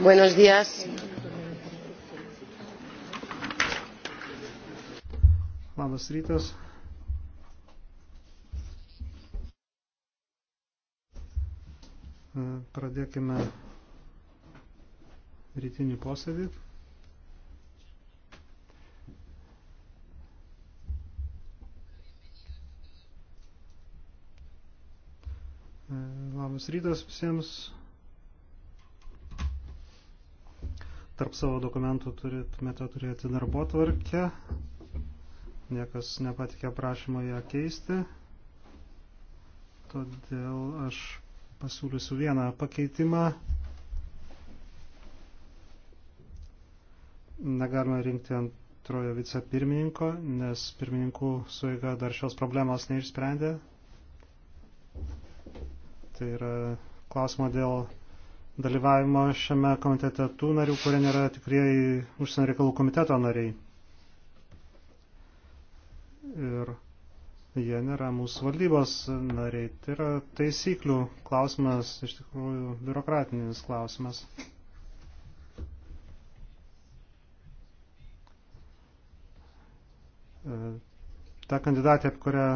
Buenos días. Labas rytas. Pradėkime rytinį posėdį. Labas rytas visiems. Tarp savo dokumentų turėtumėte turėti darbo tvarkę. Niekas nepatikė prašymą ją keisti. Todėl aš pasiūlysiu vieną pakeitimą. Negalime rinkti antrojo vicepirmininko, nes pirmininkų suiga dar šios problemos neišsprendė. Tai yra klausimo dėl dalyvavimo šiame komitete tų narių, kurie nėra tikrieji užsienio reikalų komiteto nariai. Ir jie nėra mūsų valdybos nariai. Tai yra taisyklių klausimas, iš tikrųjų biurokratinis klausimas. E, ta kandidatė, apie kurią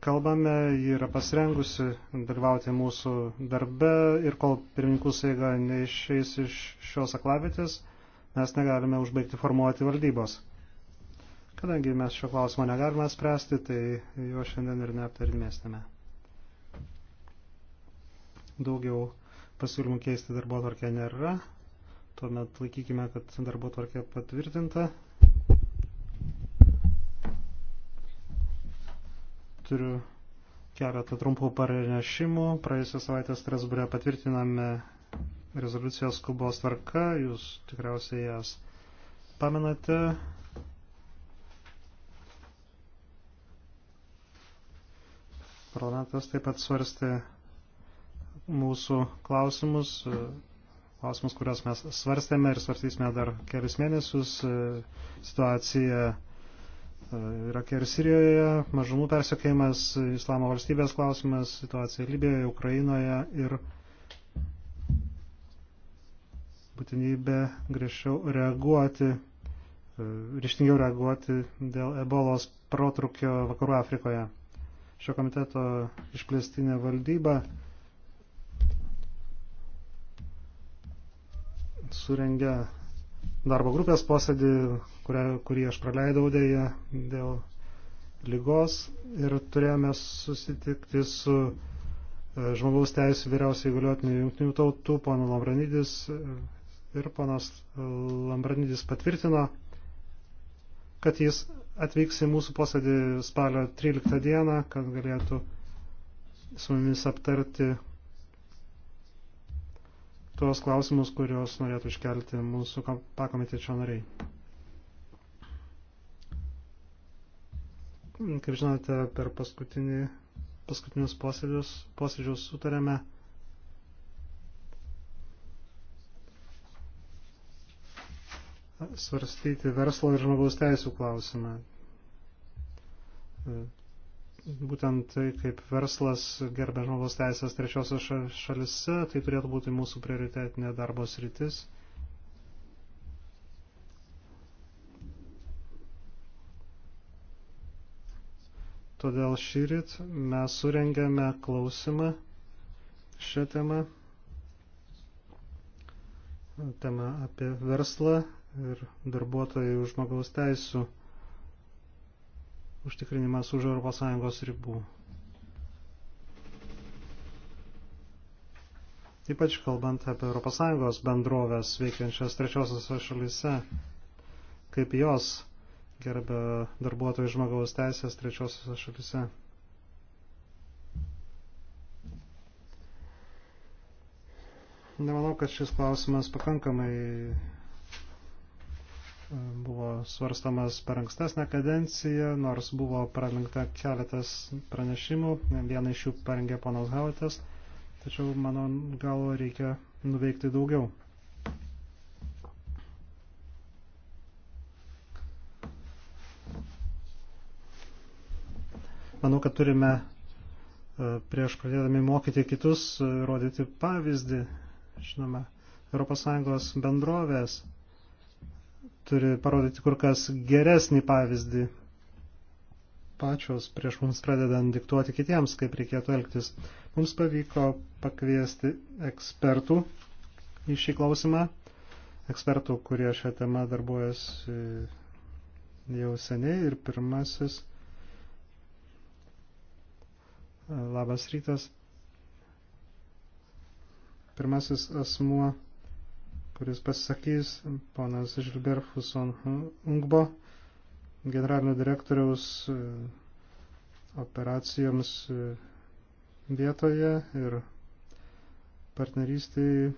kalbame, ji yra pasirengusi dalyvauti mūsų darbe ir kol pirmininkų saiga neišeis iš šios aklavitės, mes negalime užbaigti formuoti valdybos. Kadangi mes šio klausimo negalime spręsti, tai jo šiandien ir neaptarimėsime. Daugiau pasiūlymų keisti darbo tvarkę nėra. Tuomet laikykime, kad darbo tvarkė patvirtinta. Turiu keletą trumpų pranešimų. Praėjusią savaitę Strasbūrė patvirtiname rezoliucijos skubos tvarka. Jūs tikriausiai jas pamenate. Parlamentas taip pat svarstė mūsų klausimus, klausimus, kuriuos mes svarstėme ir svarstysime dar kelis mėnesius. Situacija Irake ir Sirijoje, mažumų persiekėjimas, islamo valstybės klausimas, situacija Libijoje, Ukrainoje ir būtinybė griežčiau reaguoti, e, ryštingiau reaguoti dėl ebolos protrukio vakarų Afrikoje. Šio komiteto išplėstinė valdyba surengia darbo grupės posėdį kurią, kurį aš praleidau dėja dėl lygos ir turėjome susitikti su e, žmogaus teisų vyriausiai galiotiniu jungtinių tautų, ponu Lambranidis e, ir ponas Lambranidis patvirtino, kad jis atvyks į mūsų posėdį spalio 13 dieną, kad galėtų su mumis aptarti tuos klausimus, kuriuos norėtų iškelti mūsų pakomitečio nariai. Mm, kaip žinote, per paskutinį, paskutinius posėdžius, posėdžius sutarėme svarstyti verslo ir žmogaus teisų klausimą. Būtent tai, kaip verslas gerbė žmogaus teisės trečiosios šalise, tai turėtų būti mūsų prioritetinė darbos rytis. Todėl šyrit mes surengėme klausimą šią temą, temą apie verslą ir darbuotojų žmogaus teisų užtikrinimas už ES ribų. ypač kalbant apie ES bendrovės veikiančias trečiosios šalyse, kaip jos gerbė darbuotojų žmogaus teisės trečiosiuose šalise. Nemanau, kad šis klausimas pakankamai e, buvo svarstamas per ankstesnę kadenciją, nors buvo pralinkta keletas pranešimų, vieną iš jų parengė ponas Hautas, tačiau, mano gal reikia nuveikti daugiau. Manau, kad turime e, prieš pradėdami mokyti kitus, e, rodyti pavyzdį. Žinoma, ES bendrovės turi parodyti kur kas geresnį pavyzdį pačios prieš mums pradedant diktuoti kitiems, kaip reikėtų elgtis. Mums pavyko pakviesti ekspertų į šį klausimą, ekspertų, kurie šią temą darbuojasi jau seniai ir pirmasis Labas rytas. Pirmasis asmuo, kuris pasisakys, ponas Žilber Fuson Ungbo, generalinio direktoriaus e, operacijoms e, vietoje ir partnerystėje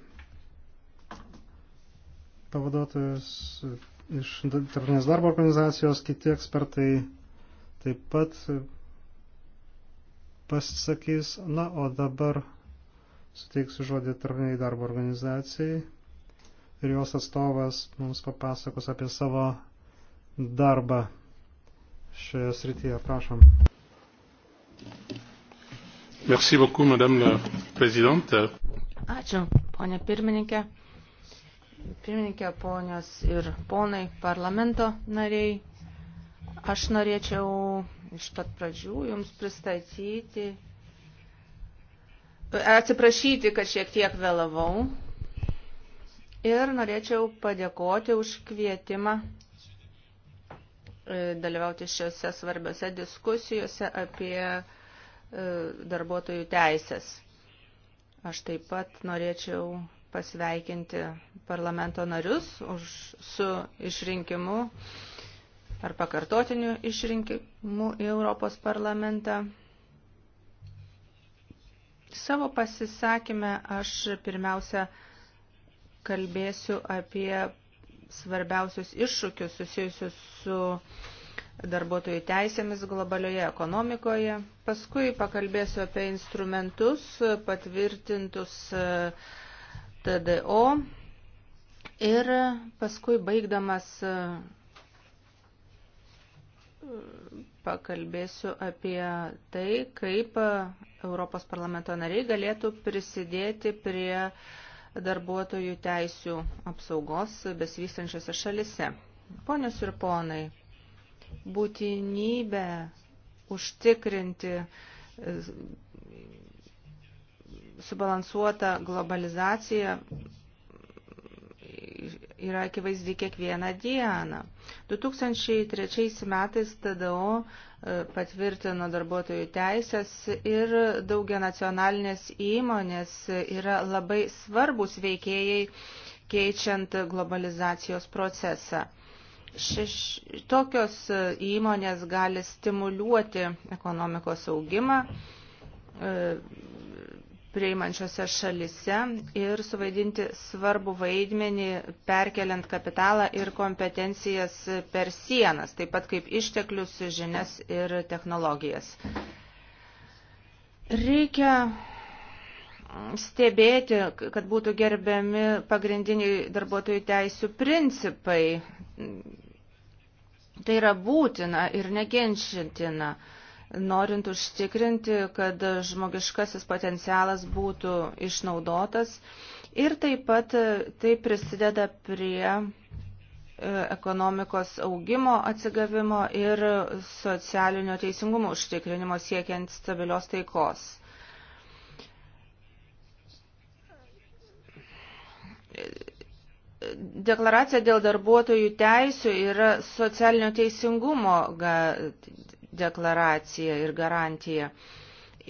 pavaduotojas iš Tarptautinės darbo organizacijos, kiti ekspertai taip pat pasisakys. Na, o dabar suteiksiu žodį tarnai darbo organizacijai ir jos atstovas mums papasakos apie savo darbą šioje srityje. Prašom. Merci beaucoup, madame la présidente. Ačiū, ponė pirmininkė. Pirmininkė, ponios ir ponai, parlamento nariai, Aš norėčiau iš pat pradžių Jums pristatyti, atsiprašyti, kad šiek tiek vėlavau ir norėčiau padėkoti už kvietimą e, dalyvauti šiuose svarbiose diskusijose apie e, darbuotojų teisės. Aš taip pat norėčiau pasveikinti parlamento narius už, su išrinkimu ar pakartotinių išrinkimų į Europos parlamentą. Savo pasisakymę aš pirmiausia kalbėsiu apie svarbiausius iššūkius susijusius su darbuotojų teisėmis globalioje ekonomikoje. Paskui pakalbėsiu apie instrumentus patvirtintus e, TDO ir paskui baigdamas e, pakalbėsiu apie tai, kaip Europos parlamento nariai galėtų prisidėti prie darbuotojų teisių apsaugos besivystančiose šalise. Ponios ir ponai, būtinybė užtikrinti e, subalansuotą globalizaciją yra akivaizdi kiekvieną dieną. 2003 metais TDO e, patvirtino darbuotojų teisės ir daugia nacionalinės įmonės yra labai svarbus veikėjai keičiant globalizacijos procesą. Šeš, tokios įmonės gali stimuliuoti ekonomikos augimą, e, priimančiose šalise ir suvaidinti svarbu vaidmenį perkeliant kapitalą ir kompetencijas per sienas, taip pat kaip išteklius, žinias ir technologijas. Reikia stebėti, kad būtų gerbiami pagrindiniai darbuotojų teisų principai. Tai yra būtina ir neginčintina norint užtikrinti, kad žmogiškasis potencialas būtų išnaudotas ir taip pat e, tai prisideda prie e, ekonomikos augimo atsigavimo ir socialinio teisingumo užtikrinimo siekiant stabilios taikos. Deklaracija dėl darbuotojų teisų yra socialinio teisingumo deklaracija ir garantija.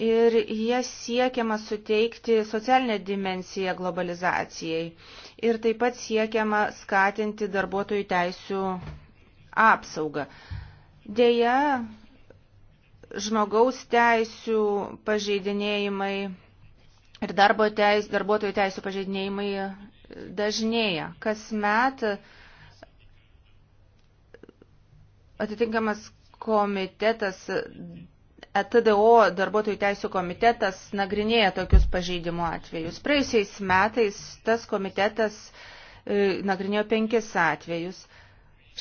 Ir jie siekiama suteikti socialinę dimensiją globalizacijai. Ir taip pat siekiama skatinti darbuotojų teisų apsaugą. Deja, žmogaus teisų pažeidinėjimai ir darbo teis, darbuotojų teisų pažeidinėjimai dažnėja. Kasmet atitinkamas komitetas, ETDO darbuotojų teisų komitetas nagrinėja tokius pažeidimo atvejus. Praėjusiais metais tas komitetas e, nagrinėjo penkis atvejus.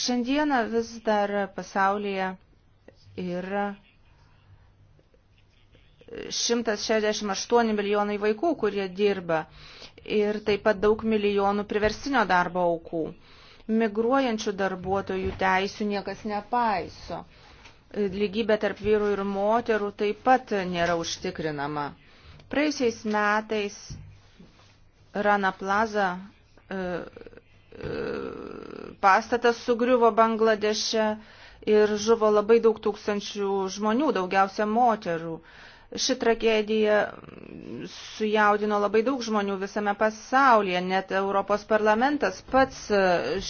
Šiandieną vis dar pasaulyje yra 168 milijonai vaikų, kurie dirba ir taip pat daug milijonų priverstinio darbo aukų. Migruojančių darbuotojų teisų niekas nepaiso lygybė tarp vyrų ir moterų taip pat nėra užtikrinama. Praėjusiais metais Rana Plaza e, e, pastatas sugriuvo Bangladeše ir žuvo labai daug tūkstančių žmonių, daugiausia moterų. Ši tragedija sujaudino labai daug žmonių visame pasaulyje, net Europos parlamentas pats e,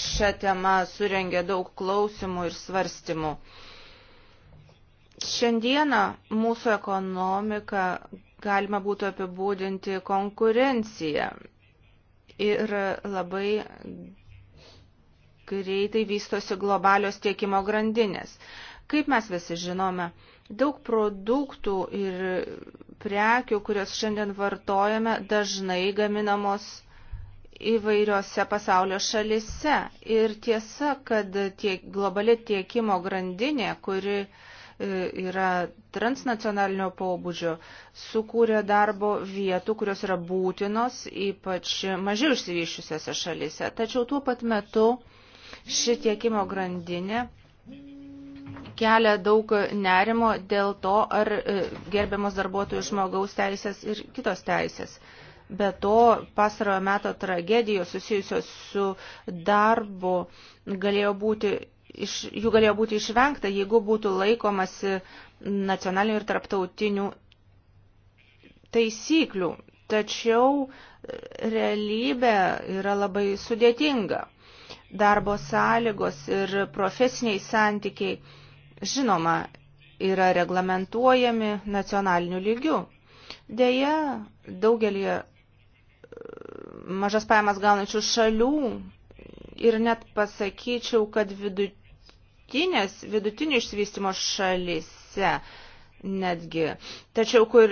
šią temą surengė daug klausimų ir svarstymų. Šiandieną mūsų ekonomiką galima būtų apibūdinti konkurenciją ir labai greitai vystosi globalios tiekimo grandinės. Kaip mes visi žinome, daug produktų ir prekių, kurias šiandien vartojame, dažnai gaminamos įvairiose pasaulio šalise. Ir tiesa, kad tiek globali tiekimo grandinė, kuri uh, E, yra transnacionalinio pobūdžio, sukūrė darbo vietų, kurios yra būtinos, ypač mažiau išsivyščiusiose šalyse. Tačiau tuo pat metu ši tiekimo grandinė kelia daug nerimo dėl to, ar e, gerbiamos darbuotojų žmogaus teisės ir kitos teisės. Be to, pastarojo meto tragedijos susijusios su darbu galėjo būti iš, jų galėjo būti išvengta, jeigu būtų laikomasi nacionalinių ir tarptautinių taisyklių. Tačiau e, realybė yra labai sudėtinga. Darbo sąlygos ir profesiniai santykiai, žinoma, yra reglamentuojami nacionaliniu lygiu. Deja, daugelį e, mažas pajamas gaunančių šalių ir net pasakyčiau, kad vidut vidutinės, vidutinio išsivystimo šalise netgi. Tačiau, kur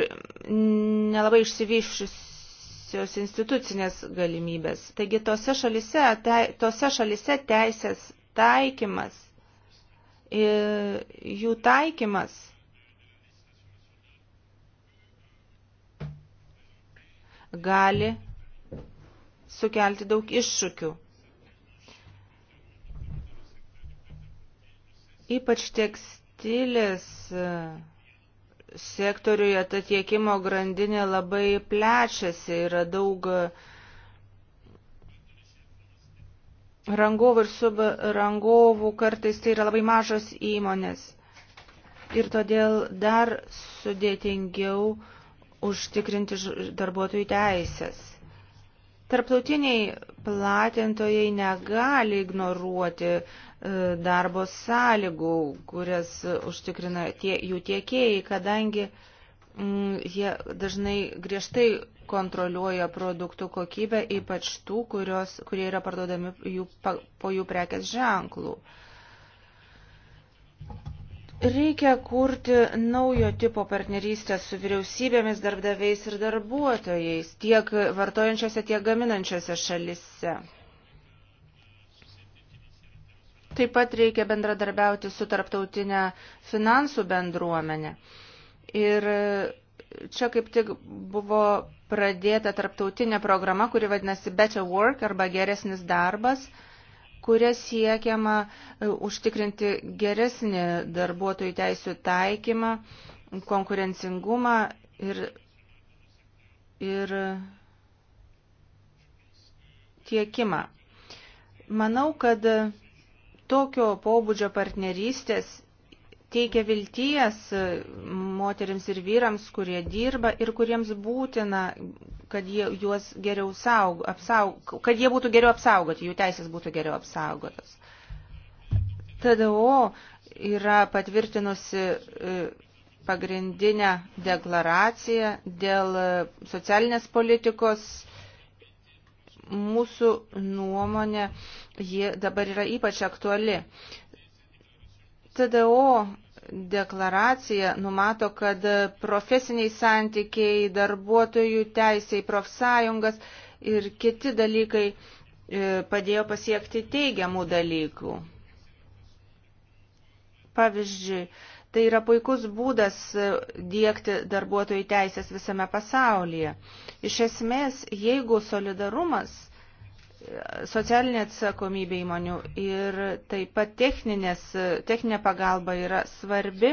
nelabai išsivyščiusios institucinės galimybės. Taigi, tose šalise, te, tose šalise teisės taikymas, jų taikymas gali sukelti daug iššūkių. Ypač tekstilės e, sektoriuje ta tiekimo grandinė labai plečiasi, yra daug e, rangovų ir subrangovų, kartais tai yra labai mažos įmonės. Ir todėl dar sudėtingiau užtikrinti darbuotojų teisės. Tarptautiniai platintojai negali ignoruoti E, darbo sąlygų, kurias užtikrina tie, jų tiekėjai, kadangi m, mm, jie dažnai griežtai kontroliuoja produktų kokybę, ypač tų, kurios, kurie yra parduodami jų, po jų prekės ženklų. Reikia kurti naujo tipo partnerystę su vyriausybėmis, darbdaviais ir darbuotojais, tiek vartojančiose, tiek gaminančiose šalise. Taip pat reikia bendradarbiauti su tarptautinė finansų bendruomenė. Ir čia kaip tik buvo pradėta tarptautinė programa, kuri vadinasi Better Work arba geresnis darbas kuria siekiama e, užtikrinti geresnį darbuotojų teisų taikymą, konkurencingumą ir, ir tiekimą. Manau, kad tokio pobūdžio partnerystės teikia vilties moteriams ir vyrams, kurie dirba ir kuriems būtina, kad jie, juos geriau saug, apsaug, kad jie būtų geriau apsaugoti, jų teisės būtų geriau apsaugotos. TDO yra patvirtinusi e, pagrindinę deklaraciją dėl socialinės politikos mūsų nuomonė ji dabar yra ypač aktuali. TDO deklaracija numato, kad profesiniai santykiai, darbuotojų teisiai, profsąjungas ir kiti dalykai e, padėjo pasiekti teigiamų dalykų. Pavyzdžiui, tai yra puikus būdas e, dėkti darbuotojų teisės visame pasaulyje. Iš esmės, jeigu solidarumas socialinė atsakomybė įmonių ir taip pat techninės, techninė pagalba yra svarbi,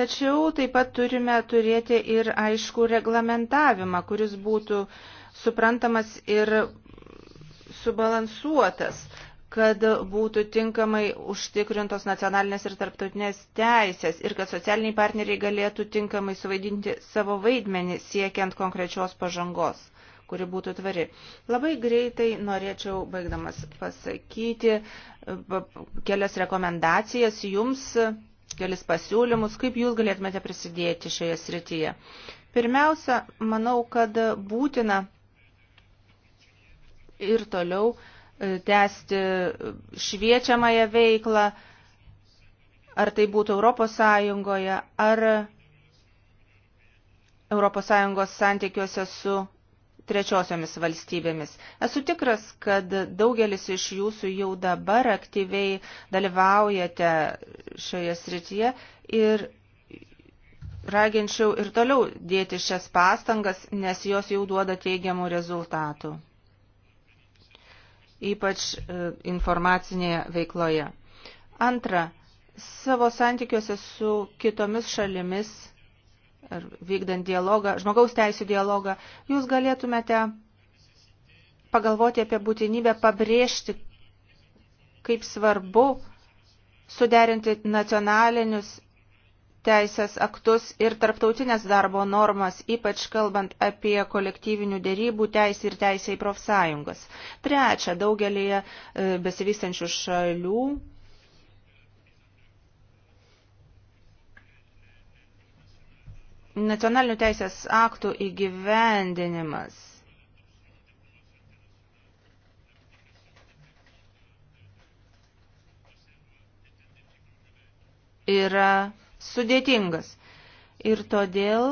tačiau taip pat turime turėti ir aišku reglamentavimą, kuris būtų suprantamas ir subalansuotas, kad būtų tinkamai užtikrintos nacionalinės ir tarptautinės teisės ir kad socialiniai partneriai galėtų tinkamai suvaidinti savo vaidmenį siekiant konkrečios pažangos kuri būtų tvari. Labai greitai norėčiau, baigdamas, pasakyti e, kelias rekomendacijas jums, kelis pasiūlymus, kaip jūs galėtumėte prisidėti šioje srityje. Pirmiausia, manau, kad būtina ir toliau e, tęsti šviečiamąją veiklą, ar tai būtų Europos Sąjungoje, ar Europos Sąjungos santykiuose su trečiosiomis valstybėmis. Esu tikras, kad daugelis iš jūsų jau dabar aktyviai dalyvaujate šioje srityje ir raginčiau ir toliau dėti šias pastangas, nes jos jau duoda teigiamų rezultatų, ypač e, informacinėje veikloje. Antra, savo santykiuose su kitomis šalimis ar vykdant dialogą, žmogaus teisų dialogą, jūs galėtumėte pagalvoti apie būtinybę pabrėžti, kaip svarbu suderinti nacionalinius teisės aktus ir tarptautinės darbo normas, ypač kalbant apie kolektyvinių dėrybų teisę ir teisę į profsąjungas. Trečia, daugelėje e, besivystančių šalių Nacionalinių teisės aktų įgyvendinimas. yra sudėtingas. Ir todėl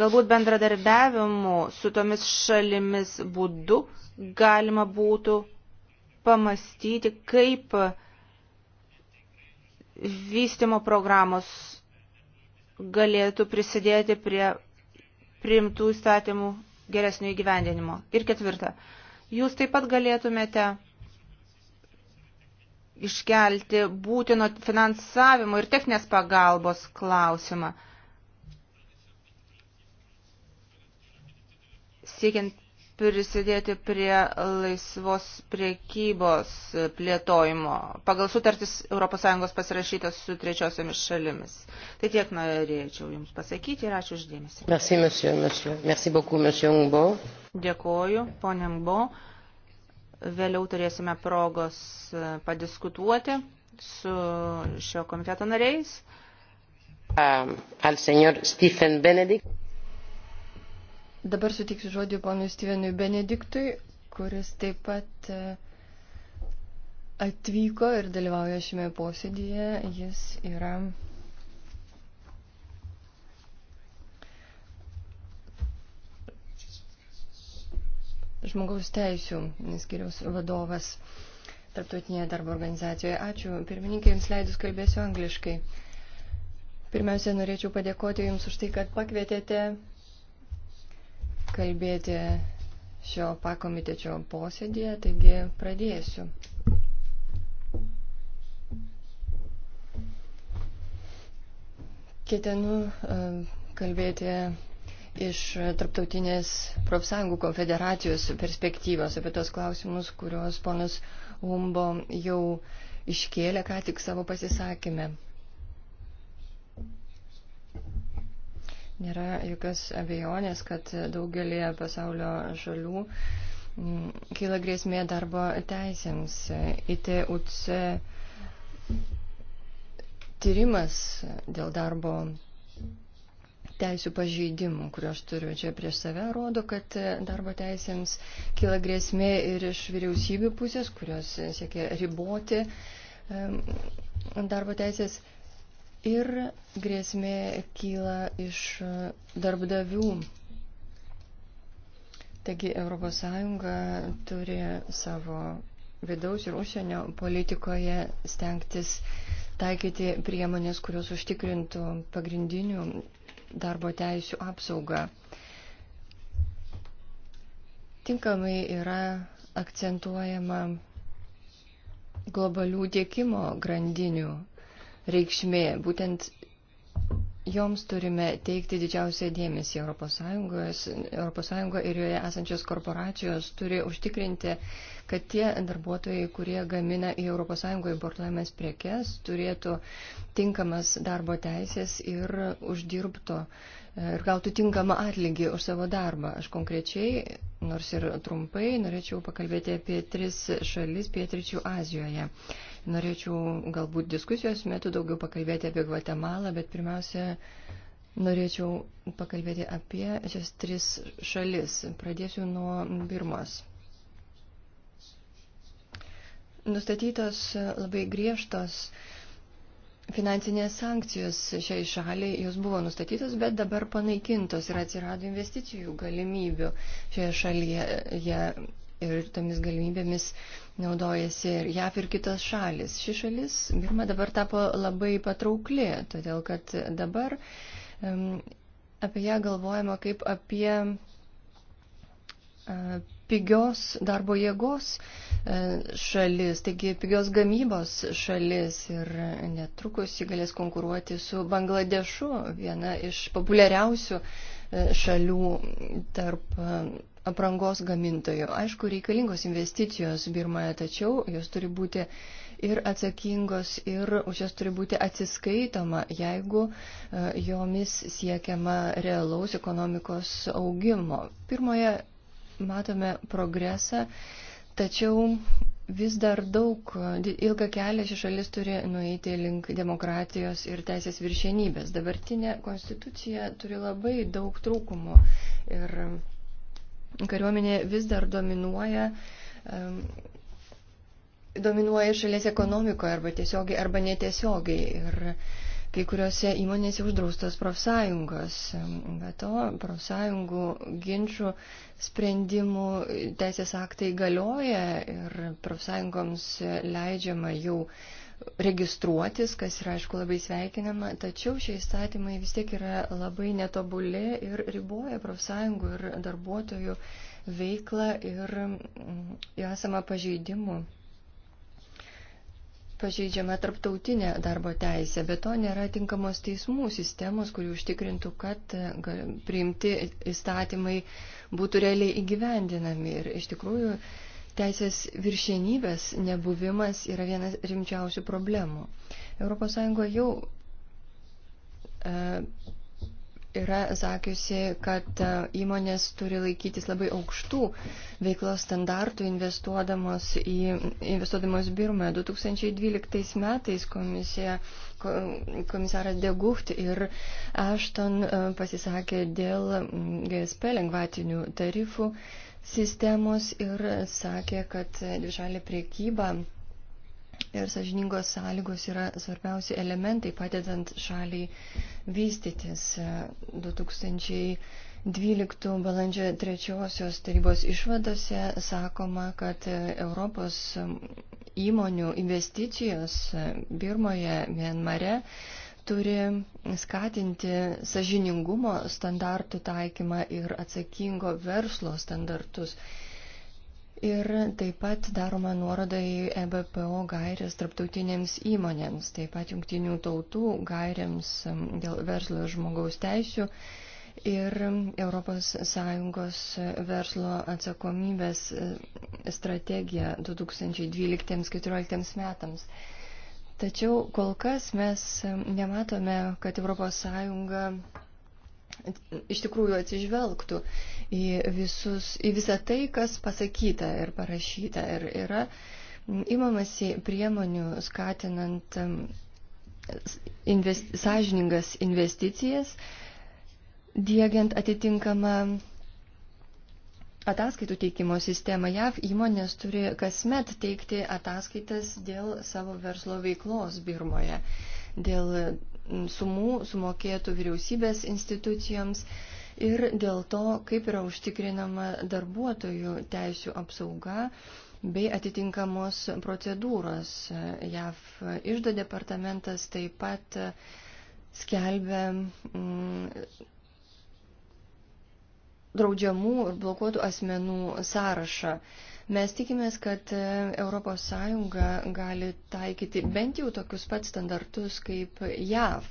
galbūt bendradarbiavimu su tomis šalimis būdu galima būtų pamastyti, kaip vystimo programos galėtų prisidėti prie priimtų įstatymų geresnio įgyvendinimo. Ir ketvirta, jūs taip pat galėtumėte iškelti būtino finansavimo ir techninės pagalbos klausimą, siekiant prisidėti prie laisvos priekybos plėtojimo pagal sutartis ES pasirašytas su trečiosiomis šalimis. Tai tiek norėčiau Jums pasakyti ir ačiū uždėmesi. Merci, monsieur, monsieur. Merci beaucoup, monsieur Ngbo. Dėkoju, ponė Ngbo. Vėliau turėsime progos e, padiskutuoti su šio komiteto nariais. Um, al señor Stephen Benedict. Dabar sutiksiu žodį ponui Stevenui Benediktui, kuris taip pat e, atvyko ir dalyvauja šiame posėdėje. Jis yra žmogaus teisų skiriaus vadovas Tarptautinėje darbo organizacijoje. Ačiū. Pirmininkai, jums leidus kalbėsiu angliškai. Pirmiausia, norėčiau padėkoti Jums už tai, kad pakvietėte kalbėti šio pakomitečio posėdėje, taigi pradėsiu. Ketinu e, kalbėti iš Tarptautinės profsąjungų konfederacijos perspektyvos apie tos klausimus, kuriuos ponas Humbo jau iškėlė ką tik savo pasisakymę. Nėra jokios abejonės, kad daugelį pasaulio šalių mm, kyla grėsmė darbo teisėms. ITUC tyrimas dėl darbo teisų pažeidimų, kuriuos turiu čia prieš save, rodo, kad darbo teisėms kyla grėsmė ir iš vyriausybių pusės, kurios siekia riboti darbo teisės ir grėsmė kyla iš darbdavių. Taigi ES turi savo vidaus ir užsienio politikoje stengtis taikyti priemonės, kurios užtikrintų pagrindinių darbo teisų apsaugą. Tinkamai yra akcentuojama globalių tiekimo grandinių reikšmė. Būtent joms turime teikti didžiausią dėmesį. ES, ES ir joje esančios korporacijos turi užtikrinti, kad tie darbuotojai, kurie gamina į ES importuojamas prekes, turėtų tinkamas darbo teisės ir uždirbto uh, ir gautų tinkamą atlygį už savo darbą. Aš konkrečiai, nors ir trumpai, norėčiau pakalbėti apie tris šalis pietričių Azijoje. Norėčiau galbūt diskusijos metu daugiau pakalbėti apie Gvatemalą, bet pirmiausia, norėčiau pakalbėti apie šias tris šalis. Pradėsiu nuo Birmos. Nustatytos labai griežtos uh, finansinės sankcijos šiai šaliai, jos buvo nustatytos, bet dabar panaikintos ir atsirado investicijų galimybių šioje šalyje. Ja, ir tomis galimybėmis naudojasi ir JAF ir kitos šalis. Ši šalis, Birma, dabar tapo labai patraukli, todėl kad dabar um, apie ją galvojama kaip apie uh, pigios darbo jėgos e, šalis, taigi pigios gamybos šalis ir netrukus ji galės konkuruoti su Bangladešu, viena iš populiariausių e, šalių tarp e, aprangos gamintojų. Aišku, reikalingos investicijos Birmoje, tačiau jos turi būti ir atsakingos, ir už jas turi būti atsiskaitoma, jeigu jomis siekiama realaus ekonomikos augimo. Pirmoje matome progresą, tačiau vis dar daug, ilgą kelią ši šalis turi nueiti link demokratijos ir teisės viršienybės. Dabartinė konstitucija turi labai daug trūkumų ir kariuomenė vis dar dominuoja. Um, dominuoja šalies ekonomikoje arba tiesiogiai arba netiesiogiai. Ir Kai kuriuose įmonėse uždraustos profsąjungos. Be to, profsąjungų ginčių sprendimų teisės aktai galioja ir profsąjungoms leidžiama jau registruotis, kas yra aišku labai sveikinama, tačiau šie įstatymai vis tiek yra labai netobuli ir riboja profsąjungų ir darbuotojų veiklą ir mm, esamą pažeidimų pažeidžiama tarptautinė darbo teisė, bet to nėra tinkamos teismų sistemos, kuri užtikrintų, kad e, priimti įstatymai būtų realiai įgyvendinami. Ir iš tikrųjų teisės viršienybės nebuvimas yra vienas rimčiausių problemų. ES jau e, yra sakiusi, kad e, įmonės turi laikytis labai aukštų veiklos standartų investuodamos į investuodamos Birmą. 2012 metais komisija, komisaras Degucht ir Ashton e, pasisakė dėl GSP lengvatinių tarifų sistemos ir sakė, kad dvišalė priekyba ir sažiningos sąlygos yra svarbiausi elementai padedant šaliai vystytis. 2012 balandžio 3 tarybos išvadose sakoma, kad Europos įmonių investicijos Birmoje, Mienmare turi skatinti sažiningumo standartų taikymą ir atsakingo verslo standartus. Ir taip pat daroma nuoroda į EBPO gairės tarptautinėms įmonėms, taip pat jungtinių tautų gairėms um, dėl verslo ir žmogaus teisių ir ES verslo atsakomybės uh, strategija 2012-2014 metams. Tačiau kol kas mes um, nematome, kad ES iš tikrųjų atsižvelgtų į, visus, į visą tai, kas pasakyta ir parašyta. Ir yra imamasi priemonių skatinant invest, sąžiningas investicijas, diegiant atitinkamą ataskaitų teikimo sistemą. JAV įmonės turi kasmet teikti ataskaitas dėl savo verslo veiklos Birmoje, dėl sumų sumokėtų vyriausybės institucijoms ir dėl to, kaip yra užtikrinama darbuotojų teisų apsauga bei atitinkamos procedūros. JAV išdo departamentas taip pat skelbia mm, draudžiamų ir blokuotų asmenų sąrašą. Mes tikimės, kad ES gali taikyti bent jau tokius pat standartus kaip JAV.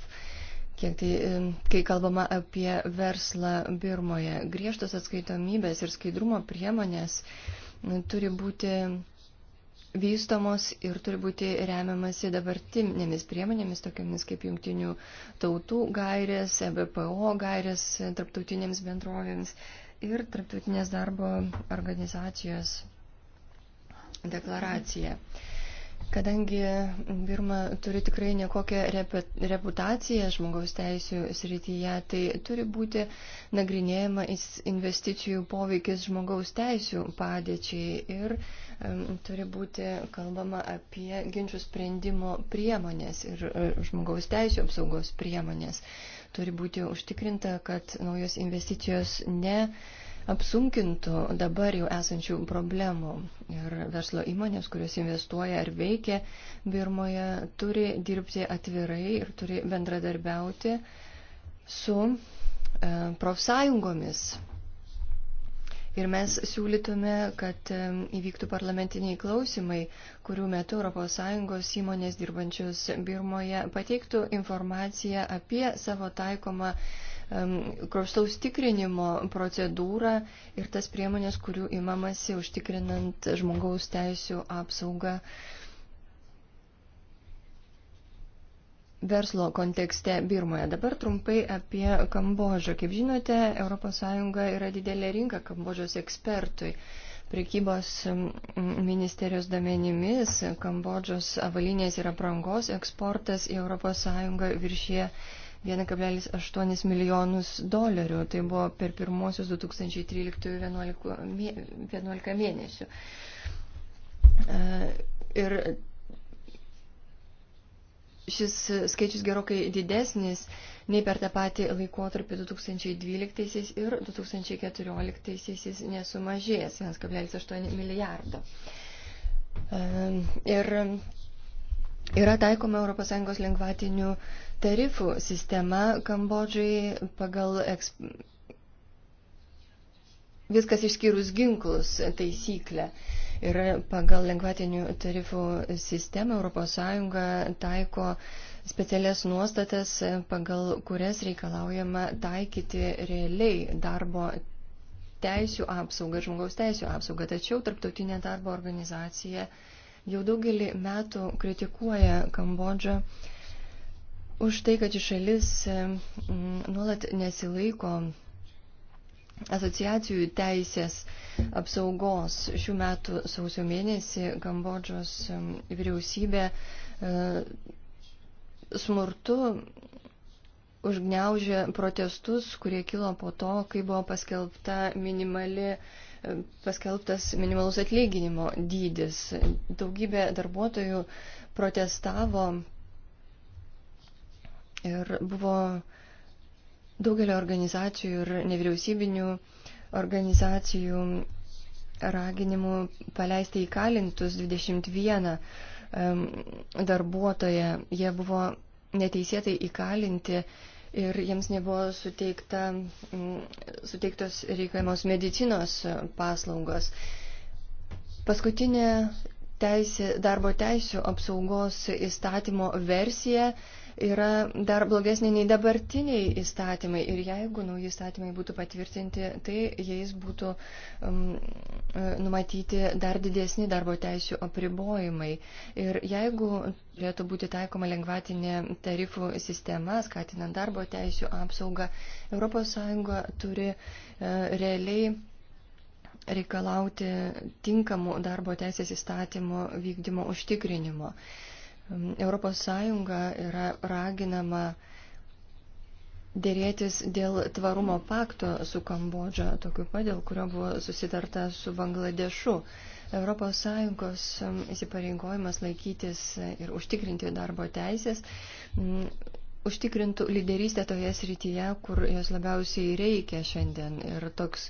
Kiek tai, e, kai kalbama apie verslą Birmoje, griežtos atskaitomybės ir skaidrumo priemonės turi būti vystomos ir turi būti remiamasi dabartinėmis priemonėmis, tokiamis kaip jungtinių tautų gairės, EBPO gairės e, tarptautinėms bendrovėms ir tarptautinės darbo organizacijos deklaraciją. Kadangi Birma turi tikrai nekokią reputaciją žmogaus teisų srityje, tai turi būti nagrinėjama investicijų poveikis žmogaus teisų padėčiai ir um, turi būti kalbama apie ginčių sprendimo priemonės ir uh, žmogaus teisų apsaugos priemonės. Turi būti užtikrinta, kad naujos investicijos ne. Uh, apsunkintų dabar jau esančių problemų. Ir verslo įmonės, kurios investuoja ar veikia Birmoje, turi dirbti atvirai ir turi bendradarbiauti su e, profsąjungomis. Ir mes siūlytume, kad e, įvyktų parlamentiniai klausimai, kurių metu ES įmonės dirbančios Birmoje pateiktų informaciją apie savo taikomą kruopštaus tikrinimo procedūrą ir tas priemonės, kurių įmamasi užtikrinant žmogaus teisų apsaugą verslo kontekste Birmoje. Dabar trumpai apie Kambožą. Kaip žinote, ES yra didelė rinka Kambožos ekspertui. Prekybos ministerijos domenimis Kambodžos avalinės ir aprangos eksportas į ES viršė 1,8 milijonus dolerių. Tai buvo per pirmosius 2013-2011 mėnesių. E, ir šis skaičius gerokai didesnis nei per tą patį laikotarpį 2012 ir 2014 nesumažės 1,8 milijardo. E, ir yra taikoma ES lengvatinių Tarifų sistema Kambodžiai pagal eksp... viskas išskyrus ginklus taisyklę. Ir pagal lengvatinių tarifų sistemą ES taiko specialias nuostatas, pagal kurias reikalaujama taikyti realiai darbo teisų apsaugą, žmogaus teisų apsaugą. Tačiau Tarptautinė darbo organizacija jau daugelį metų kritikuoja Kambodžą už tai, kad šalis e, nuolat nesilaiko asociacijų teisės apsaugos. Šių metų sausio mėnesį Kambodžos e, vyriausybė e, smurtu užgneužė protestus, kurie kilo po to, kai buvo paskelbta minimali paskelbtas minimalus atlyginimo dydis. Daugybė darbuotojų protestavo Ir buvo daugelio organizacijų ir nevyriausybinių organizacijų raginimų paleisti įkalintus 21 darbuotoją. Jie buvo neteisėtai įkalinti ir jiems nebuvo suteikta, suteiktos reikiamos medicinos paslaugos. Paskutinė teisė, darbo teisų apsaugos įstatymo versija yra dar blogesnė nei dabartiniai įstatymai. Ir jeigu nauji įstatymai būtų patvirtinti, tai jais būtų um, e, numatyti dar didesni darbo teisų apribojimai. Ir jeigu turėtų būti taikoma lengvatinė tarifų sistema, skatinant darbo teisų apsaugą, ES turi uh, realiai reikalauti tinkamų darbo teisės įstatymo vykdymo užtikrinimo. Uh, ES yra raginama dėrėtis dėl tvarumo pakto su Kambodža, tokiu pat, dėl kurio buvo susitarta su Bangladešu. ES um, įsipareigojimas laikytis ir užtikrinti darbo teisės mm, užtikrintų lyderystę toje srityje, kur jos labiausiai reikia šiandien. Ir toks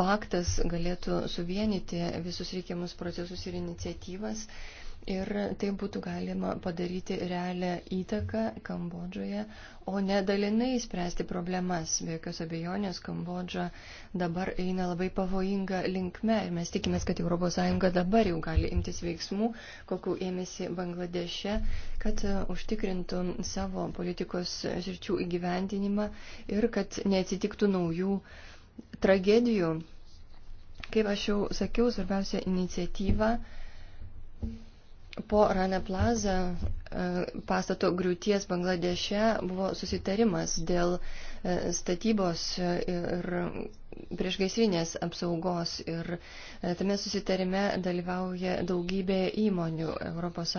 paktas galėtų suvienyti visus reikiamus procesus ir iniciatyvas Ir tai būtų galima padaryti realią įtaką Kambodžoje, o ne dalinai spręsti problemas. Be jokios abejonės, Kambodža dabar eina labai pavojinga linkme ir mes tikimės, kad ES dabar jau gali imtis veiksmų, kokiu ėmėsi Bangladeše, kad e, užtikrintų savo politikos sričių įgyvendinimą ir kad neatsitiktų naujų tragedijų. Kaip aš jau sakiau, svarbiausia iniciatyva po Rana Plaza e, pastato griūties Bangladeše buvo susitarimas dėl e, statybos ir priešgaisrinės apsaugos ir e, tame susitarime dalyvauja daugybė įmonių. ES,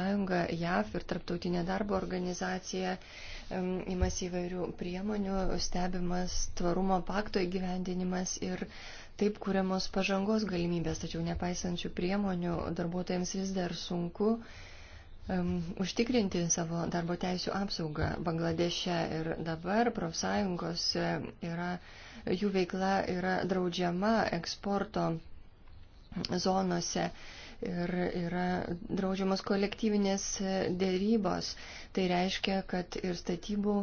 JAF ir Tarptautinė darbo organizacija imasi įvairių priemonių, stebimas tvarumo pakto įgyvendinimas ir Taip kuriamos pažangos galimybės, tačiau nepaisančių priemonių darbuotojams vis dar sunku um, užtikrinti savo darbo teisų apsaugą Bangladeše. Ir dabar profsąjungos e, yra, jų veikla yra draudžiama eksporto zonose. Uh, ir yra draudžiamas kolektyvinės dėrybos. Tai reiškia, kad ir statybų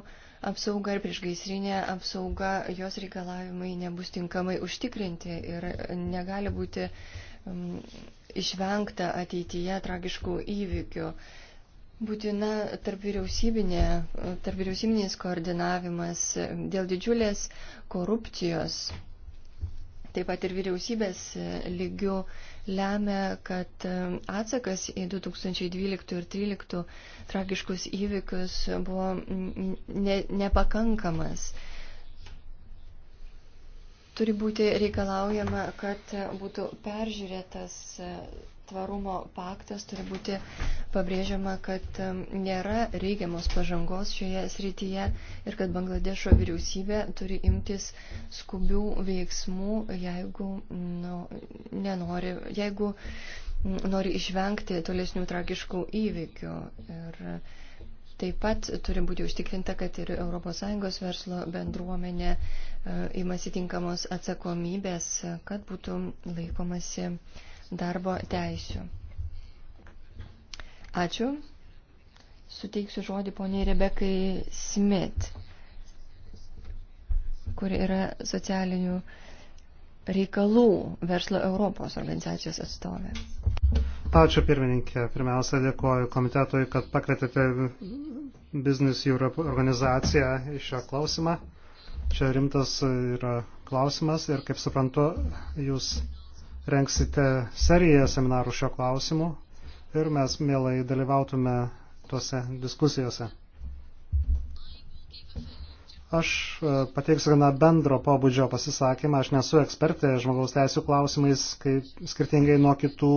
apsauga ir priešgaisrinė apsauga, jos reikalavimai nebus tinkamai užtikrinti ir negali būti um, išvengta ateityje tragiškų įvykių. Būtina tarp, vyriausybinė, tarp vyriausybinis koordinavimas dėl didžiulės korupcijos, taip pat ir vyriausybės lygių lemia, kad atsakas į 2012 ir 2013 tragiškus įvykius buvo ne, nepakankamas. Turi būti reikalaujama, kad būtų peržiūrėtas tvarumo paktas turi būti pabrėžiama, kad nėra reikiamos pažangos šioje srityje ir kad Bangladešo vyriausybė turi imtis skubių veiksmų, jeigu, nu, nenori, jeigu nori išvengti tolesnių tragiškų įvykių. Ir taip pat turi būti užtikrinta, kad ir ES verslo bendruomenė e, imasi tinkamos atsakomybės, kad būtų laikomasi darbo teisių. Ačiū. Suteiksiu žodį poniai Rebekai Smith, kuri yra socialinių reikalų verslo Europos organizacijos atstovė. Ačiū pirmininkė. Pirmiausia, dėkoju komitetui, kad pakvietėte Business Europe organizaciją į šią klausimą. Čia rimtas yra klausimas ir, kaip suprantu, jūs renksite seriją seminarų šio klausimu ir mes mielai dalyvautume tuose diskusijose. Aš e, pateiksiu gana bendro pobūdžio pasisakymą. Aš nesu ekspertė žmogaus teisų klausimais, kaip skirtingai nuo kitų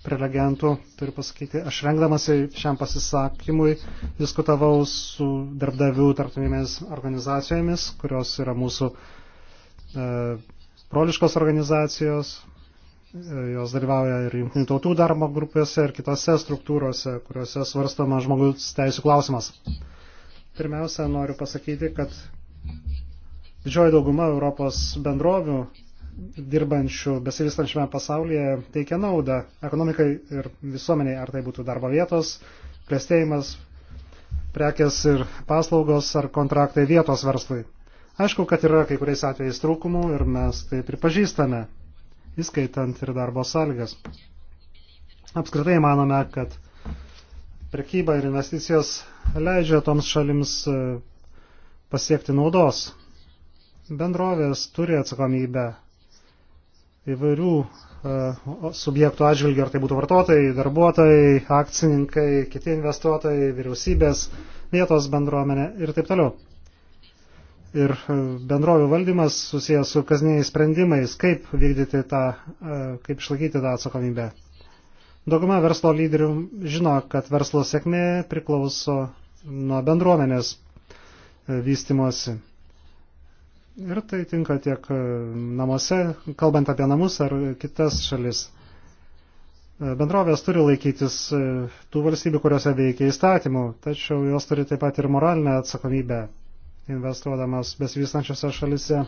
prelegentų, turiu pasakyti, aš rengdamasi šiam pasisakymui diskutavau su darbdavių tarptautinėmis organizacijomis, kurios yra mūsų e, proliškos organizacijos, Jos dalyvauja ir jungtinių tautų darbo grupėse ir kitose struktūrose, kuriuose svarstama žmogus teisų klausimas. Pirmiausia, noriu pasakyti, kad didžioji dauguma Europos bendrovių dirbančių besivystančiame pasaulyje teikia naudą ekonomikai ir visuomeniai, ar tai būtų darbo vietos, klėstėjimas, prekės ir paslaugos ar kontraktai vietos verslui. Aišku, kad yra kai kuriais atvejais trūkumų ir mes tai pripažįstame įskaitant ir darbo sąlygas. Apskritai manome, kad prekyba ir investicijos leidžia toms šalims e, pasiekti naudos. Bendrovės turi atsakomybę įvairių e, subjektų atžvilgių, ar tai būtų vartotojai, darbuotojai, akcininkai, kiti investuotojai, vyriausybės, vietos bendruomenė ir taip toliau ir bendrovių valdymas susijęs su kasdieniais sprendimais, kaip vykdyti tą, e, kaip išlaikyti tą atsakomybę. Dauguma verslo lyderių žino, kad verslo sėkmė priklauso nuo bendruomenės e, vystimosi. Ir tai tinka tiek e, namuose, kalbant apie namus ar kitas šalis. Bendrovės turi laikytis tų valstybių, kuriuose veikia įstatymų, tačiau jos turi taip pat ir moralinę atsakomybę investuodamas besivystančiose šalise.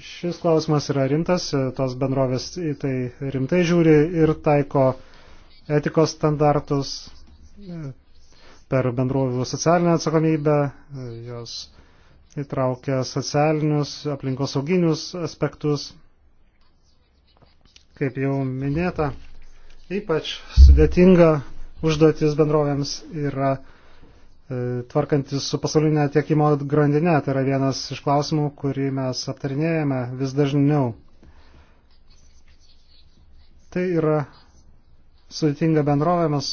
Šis klausimas yra rimtas, tos bendrovės į tai rimtai žiūri ir taiko etikos standartus e, per bendrovių socialinę atsakomybę, e, jos įtraukia socialinius, aplinkosauginius aspektus, kaip jau minėta. Ypač sudėtinga užduotis bendrovėms yra E, tvarkantis su pasaulinė tiekimo grandinė. Tai yra vienas iš klausimų, kurį mes aptarinėjame vis dažniau. Tai yra sudėtinga bendrovėmis,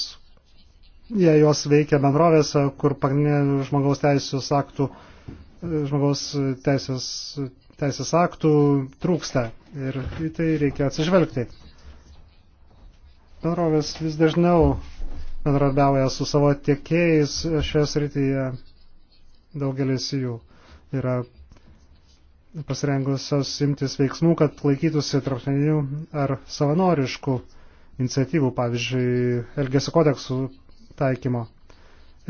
jie jos veikia bendrovėse, kur pagrindinių žmogaus teisės aktų, e, žmogaus teisės, teisės aktų trūksta ir į tai reikia atsižvelgti. Bendrovės vis dažniau bendradarbiauja su savo tiekėjais šioje srityje. Daugelis jų yra pasirengusios imtis veiksmų, kad laikytųsi tarptautinių ar savanoriškų iniciatyvų, pavyzdžiui, Elgesio kodeksų taikymo.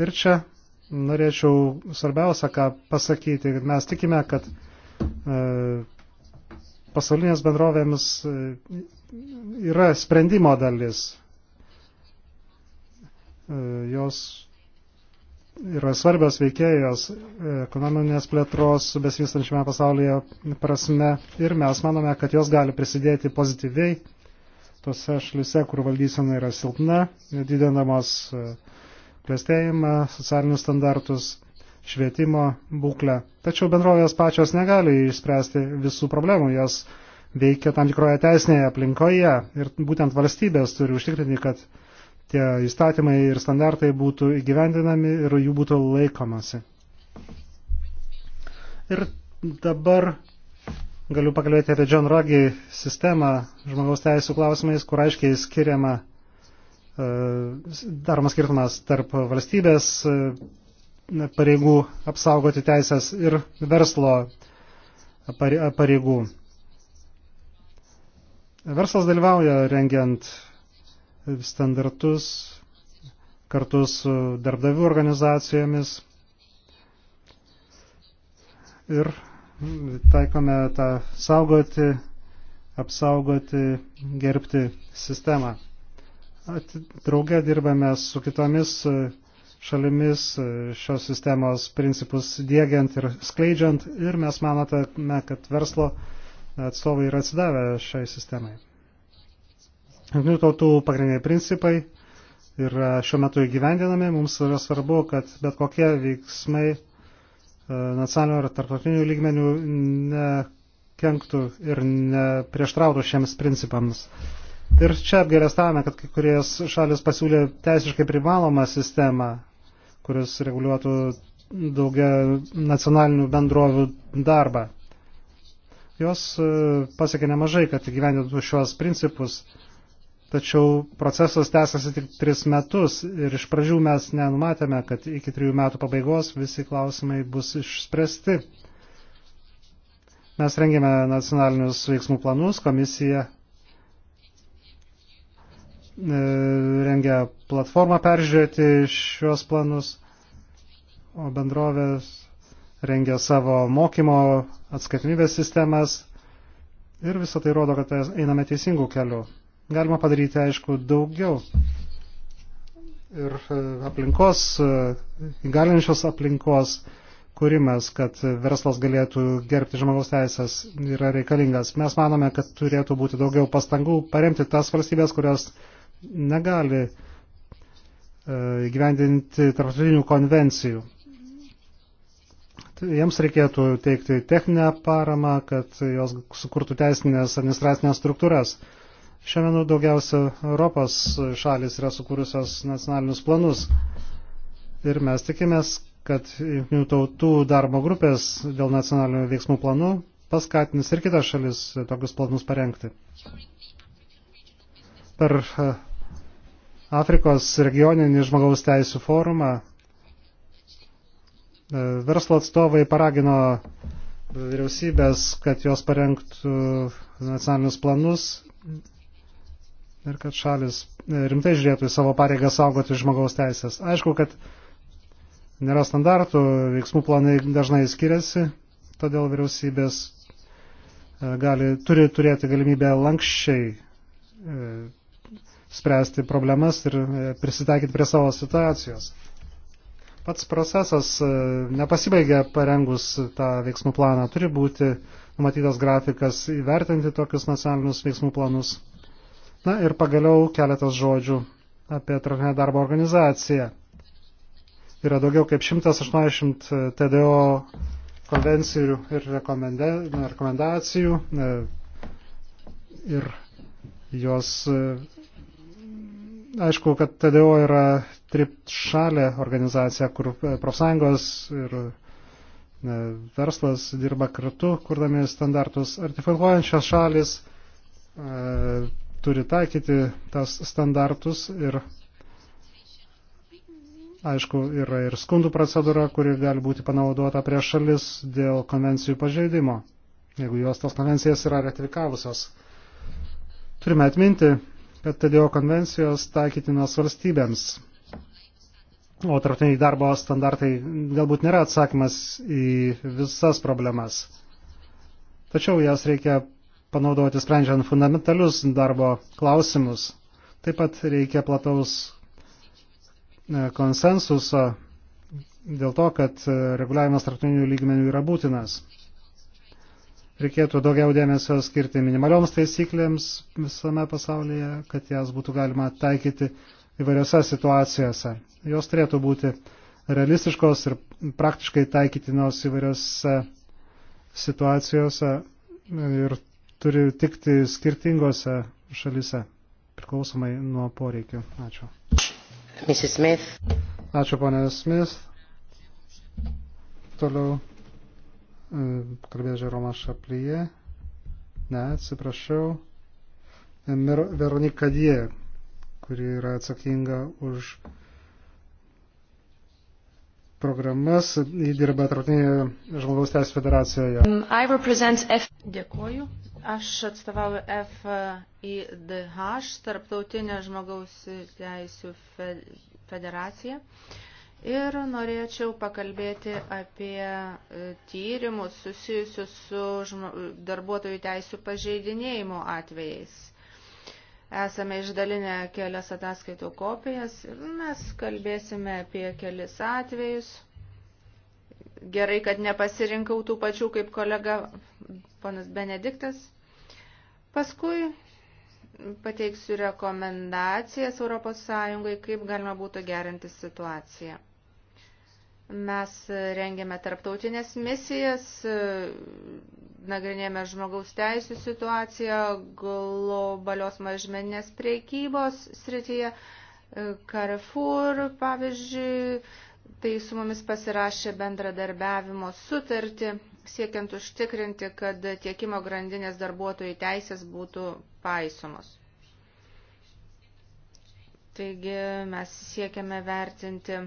Ir čia norėčiau svarbiausia, ką pasakyti, kad mes tikime, kad e, pasaulinės bendrovėms e, yra sprendimo dalis E, jos yra svarbios veikėjos e, ekonominės plėtros besivystančiame pasaulyje prasme ir mes manome, kad jos gali prisidėti pozityviai tose šalise, kur valdysena yra silpna, didinamos e, klėstėjimą, socialinius standartus, švietimo būklę. Tačiau bendrovės pačios negali išspręsti visų problemų, jos veikia tam tikroje teisinėje aplinkoje ir būtent valstybės turi užtikrinti, kad tie įstatymai ir standartai būtų įgyvendinami ir jų būtų laikomasi. Ir dabar galiu pakalbėti apie John Ruggie sistemą žmogaus teisų klausimais, kur aiškiai skiriama, e, daromas skirtumas tarp valstybės e, pareigų apsaugoti teisės ir verslo pareigų. Verslas dalyvauja rengiant standartus kartu su darbdavių organizacijomis ir taikome tą saugoti, apsaugoti, gerbti sistemą. Draugė dirbame su kitomis šalimis šios sistemos principus dėgiant ir skleidžiant ir mes manome, kad verslo atstovai yra atsidavę šiai sistemai. Junktinių tautų pagrindiniai principai yra šiuo metu įgyvendinami. Mums yra svarbu, kad bet kokie veiksmai e, nacionalinio ir tarptautinių lygmenių nekenktų ir neprieštrautų šiems principams. Ir čia apgailestavome, kad kai kurios šalis pasiūlė teisiškai privalomą sistemą, kuris reguliuotų daugia nacionalinių bendrovių darbą. Jos e, pasiekė nemažai, kad įgyvendintų šiuos principus tačiau procesas tęsiasi tik tris metus ir iš pradžių mes nenumatėme, kad iki trijų metų pabaigos visi klausimai bus išspręsti. Mes rengėme nacionalinius veiksmų planus, komisija e, rengia platformą peržiūrėti šios planus, o bendrovės rengia savo mokymo atskaitomybės sistemas ir visą tai rodo, kad einame teisingų kelių. Galima padaryti, aišku, daugiau. Ir e, aplinkos, e, įgalinčios aplinkos kūrimas, kad verslas galėtų gerbti žmogaus teisės, yra reikalingas. Mes manome, kad turėtų būti daugiau pastangų paremti tas valstybės, kurios negali e, įgyvendinti tarptautinių konvencijų. Tai jiems reikėtų teikti techninę paramą, kad jos sukurtų teisinės administracinės struktūras. Šiandien daugiausia Europos šalis yra sukūrusios nacionalinius planus. Ir mes tikimės, kad jungtinių tautų darbo grupės dėl nacionalinių veiksmų planų paskatins ir kitas šalis tokius planus parengti. Per e, Afrikos regioninį žmogaus teisų forumą e, verslo atstovai paragino vyriausybės, kad jos parengtų nacionalinius planus ir kad šalis e, rimtai žiūrėtų į savo pareigą saugoti žmogaus teisės. Aišku, kad nėra standartų, veiksmų planai dažnai skiriasi, todėl vyriausybės e, gali, turi turėti galimybę lankščiai e, spręsti problemas ir e, prisitaikyti prie savo situacijos. Pats procesas e, nepasibaigia parengus tą veiksmų planą. Turi būti numatytas grafikas įvertinti tokius nacionalinius veiksmų planus Na ir pagaliau keletas žodžių apie tarptautinę darbo organizaciją. Yra daugiau kaip 180 TDO konvencijų ir rekomendacijų e, ir jos, e, aišku, kad TDO yra tripšalė organizacija, kur e, profsąjungos ir verslas dirba kartu, kurdami standartus. Artifikuojančios šalis turi taikyti tas standartus ir Aišku, yra ir skundų procedūra, kuri gali būti panaudota prieš šalis dėl konvencijų pažeidimo, jeigu jos tas konvencijas yra ratifikavusios. Turime atminti, kad TDO konvencijos taikytinos valstybėms, o tarptautiniai darbo standartai galbūt nėra atsakymas į visas problemas. Tačiau jas reikia panaudoti sprendžiant fundamentalius darbo klausimus. Taip pat reikia plataus e, konsensuso dėl to, kad e, reguliavimas tarptautinių lygmenių yra būtinas. Reikėtų daugiau dėmesio skirti minimalioms taisyklėms visame pasaulyje, kad jas būtų galima taikyti įvairiose situacijose. Jos turėtų būti realistiškos ir praktiškai taikytinos įvairiose situacijose ir turi tikti skirtingose šalise, priklausomai nuo poreikių. Ačiū. Mrs. Smith. Ačiū, ponė Smith. Toliau e, kalbės Žeroma Šaplyje. Ne, atsiprašau. E, Veronika Die, kuri yra atsakinga už programas, ji dirba Tarptautinėje žmogaus teisės federacijoje. Dėkoju. Aš atstovauju FIDH, Tarptautinę žmogaus teisų federaciją. Ir norėčiau pakalbėti apie e, tyrimus susijusius su darbuotojų teisų pažeidinėjimo atvejais. Esame išdalinę kelias ataskaitų kopijas ir mes kalbėsime apie kelis atvejus Gerai, kad nepasirinkau tų pačių kaip kolega ponas Benediktas. Paskui pateiksiu rekomendacijas ES, kaip galima būtų gerinti situaciją. Mes rengiame tarptautinės misijas, nagrinėjame žmogaus teisų situaciją globalios mažmeninės priekybos srityje. Carrefour, pavyzdžiui, Tai su mumis pasirašė bendradarbiavimo sutartį, siekiant užtikrinti, kad tiekimo grandinės darbuotojų teisės būtų paisomos. Taigi mes siekiame vertinti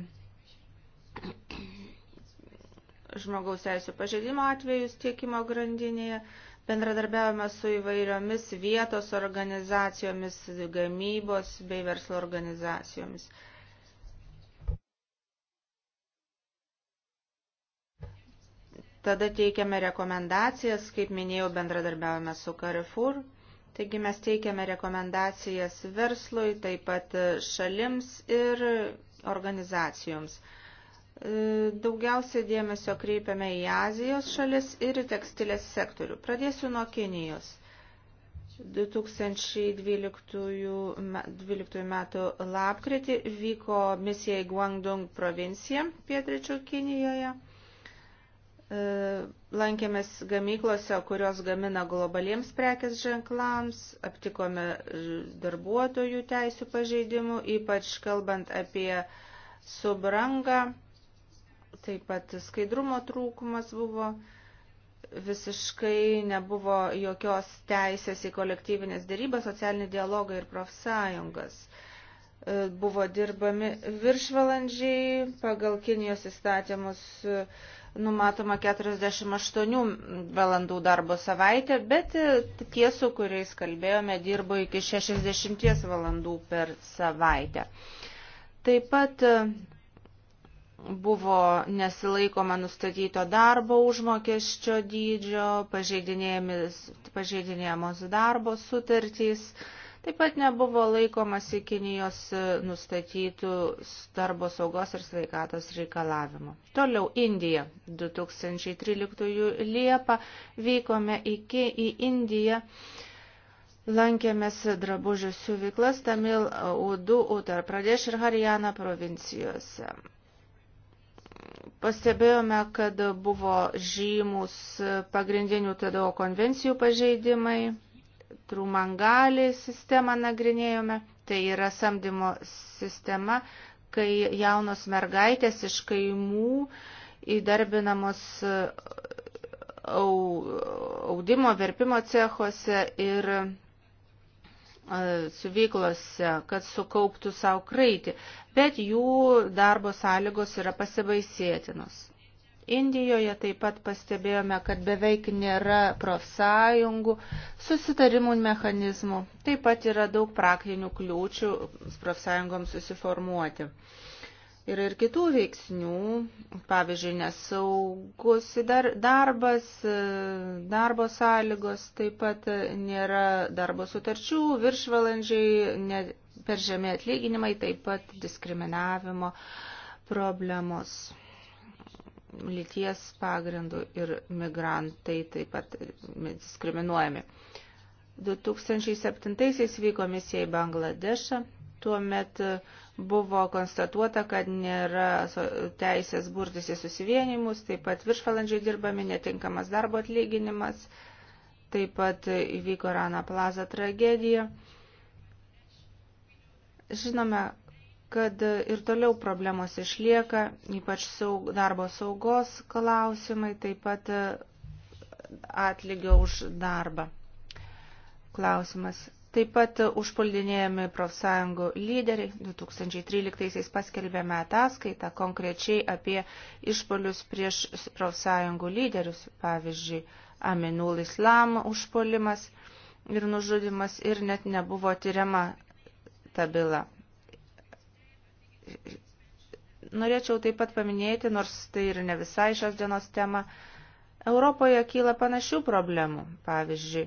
žmogaus teisų pažeidimo atvejus tiekimo grandinėje, bendradarbiavome su įvairiomis vietos organizacijomis, gamybos bei verslo organizacijomis. Tada teikiame rekomendacijas, kaip minėjau, bendradarbiavame su Carrefour. Taigi mes teikiame rekomendacijas verslui, taip pat šalims ir organizacijoms. E, daugiausia dėmesio kreipiame į Azijos šalis ir į tekstilės sektorių. Pradėsiu nuo Kinijos. 2012 metų lapkritį vyko misija į Guangdong provinciją pietryčių Kinijoje. E, lankėmės gamyklose, kurios gamina globaliems prekės ženklams, aptikome e, darbuotojų teisų pažeidimų, ypač kalbant apie subrangą, taip pat skaidrumo trūkumas buvo, visiškai nebuvo jokios teisės į kolektyvinės dėrybas, socialinį dialogą ir profsąjungas e, buvo dirbami viršvalandžiai pagal Kinijos įstatymus numatoma 48 valandų darbo savaitė, bet tie, su kuriais kalbėjome, dirbo iki 60 valandų per savaitę. Taip pat e, buvo nesilaikoma nustatyto darbo užmokesčio dydžio, pažeidinėjamos darbo sutartys Taip pat nebuvo laikomasi Kinijos e, nustatytų darbo saugos ir sveikatos reikalavimų. Toliau Indija. 2013 Liepą vykome iki į Indiją. Lankėmės drabužių siuvyklas Tamil, e, Udu, Utar Pradeš ir Harijana provincijose. Pastebėjome, kad buvo žymus pagrindinių TDO konvencijų pažeidimai, trumangalį sistemą nagrinėjome. Tai yra samdymo sistema, kai jaunos mergaitės iš kaimų įdarbinamos uh, audimo verpimo cechuose ir uh, siuvyklose, kad sukauptų savo kraitį, bet jų darbo sąlygos yra pasibaisėtinos. Indijoje taip pat pastebėjome, kad beveik nėra profsąjungų, susitarimų mechanizmų. Taip pat yra daug praktinių kliūčių profsąjungoms susiformuoti. Yra ir kitų veiksnių, pavyzdžiui, nesaugus dar, darbas, darbo sąlygos, taip pat nėra darbo sutarčių, viršvalandžiai, ne, per žemė atlyginimai, taip pat diskriminavimo problemos lyties pagrindų ir migrantai taip pat diskriminuojami. 2007-aisiais vyko misija į Bangladešą. Tuomet e, buvo konstatuota, kad nėra teisės burtis į susivienimus, taip pat viršvalandžiai dirbami, netinkamas darbo atlyginimas, taip pat įvyko Rana Plaza tragedija. Žinome, kad ir toliau problemos išlieka, ypač saug, darbo saugos klausimai, taip pat e, atlygio už darbą klausimas. Taip pat e, užpuldinėjami profsąjungų lyderiai. 2013 paskelbėme ataskaitą konkrečiai apie išpolius prieš profsąjungų lyderius, pavyzdžiui, Aminul Islam užpolimas ir nužudimas ir net nebuvo tyriama ta byla. Norėčiau taip pat paminėti, nors tai ir ne visai šios dienos tema, Europoje kyla panašių problemų. Pavyzdžiui,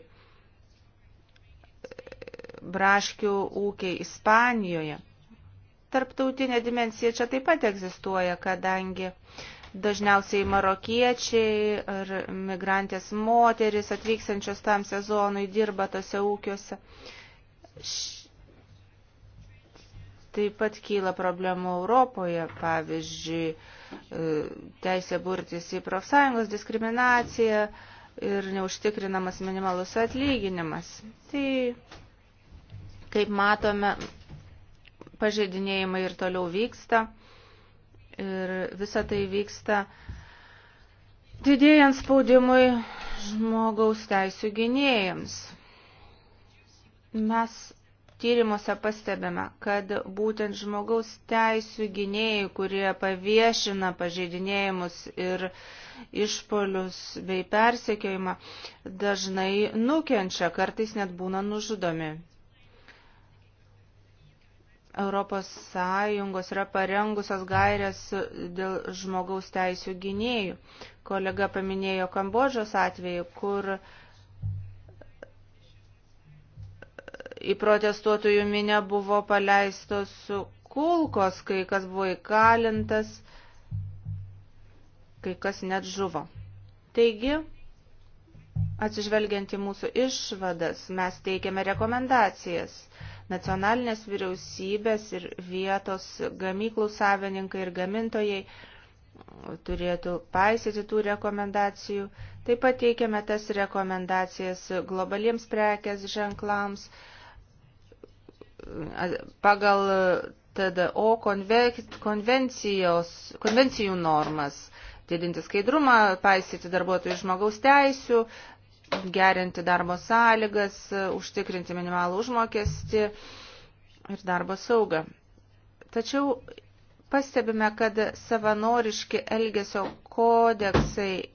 braškių ūkiai Ispanijoje. Tarptautinė dimensija čia taip pat egzistuoja, kadangi dažniausiai marokiečiai ar migrantės moteris atvykstančios tam sezonui dirba tose ūkiuose taip pat kyla problemų Europoje, pavyzdžiui, e, teisė burtis į profsąjungos diskriminaciją ir neužtikrinamas minimalus atlyginimas. Tai, kaip matome, pažeidinėjimai ir toliau vyksta ir visa tai vyksta didėjant spaudimui žmogaus teisų gynėjams. Mes tyrimuose pastebime, kad būtent žmogaus teisų gynėjai, kurie paviešina pažeidinėjimus ir išpolius bei persekiojimą, dažnai nukenčia, kartais net būna nužudomi. Europos Sąjungos yra parengusios gairias dėl žmogaus teisų gynėjų. Kolega paminėjo Kambodžos atveju, kur į protestuotojų minę buvo paleistos kulkos, kai kas buvo įkalintas, kai kas net žuvo. Taigi, atsižvelgiant į mūsų išvadas, mes teikiame rekomendacijas. Nacionalinės vyriausybės ir vietos gamyklų savininkai ir gamintojai turėtų paisyti tų rekomendacijų. Taip pat teikiame tas rekomendacijas globaliems prekės ženklams, pagal TDO konvencijų normas, didinti skaidrumą, paisyti darbuotojų žmogaus teisių, gerinti darbo sąlygas, užtikrinti minimalų užmokestį ir darbo saugą. Tačiau pastebime, kad savanoriški elgesio kodeksai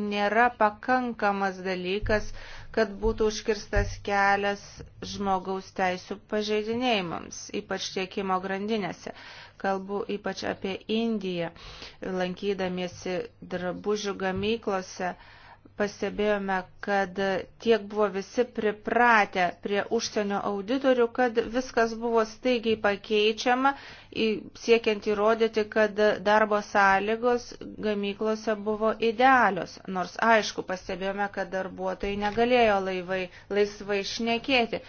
nėra pakankamas dalykas, kad būtų užkirstas kelias žmogaus teisų pažeidinėjimams, ypač tiekimo grandinėse. Kalbu ypač apie Indiją, lankydamiesi drabužių gamyklose. Uh, pastebėjome, kad tiek buvo visi pripratę prie užsienio auditorių, kad viskas buvo staigiai pakeičiama, siekiant įrodyti, kad darbo sąlygos gamyklose buvo idealios. Nors aišku, pastebėjome, kad darbuotojai negalėjo laivai, laisvai šnekėti.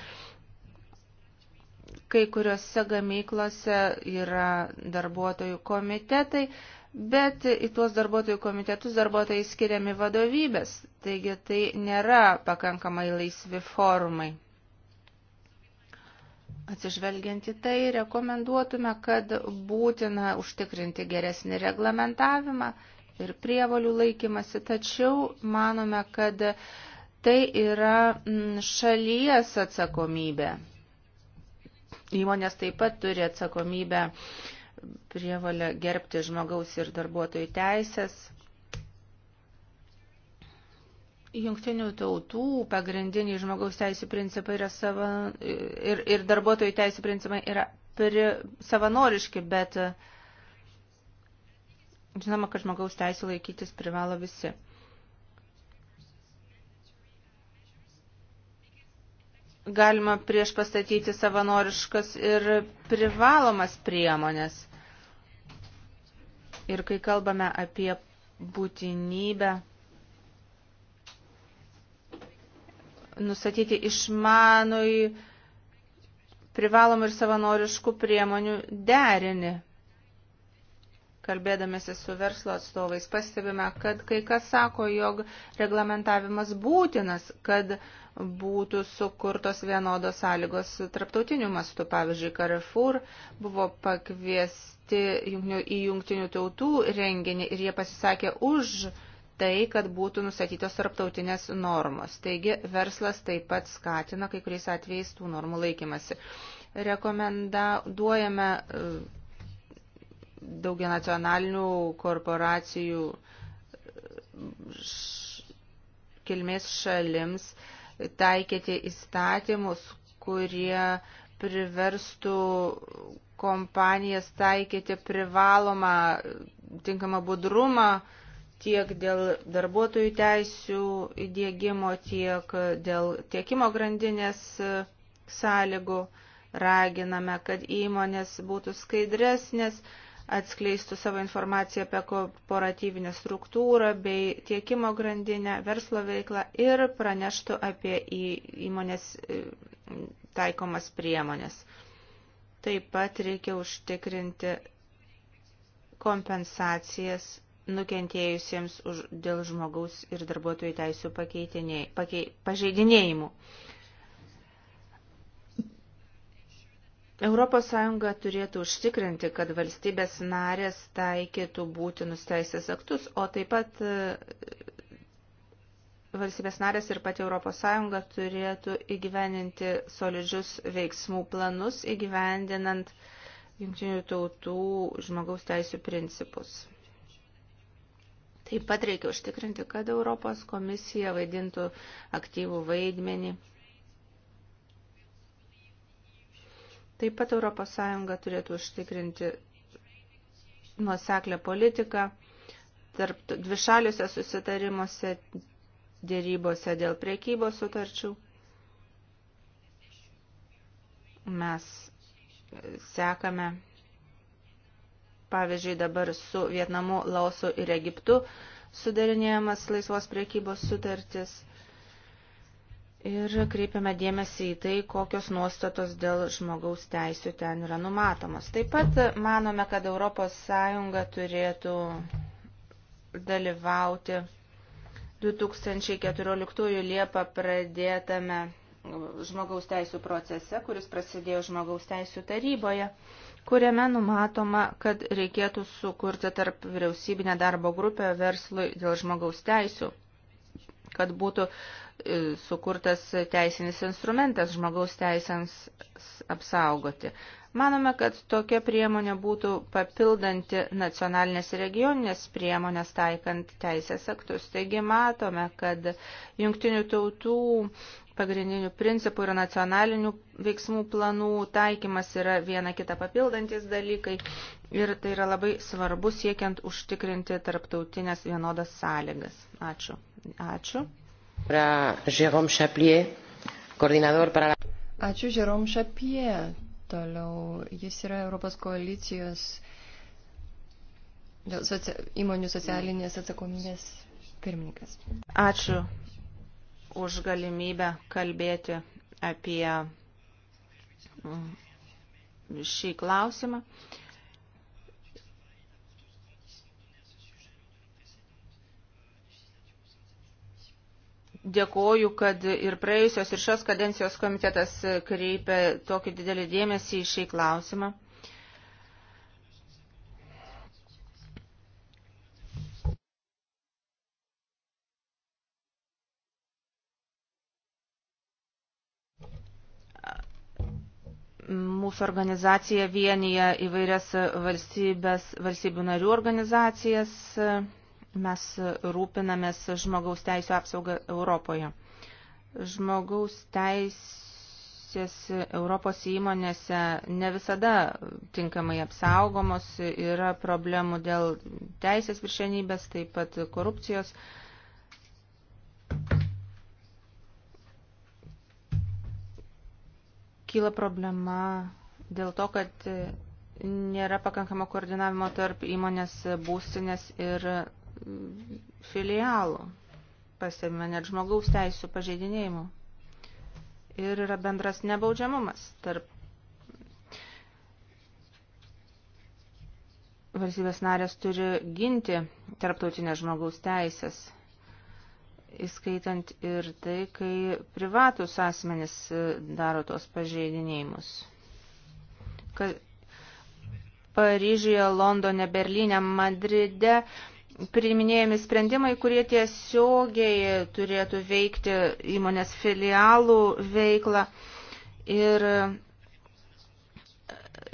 Kai kuriuose gamyklose yra darbuotojų komitetai, bet į tuos darbuotojų komitetus darbuotojai skiriami vadovybės, taigi tai nėra pakankamai laisvi formai. Atsižvelgiant į tai, rekomenduotume, kad būtina užtikrinti geresnį reglamentavimą ir prievalių laikymasi, tačiau manome, kad tai yra mm, šalies atsakomybė. Įmonės taip pat turi atsakomybę uh, prievalę gerbti žmogaus ir darbuotojų teisės. Jungtinių tautų pagrindiniai žmogaus teisų principai yra sava, ir, ir darbuotojų teisų principai yra pri, savanoriški, bet žinoma, kad žmogaus teisų laikytis privalo visi. galima prieš pastatyti savanoriškas ir privalomas priemonės. Ir kai kalbame apie būtinybę nustatyti išmanui privalomų ir savanoriškų priemonių derinį kalbėdamėsi su verslo atstovais, pastebime, kad kai kas sako, jog reglamentavimas būtinas, kad būtų sukurtos vienodos sąlygos traptautiniu mastu. Pavyzdžiui, Carrefour buvo pakviesti į jungtinių tautų renginį ir jie pasisakė už tai, kad būtų nustatytos tarptautinės normos. Taigi verslas taip pat skatina kai kuriais atvejais tų normų laikymasi. Rekomenduojame daugia nacionalinių korporacijų e, kilmės šalims taikyti įstatymus, kurie priverstų kompanijas taikyti privalomą tinkamą budrumą tiek dėl darbuotojų teisių įdėgymo, tiek dėl tiekimo grandinės e, sąlygų. Raginame, kad įmonės būtų skaidresnės, atskleistų savo informaciją apie kooperatyvinę struktūrą bei tiekimo grandinę, verslo veiklą ir praneštų apie įmonės e, taikomas priemonės. Taip pat reikia užtikrinti kompensacijas nukentėjusiems už, dėl žmogaus ir darbuotojų teisų pakei, pažeidinėjimų. Pakei, ES turėtų užtikrinti, kad valstybės narės taikytų būtinus teisės aktus, o taip pat e, valstybės narės ir pati ES turėtų įgyveninti solidžius veiksmų planus, įgyvendinant jungtinių tautų žmogaus teisų principus. Taip pat reikia užtikrinti, kad Europos komisija vaidintų aktyvų vaidmenį Taip pat ES turėtų užtikrinti nuoseklę politiką tarp dvišaliuose susitarimuose, dėrybose dėl priekybos sutarčių. Mes sekame, pavyzdžiui, dabar su Vietnamu, Laosu ir Egiptu sudarinėjamas laisvos priekybos sutartis – ir kreipiame dėmesį į tai, kokios nuostatos dėl žmogaus teisų ten yra numatomos. Taip pat manome, kad ES turėtų dalyvauti 2014 Liepą pradėtame žmogaus teisų procese, kuris prasidėjo žmogaus teisų taryboje, kuriame numatoma, kad reikėtų sukurti tarp vyriausybinę darbo grupę verslui dėl žmogaus teisų kad būtų e, sukurtas teisinis instrumentas žmogaus teisėms apsaugoti. Manome, kad tokia priemonė būtų papildanti nacionalinės ir regioninės priemonės taikant teisės aktus. Taigi matome, kad jungtinių tautų pagrindinių principų yra nacionalinių veiksmų planų taikymas, yra viena kita papildantis dalykai ir tai yra labai svarbu siekiant užtikrinti tarptautinės vienodas sąlygas. Ačiū. Ačiū. Ačiū Žerom Šapie. Toliau jis yra Europos koalicijos dėl socia įmonių socialinės atsakomybės pirmininkas. Ačiū už galimybę kalbėti apie mm, šį klausimą. Dėkoju, kad ir praėjusios ir šios kadencijos komitetas kreipia tokį didelį dėmesį į šį klausimą. Mūsų organizacija vienyje įvairias valstybės, valstybių narių organizacijas. Mes rūpinamės žmogaus teisų apsaugą Europoje. Žmogaus teisės Europos įmonėse ne visada tinkamai apsaugomos, yra problemų dėl teisės viršenybės, taip pat korupcijos. Uh, kyla problema dėl to, kad nėra pakankamo koordinavimo tarp įmonės būstinės ir filialų. Pasėmė net žmogaus teisų pažeidinėjimų. Ir yra bendras nebaudžiamumas tarp valstybės narės turi ginti tarptautinės žmogaus teisės įskaitant ir tai, kai privatus asmenys e, daro tos pažeidinėjimus. Kad Paryžiuje, Londone, Berlyne, Madride priminėjami sprendimai, kurie tiesiogiai turėtų veikti įmonės filialų veiklą ir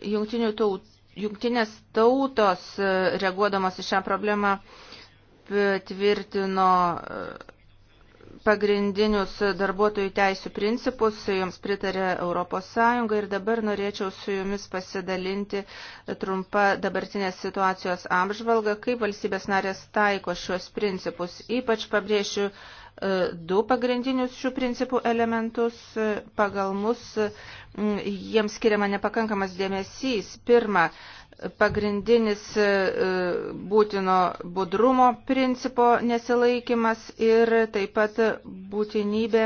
e, taut, jungtinės tautos e, reaguodamos į šią problemą tvirtino pagrindinius darbuotojų teisų principus, joms pritarė ES ir dabar norėčiau su jumis pasidalinti trumpą dabartinės situacijos apžvalgą, kaip valstybės narės taiko šios principus. Ypač pabrėšiu e, du pagrindinius šių principų elementus. Pagal mus jiems skiriama nepakankamas dėmesys. Pirma, pagrindinis e, būtino budrumo principo nesilaikimas ir taip pat būtinybė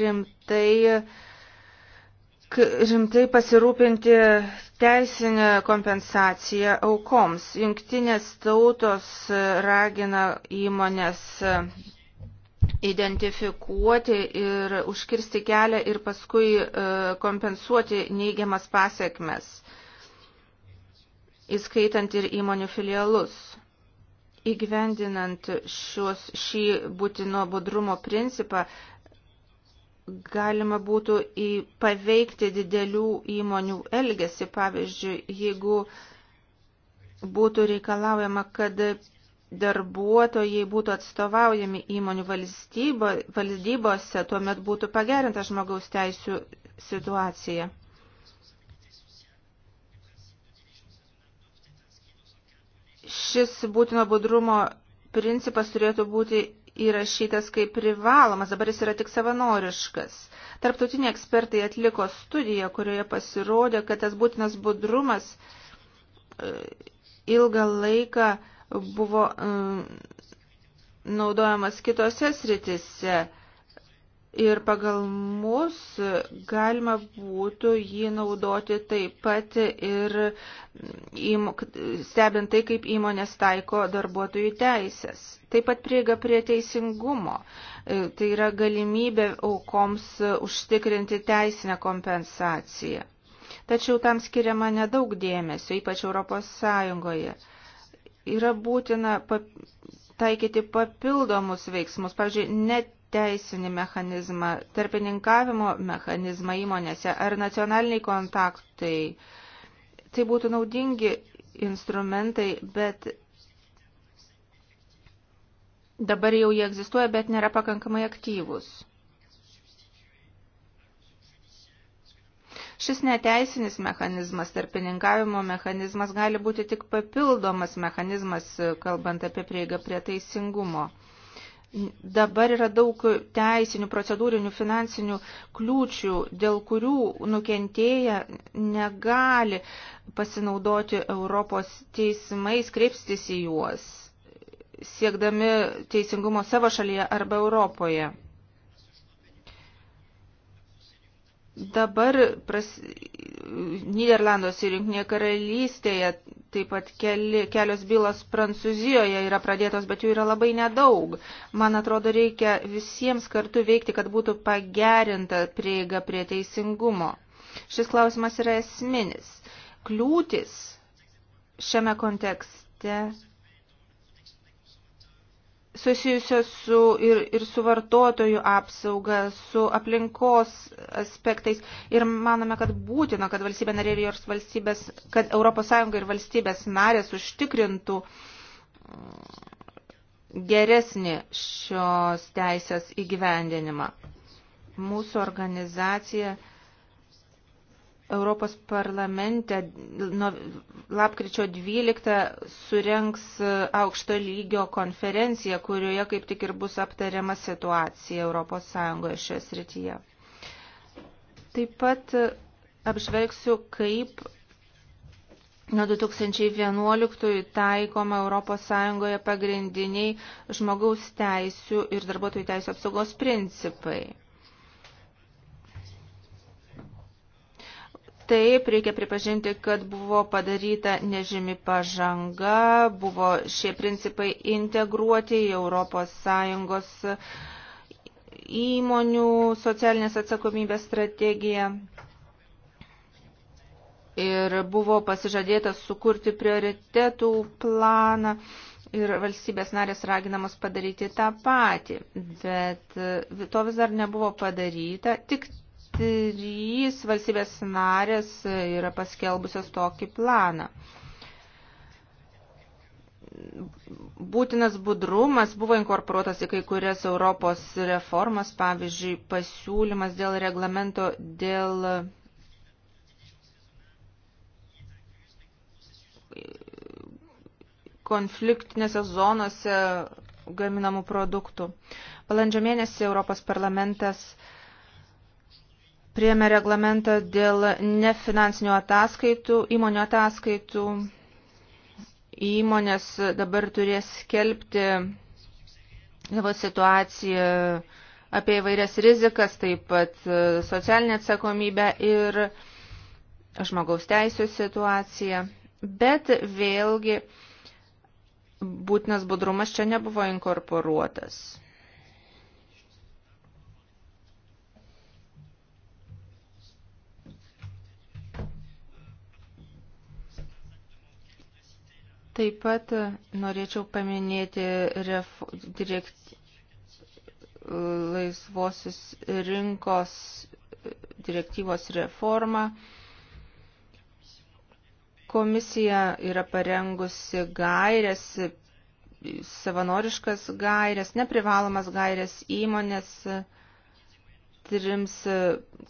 rimtai, rimtai pasirūpinti teisinę kompensaciją aukoms. Jungtinės tautos ragina įmonės identifikuoti ir užkirsti kelią ir paskui e, kompensuoti neigiamas pasiekmes įskaitant ir įmonių filialus. Įgyvendinant šios, šį būtino budrumo principą, galima būtų į paveikti didelių įmonių elgesį. Pavyzdžiui, jeigu būtų reikalaujama, kad darbuotojai būtų atstovaujami įmonių valdybo, valdybose, tuomet būtų pagerinta žmogaus teisų situacija. Šis būtino budrumo principas turėtų būti įrašytas kaip privalomas, dabar jis yra tik savanoriškas. Tarptautiniai ekspertai atliko studiją, kurioje pasirodė, kad tas būtinas budrumas e, ilgą laiką buvo e, naudojamas kitose sritise Ir pagal mus galima būtų jį naudoti taip pat ir stebint tai, kaip įmonės taiko darbuotojų teisės. Taip pat prieiga prie teisingumo. E, tai yra galimybė aukoms užtikrinti teisinę kompensaciją. Tačiau tam skiriama nedaug dėmesio, ypač Europos Sąjungoje. Yra būtina pap taikyti papildomus veiksmus, pavyzdžiui, net teisinį mechanizmą, tarpininkavimo mechanizmą įmonėse ar nacionaliniai kontaktai. Tai būtų naudingi instrumentai, bet dabar jau jie egzistuoja, bet nėra pakankamai aktyvus. Šis neteisinis mechanizmas, tarpininkavimo mechanizmas gali būti tik papildomas mechanizmas, kalbant apie prieigą prie teisingumo. Dabar yra daug teisinių, procedūrinių, finansinių kliūčių, dėl kurių nukentėję negali pasinaudoti Europos teismais, kreipstis į juos, siekdami teisingumo savo šalyje arba Europoje. Dabar pras, Niderlandos ir Junktinėje karalystėje taip pat keli, kelios bylos Prancūzijoje yra pradėtos, bet jų yra labai nedaug. Man atrodo, reikia visiems kartu veikti, kad būtų pagerinta prieiga prie teisingumo. Šis klausimas yra esminis. Kliūtis šiame kontekste susijusios su ir, ir su vartotojų apsauga, su aplinkos aspektais ir manome, kad būtina, kad valstybė narė ir jos valstybės, kad ES ir valstybės narės užtikrintų geresnį šios teisės įgyvendinimą. Mūsų organizacija Europos parlamente nuo lapkričio 12 surenks aukšto lygio konferenciją, kurioje kaip tik ir bus aptariama situacija Europos Sąjungoje šioje srityje. Taip pat apžvelgsiu, kaip nuo 2011 taikoma Europos Sąjungoje pagrindiniai žmogaus teisių ir darbuotojų teisų apsaugos principai. Taip, reikia pripažinti, kad buvo padaryta nežymi pažanga, buvo šie principai integruoti į ES įmonių socialinės atsakomybės strategiją. Ir buvo pasižadėta sukurti prioritetų planą ir valstybės narės raginamos padaryti tą patį. Bet to vis dar nebuvo padaryta. Tik Trys valstybės narės yra paskelbusios tokį planą būtinas budrumas buvo inkorporuotas į kai kurias Europos reformas, pavyzdžiui, pasiūlymas dėl reglamento dėl konfliktinėse zonose gaminamų produktų. Balandžio mėnesį Europos parlamentas uh, Priėmė reglamentą dėl nefinansinių ataskaitų, įmonių ataskaitų. Įmonės dabar turės skelbti savo situaciją apie įvairias rizikas, taip pat socialinę atsakomybę ir žmogaus teisų situaciją. Bet vėlgi būtinas budrumas čia nebuvo inkorporuotas. Taip pat norėčiau paminėti ref, direkt, laisvosios rinkos direktyvos reformą. Komisija yra parengusi gairias, savanoriškas gairias, neprivalomas gairias įmonės trims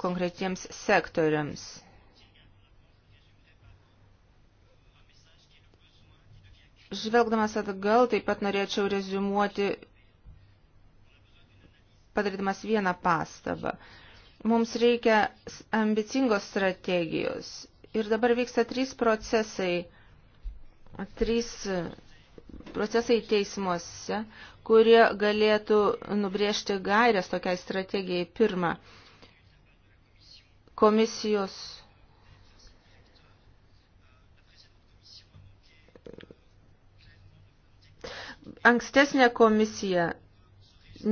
konkretiems sektoriams Žvelgdamas atgal, taip pat norėčiau rezumuoti, padarydamas vieną pastabą. Mums reikia ambicingos strategijos. Ir dabar vyksta trys procesai, trys procesai teismuose, kurie galėtų nubrėžti gairias tokiai strategijai. Pirma, komisijos ankstesnė komisija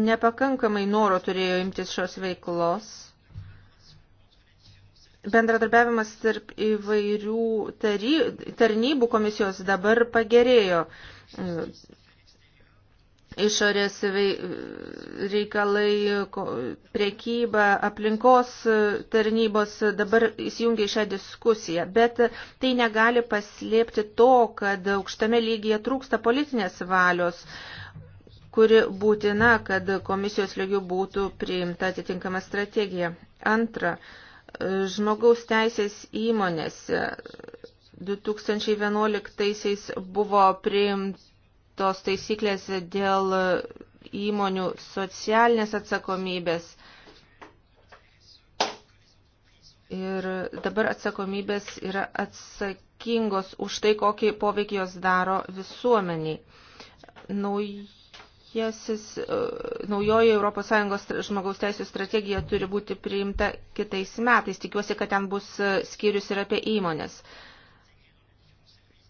nepakankamai noro turėjo imtis šios veiklos. Bendradarbiavimas tarp įvairių tarybų komisijos dabar pagerėjo išorės reikalai, priekyba, aplinkos tarnybos dabar įsijungia į šią diskusiją, bet tai negali paslėpti to, kad aukštame lygyje trūksta politinės valios kuri būtina, kad komisijos lygių būtų priimta atitinkama strategija. Antra, žmogaus teisės įmonėse 2011 buvo priimta tos taisyklės dėl įmonių socialinės atsakomybės. Ir dabar atsakomybės yra atsakingos už tai, kokį poveikį jos daro visuomeniai. Naujasis, e, naujoji ES žmogaus teisų strategija turi būti priimta kitais metais. Tikiuosi, kad ten bus e, skyrius ir apie įmonės.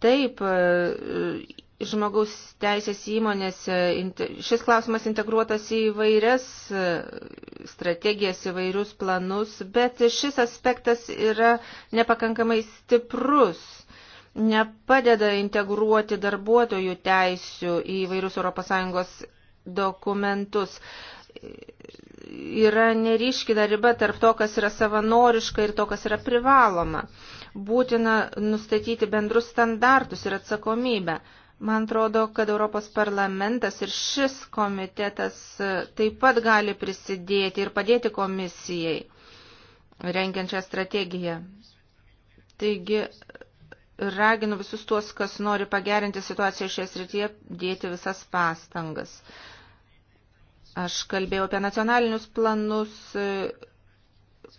Taip, e, žmogaus teisės įmonėse šis klausimas integruotas į vairias e, strategijas, įvairius planus, bet šis aspektas yra nepakankamai stiprus, nepadeda integruoti darbuotojų teisių į vairius ES dokumentus. Yra neryškina riba tarp to, kas yra savanoriška ir to, kas yra privaloma. Būtina nustatyti bendrus standartus ir atsakomybę. Man atrodo, kad Europos parlamentas ir šis komitetas e, taip pat gali prisidėti ir padėti komisijai rengiančią strategiją. Taigi, raginu visus tuos, kas nori pagerinti situaciją šioje srityje, dėti visas pastangas. Aš kalbėjau apie nacionalinius planus, e,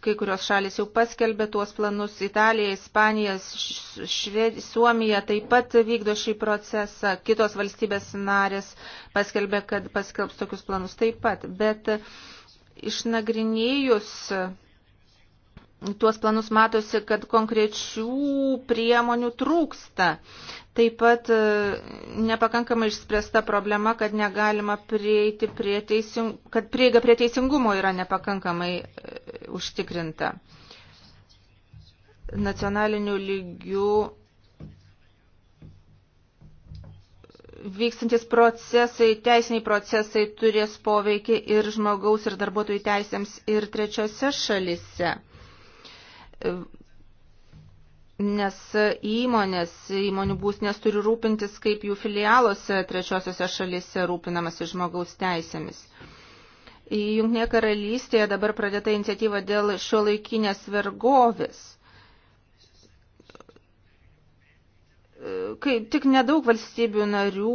Kai kurios šalis jau paskelbė tuos planus. Italija, Ispanija, Šved... Suomija taip pat vykdo šį procesą. Kitos valstybės narės paskelbė, kad paskelbs tokius planus taip pat. Bet išnagrinėjus tuos planus matosi, kad konkrečių priemonių trūksta. Taip pat e, nepakankamai išspręsta problema, kad negalima prieiti prie teisingumo, kad prieiga prie teisingumo yra nepakankamai e, užtikrinta. Nacionalinių lygių vykstantis procesai, teisiniai procesai turės poveikį ir žmogaus ir darbuotojų teisėms ir trečiose šalise. Nes įmonės, įmonių būsnės turi rūpintis, kaip jų filialuose trečiosiose šalise rūpinamasi žmogaus teisėmis. Junknė karalystėje dabar pradėta iniciatyva dėl šio laikinės vergovės. Kai tik nedaug valstybių narių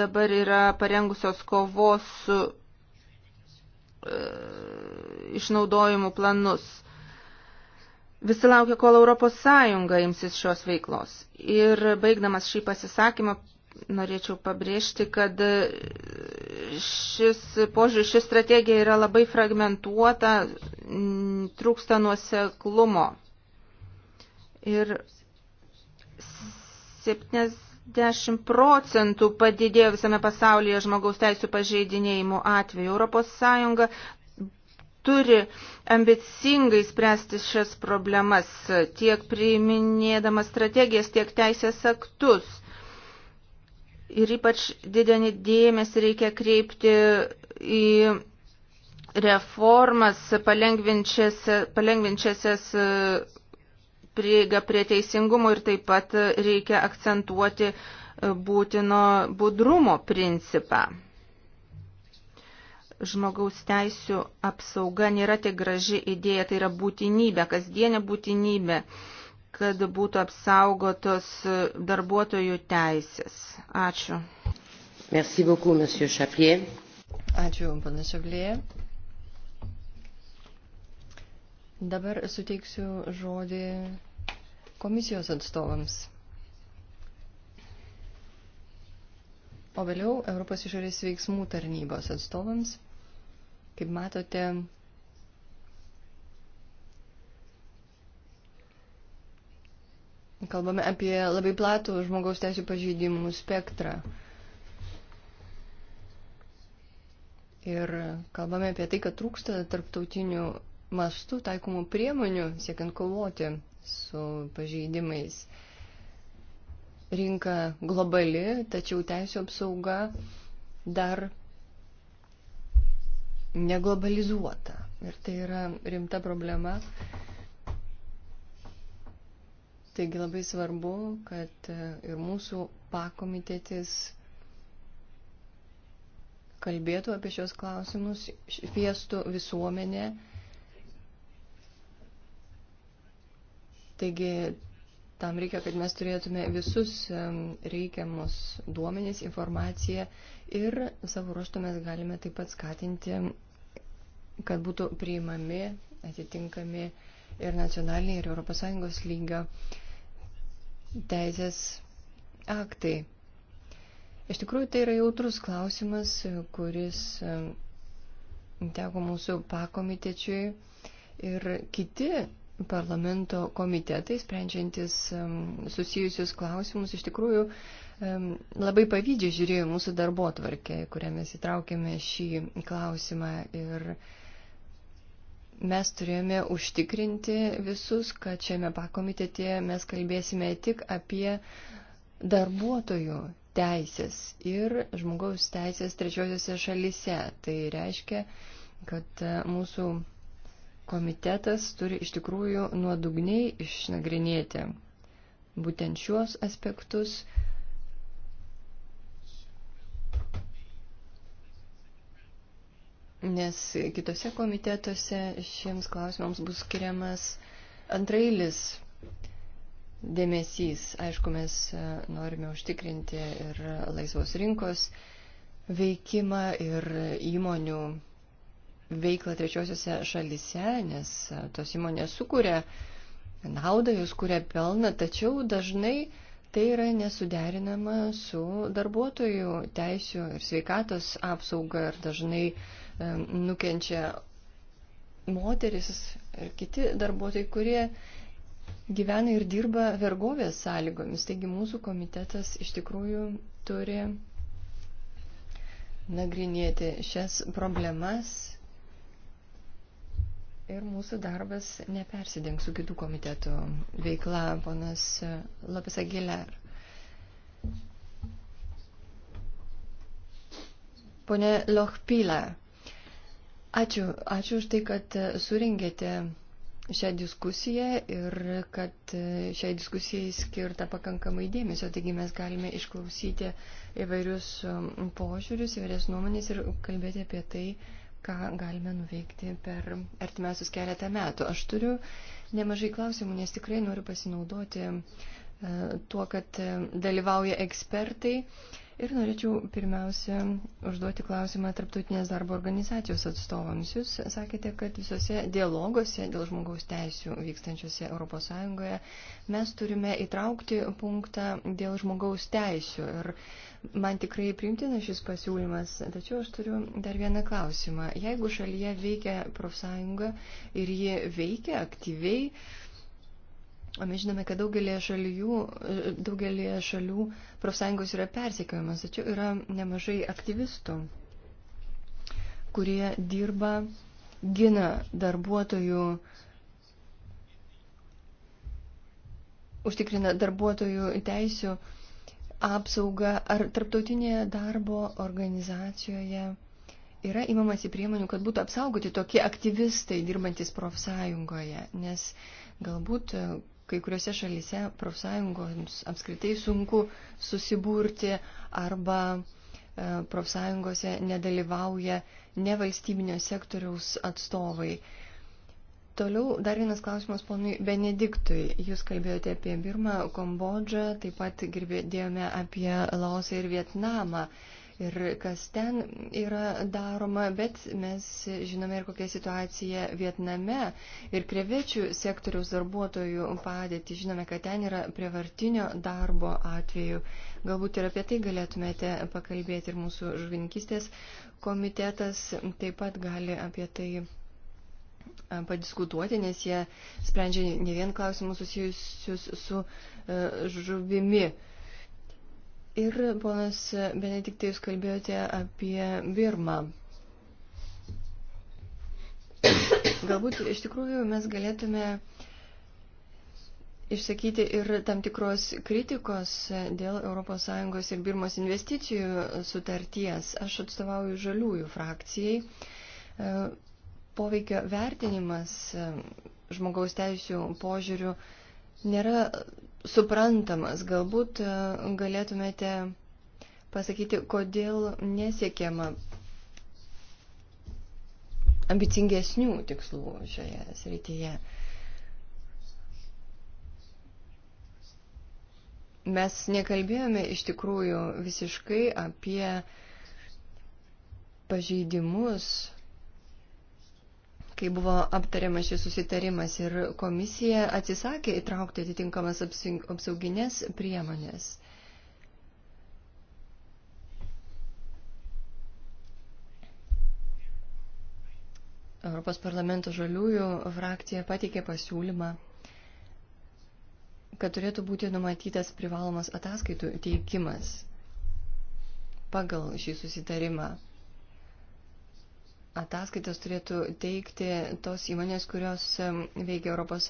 dabar yra parengusios kovos su e, išnaudojimu planus. Visi laukia, kol Europos Sąjunga imsis šios veiklos. Ir baigdamas šį pasisakymą norėčiau pabrėžti, kad šis požiūris, ši strategija yra labai fragmentuota, trūksta nuoseklumo. Ir 70 procentų padidėjo visame pasaulyje žmogaus teisų pažeidinėjimų atveju. Europos Sąjunga turi ambicingai spręsti šias problemas, tiek priiminėdamas strategijas, tiek teisės aktus. Ir ypač didelį dėmesį reikia kreipti į reformas palengvinčias, palengvinčiasias prieiga prie teisingumo ir taip pat reikia akcentuoti būtino budrumo principą žmogaus teisų apsauga nėra tik graži idėja, tai yra būtinybė, kasdienė būtinybė, kad būtų apsaugotos darbuotojų teisės. Ačiū. Merci beaucoup, monsieur Chaplier. Ačiū, panas Chaplier. Dabar suteiksiu žodį komisijos atstovams. O vėliau Europos išorės veiksmų tarnybos atstovams Kaip matote, kalbame apie labai platų žmogaus teisų pažeidimų spektrą. Ir kalbame apie tai, kad trūksta tarptautinių mastų taikomų priemonių siekiant kovoti su pažeidimais. Rinka globali, tačiau teisų apsauga dar neglobalizuota. Ir tai yra rimta problema. Taigi labai svarbu, kad e, ir mūsų pakomitėtis kalbėtų apie šios klausimus, šviestų visuomenė. Taigi tam reikia, kad mes turėtume visus reikiamus duomenys, informaciją Ir savo ruoštų mes galime taip pat skatinti, kad būtų priimami, atitinkami ir nacionaliniai, ir ES lyga teisės aktai. Iš tikrųjų, tai yra jautrus klausimas, kuris e, teko mūsų pakomitečiui ir kiti parlamento komitetai, sprendžiantis e, susijusius klausimus, iš tikrųjų labai pavydžiai žiūrėjo mūsų darbo tvarkę, kurią mes įtraukėme šį klausimą ir mes turėjome užtikrinti visus, kad šiame pakomitetėje mes kalbėsime tik apie darbuotojų teisės ir žmogaus teisės trečiosiose šalise. Tai reiškia, kad e, mūsų komitetas turi iš tikrųjų nuodugniai išnagrinėti būtent šiuos aspektus nes kitose komitetuose šiems klausimams bus skiriamas antrailis dėmesys. Aišku, mes e, norime užtikrinti ir laisvos rinkos veikimą ir įmonių veiklą trečiosiuose šalise, nes e, tos įmonės sukuria naudą, jos kuria pelną, tačiau dažnai tai yra nesuderinama su darbuotojų teisų ir sveikatos apsauga ir dažnai uh, nukenčia moteris ir kiti darbuotojai, kurie gyvena ir dirba vergovės sąlygomis. Taigi mūsų komitetas iš tikrųjų turi nagrinėti šias problemas ir mūsų darbas nepersidengs su kitų komitetų veikla, ponas Lapis Agiler. Pone Lochpila, Ačiū, ačiū už tai, kad e, suringėte šią diskusiją ir kad e, šiai diskusijai skirta pakankamai dėmesio, taigi mes galime išklausyti įvairius e, požiūrius, įvairias nuomonės ir kalbėti apie tai, ką galime nuveikti per artimiausius keletą metų. Aš turiu nemažai klausimų, nes tikrai noriu pasinaudoti tuo, kad dalyvauja ekspertai. Ir norėčiau pirmiausia užduoti klausimą Tarptautinės darbo organizacijos atstovams. Jūs sakėte, kad visose dialoguose dėl žmogaus teisų vykstančiose ES mes turime įtraukti punktą dėl žmogaus teisų. Ir man tikrai priimtina šis pasiūlymas, tačiau aš turiu dar vieną klausimą. Jeigu šalyje veikia profsąjunga ir ji veikia aktyviai, O mes žinome, kad daugelie šalių, daugelie šalių profsąjungos yra persekiojamas, tačiau yra nemažai aktyvistų, kurie dirba, gina darbuotojų, užtikrina darbuotojų teisių apsaugą. Ar tarptautinėje darbo organizacijoje yra imamasi priemonių, kad būtų apsaugoti tokie aktyvistai dirbantis profsąjungoje, nes galbūt kai kuriuose šalyse profsąjungoms apskritai sunku susiburti arba e, profsąjungose nedalyvauja nevalstybinio sektoriaus atstovai. Toliau dar vienas klausimas ponui Benediktui. Jūs kalbėjote apie Birmą, Kambodžą, taip pat girdėjome apie Laosą ir Vietnamą. Uh, ir kas ten yra daroma, bet mes žinome ir kokia situacija Vietname ir krevečių sektoriaus darbuotojų padėtį. Žinome, kad ten yra prievartinio darbo atveju. Galbūt ir apie tai galėtumėte pakalbėti ir mūsų žuvininkistės komitetas taip pat gali apie tai padiskutuoti, nes jie sprendžia ne vien klausimus susijusius su e, žuvimi. Uh, Ir ponas Benediktai, jūs kalbėjote apie Birmą. Galbūt iš tikrųjų mes galėtume išsakyti ir tam tikros kritikos dėl ES ir Birmos investicijų sutarties. Aš atstovauju žaliųjų frakcijai. Poveikio vertinimas žmogaus teisų požiūrių nėra suprantamas. Galbūt e, galėtumėte pasakyti, kodėl nesiekiama ambicingesnių tikslų šioje srityje. Mes nekalbėjome iš tikrųjų visiškai apie pažeidimus kai buvo aptariamas šis susitarimas ir komisija atsisakė įtraukti atitinkamas apsauginės priemonės. Europos parlamento žaliųjų frakcija pateikė pasiūlymą, kad turėtų būti numatytas privalomas ataskaitų teikimas pagal šį susitarimą ataskaitas turėtų teikti tos įmonės, kurios veikia ES.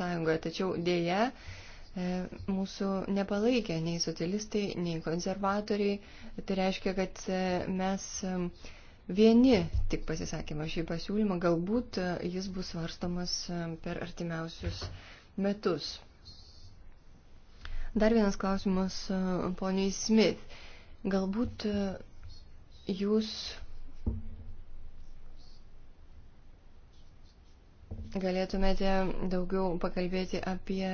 Tačiau dėja, e, mūsų nepalaikė nei socialistai, nei konservatoriai. Tai reiškia, kad e, mes vieni tik pasisakėme šį pasiūlymą, galbūt e, jis bus svarstomas per artimiausius metus. Dar vienas klausimas poniai Smith. Galbūt jūs galėtumėte daugiau pakalbėti apie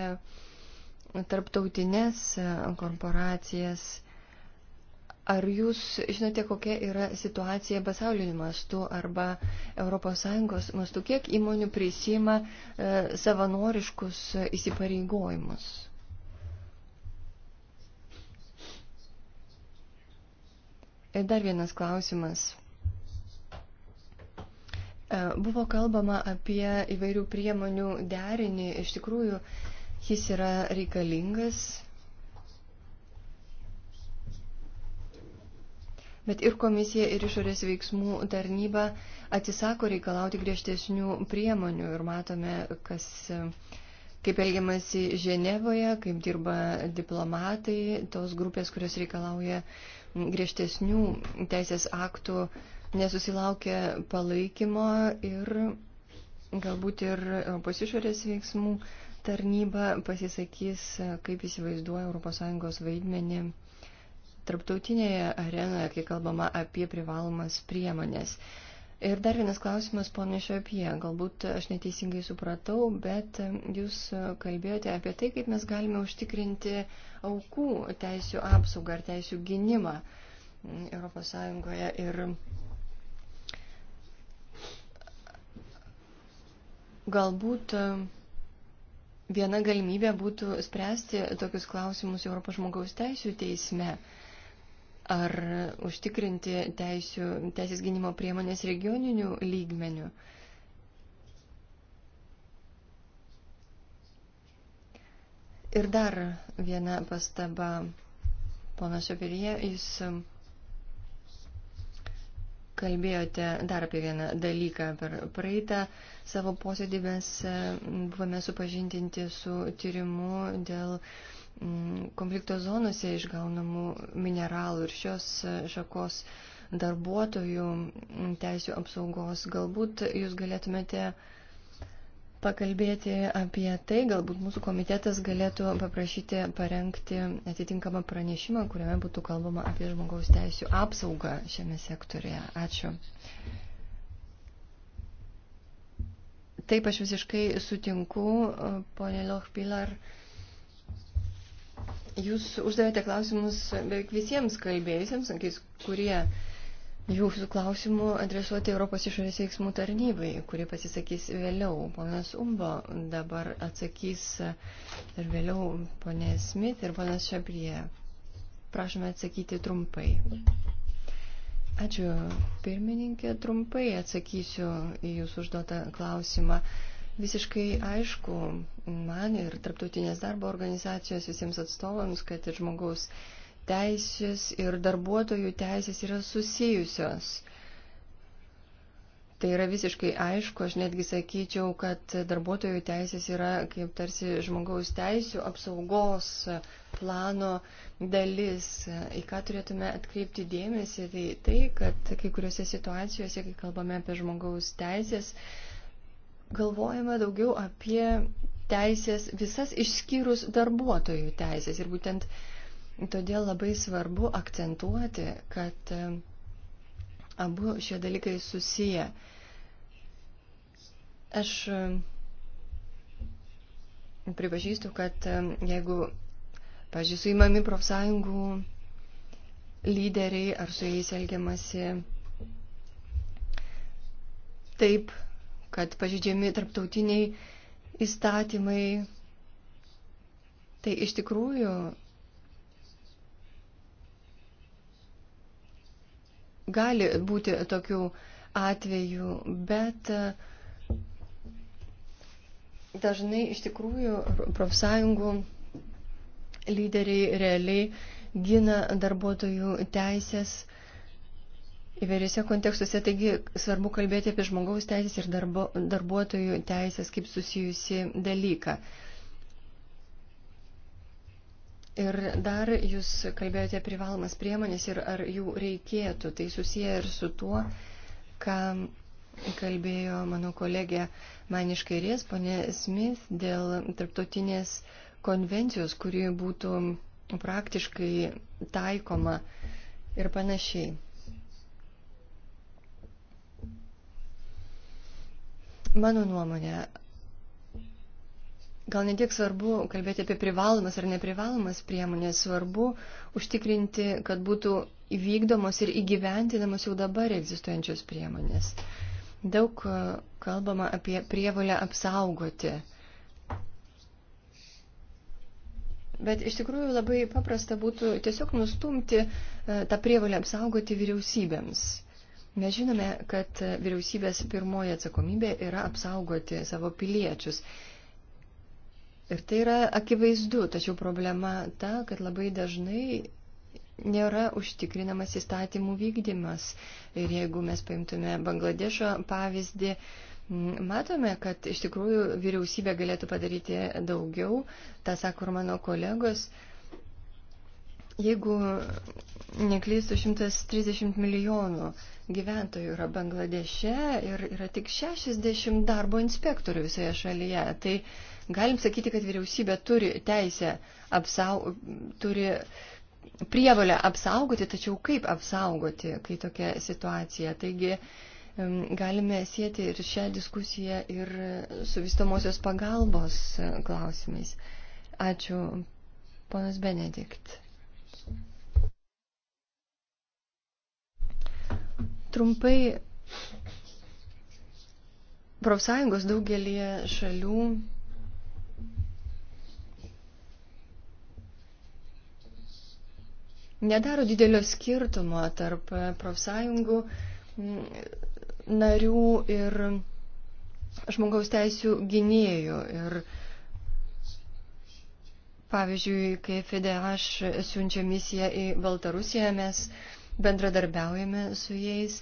tarptautinės korporacijas. Ar jūs žinote, kokia yra situacija pasauliniu mastu arba ES mastu, kiek įmonių prisima e, savanoriškus įsipareigojimus? Ir dar vienas klausimas. E, buvo kalbama apie įvairių priemonių derinį. Iš tikrųjų, jis yra reikalingas. Bet ir komisija, ir išorės veiksmų tarnyba atsisako reikalauti griežtesnių priemonių ir matome, kas, e, kaip elgiamasi Ženevoje, kaip dirba diplomatai, tos grupės, kurios reikalauja griežtesnių teisės aktų nesusilaukė palaikymo ir galbūt ir pasišorės veiksmų tarnyba pasisakys, kaip įsivaizduoja ES vaidmenį tarptautinėje arenoje, kai kalbama apie privalomas priemonės. Ir dar vienas klausimas, ponė Šiopie, galbūt aš neteisingai supratau, bet jūs kalbėjote apie tai, kaip mes galime užtikrinti aukų teisų apsaugą ar teisų gynimą ES. Ir Galbūt e, viena galimybė būtų spręsti tokius klausimus Europos žmogaus teisų teisme. Ar užtikrinti teisių, teisės gynimo priemonės regioninių lygmenių? Ir dar viena pastaba. Ponas Ševerija, jis kalbėjote dar apie vieną dalyką. Per praeitą savo posėdį mes buvome supažintinti su tyrimu dėl konflikto zonose išgaunamų mineralų ir šios šakos darbuotojų teisų apsaugos. Galbūt jūs galėtumėte uh, pakalbėti apie tai, galbūt mūsų komitetas galėtų paprašyti parengti atitinkamą pranešimą, kuriame būtų kalbama apie žmogaus teisų apsaugą šiame sektorėje. Ačiū. Taip, aš visiškai sutinku, ponė Lochpilar. Jūs uždavėte klausimus beveik visiems kalbėjusiems, kurie jūsų klausimų adresuoti Europos išorės veiksmų tarnybai, kuri pasisakys vėliau. Ponas Umbo dabar atsakys ir vėliau ponė Smith ir ponas Šabrie. Prašome atsakyti trumpai. Ačiū pirmininkė, trumpai atsakysiu į jūsų užduotą klausimą. Visiškai aišku man ir tarptautinės darbo organizacijos visiems atstovams, kad ir žmogaus teisės ir darbuotojų teisės yra susijusios. Tai yra visiškai aišku, aš netgi sakyčiau, kad darbuotojų teisės yra kaip tarsi žmogaus teisų apsaugos plano dalis. Į ką turėtume atkreipti dėmesį, tai tai, kad kai kuriuose situacijose, kai kalbame apie žmogaus teisės, galvojame daugiau apie teisės, visas išskyrus darbuotojų teisės. Ir būtent uh, Todėl labai svarbu akcentuoti, kad e, abu šie dalykai susiję. Aš e, pripažįstu, kad e, jeigu, pažiūrėjau, suimami profsąjungų lyderiai ar su jais elgiamasi taip, kad pažydžiami tarptautiniai įstatymai, tai iš tikrųjų gali būti tokių atvejų, bet e, dažnai iš tikrųjų profsąjungų lyderiai realiai gina darbuotojų teisės įvairiose kontekstuose. Taigi svarbu kalbėti apie žmogaus teisės ir darbo, darbuotojų teisės kaip susijusi dalyką. Ir dar jūs kalbėjote privalomas priemonės ir ar jų reikėtų. Tai susiję ir su tuo, ką kalbėjo mano kolegė man iš kairės, ponė Smith, dėl tarptautinės konvencijos, kuri būtų praktiškai taikoma ir panašiai. Mano nuomonė, Gal netiek svarbu kalbėti apie privalomas ar neprivalomas priemonės, svarbu užtikrinti, kad būtų įvykdomos ir įgyventinamos jau dabar egzistuojančios priemonės. Daug e, kalbama apie prievalę apsaugoti. Bet iš tikrųjų labai paprasta būtų tiesiog nustumti e, tą prievalę apsaugoti vyriausybėms. Mes žinome, kad e, vyriausybės pirmoji atsakomybė yra apsaugoti savo piliečius. Ir tai yra akivaizdu, tačiau problema ta, kad labai dažnai nėra užtikrinamas įstatymų vykdymas. Ir jeigu mes paimtume Bangladešo pavyzdį, Matome, kad iš tikrųjų vyriausybė galėtų padaryti daugiau, tą sako ir mano kolegos. Jeigu neklystų 130 milijonų gyventojų yra Bangladeše ir yra tik 60 darbo inspektorių visoje šalyje, tai Galim sakyti, kad vyriausybė turi teisę, apsau, turi prievalę apsaugoti, tačiau kaip apsaugoti, kai tokia situacija. Taigi galime sėti ir šią diskusiją ir su vystomosios pagalbos klausimais. Ačiū, ponas Benedikt. Trumpai profsąjungos daugelį šalių nedaro didelio skirtumo tarp e, profsąjungų mm, narių ir žmogaus teisų gynėjų. Ir pavyzdžiui, kai FDH siunčia misiją į Baltarusiją, mes bendradarbiaujame su jais,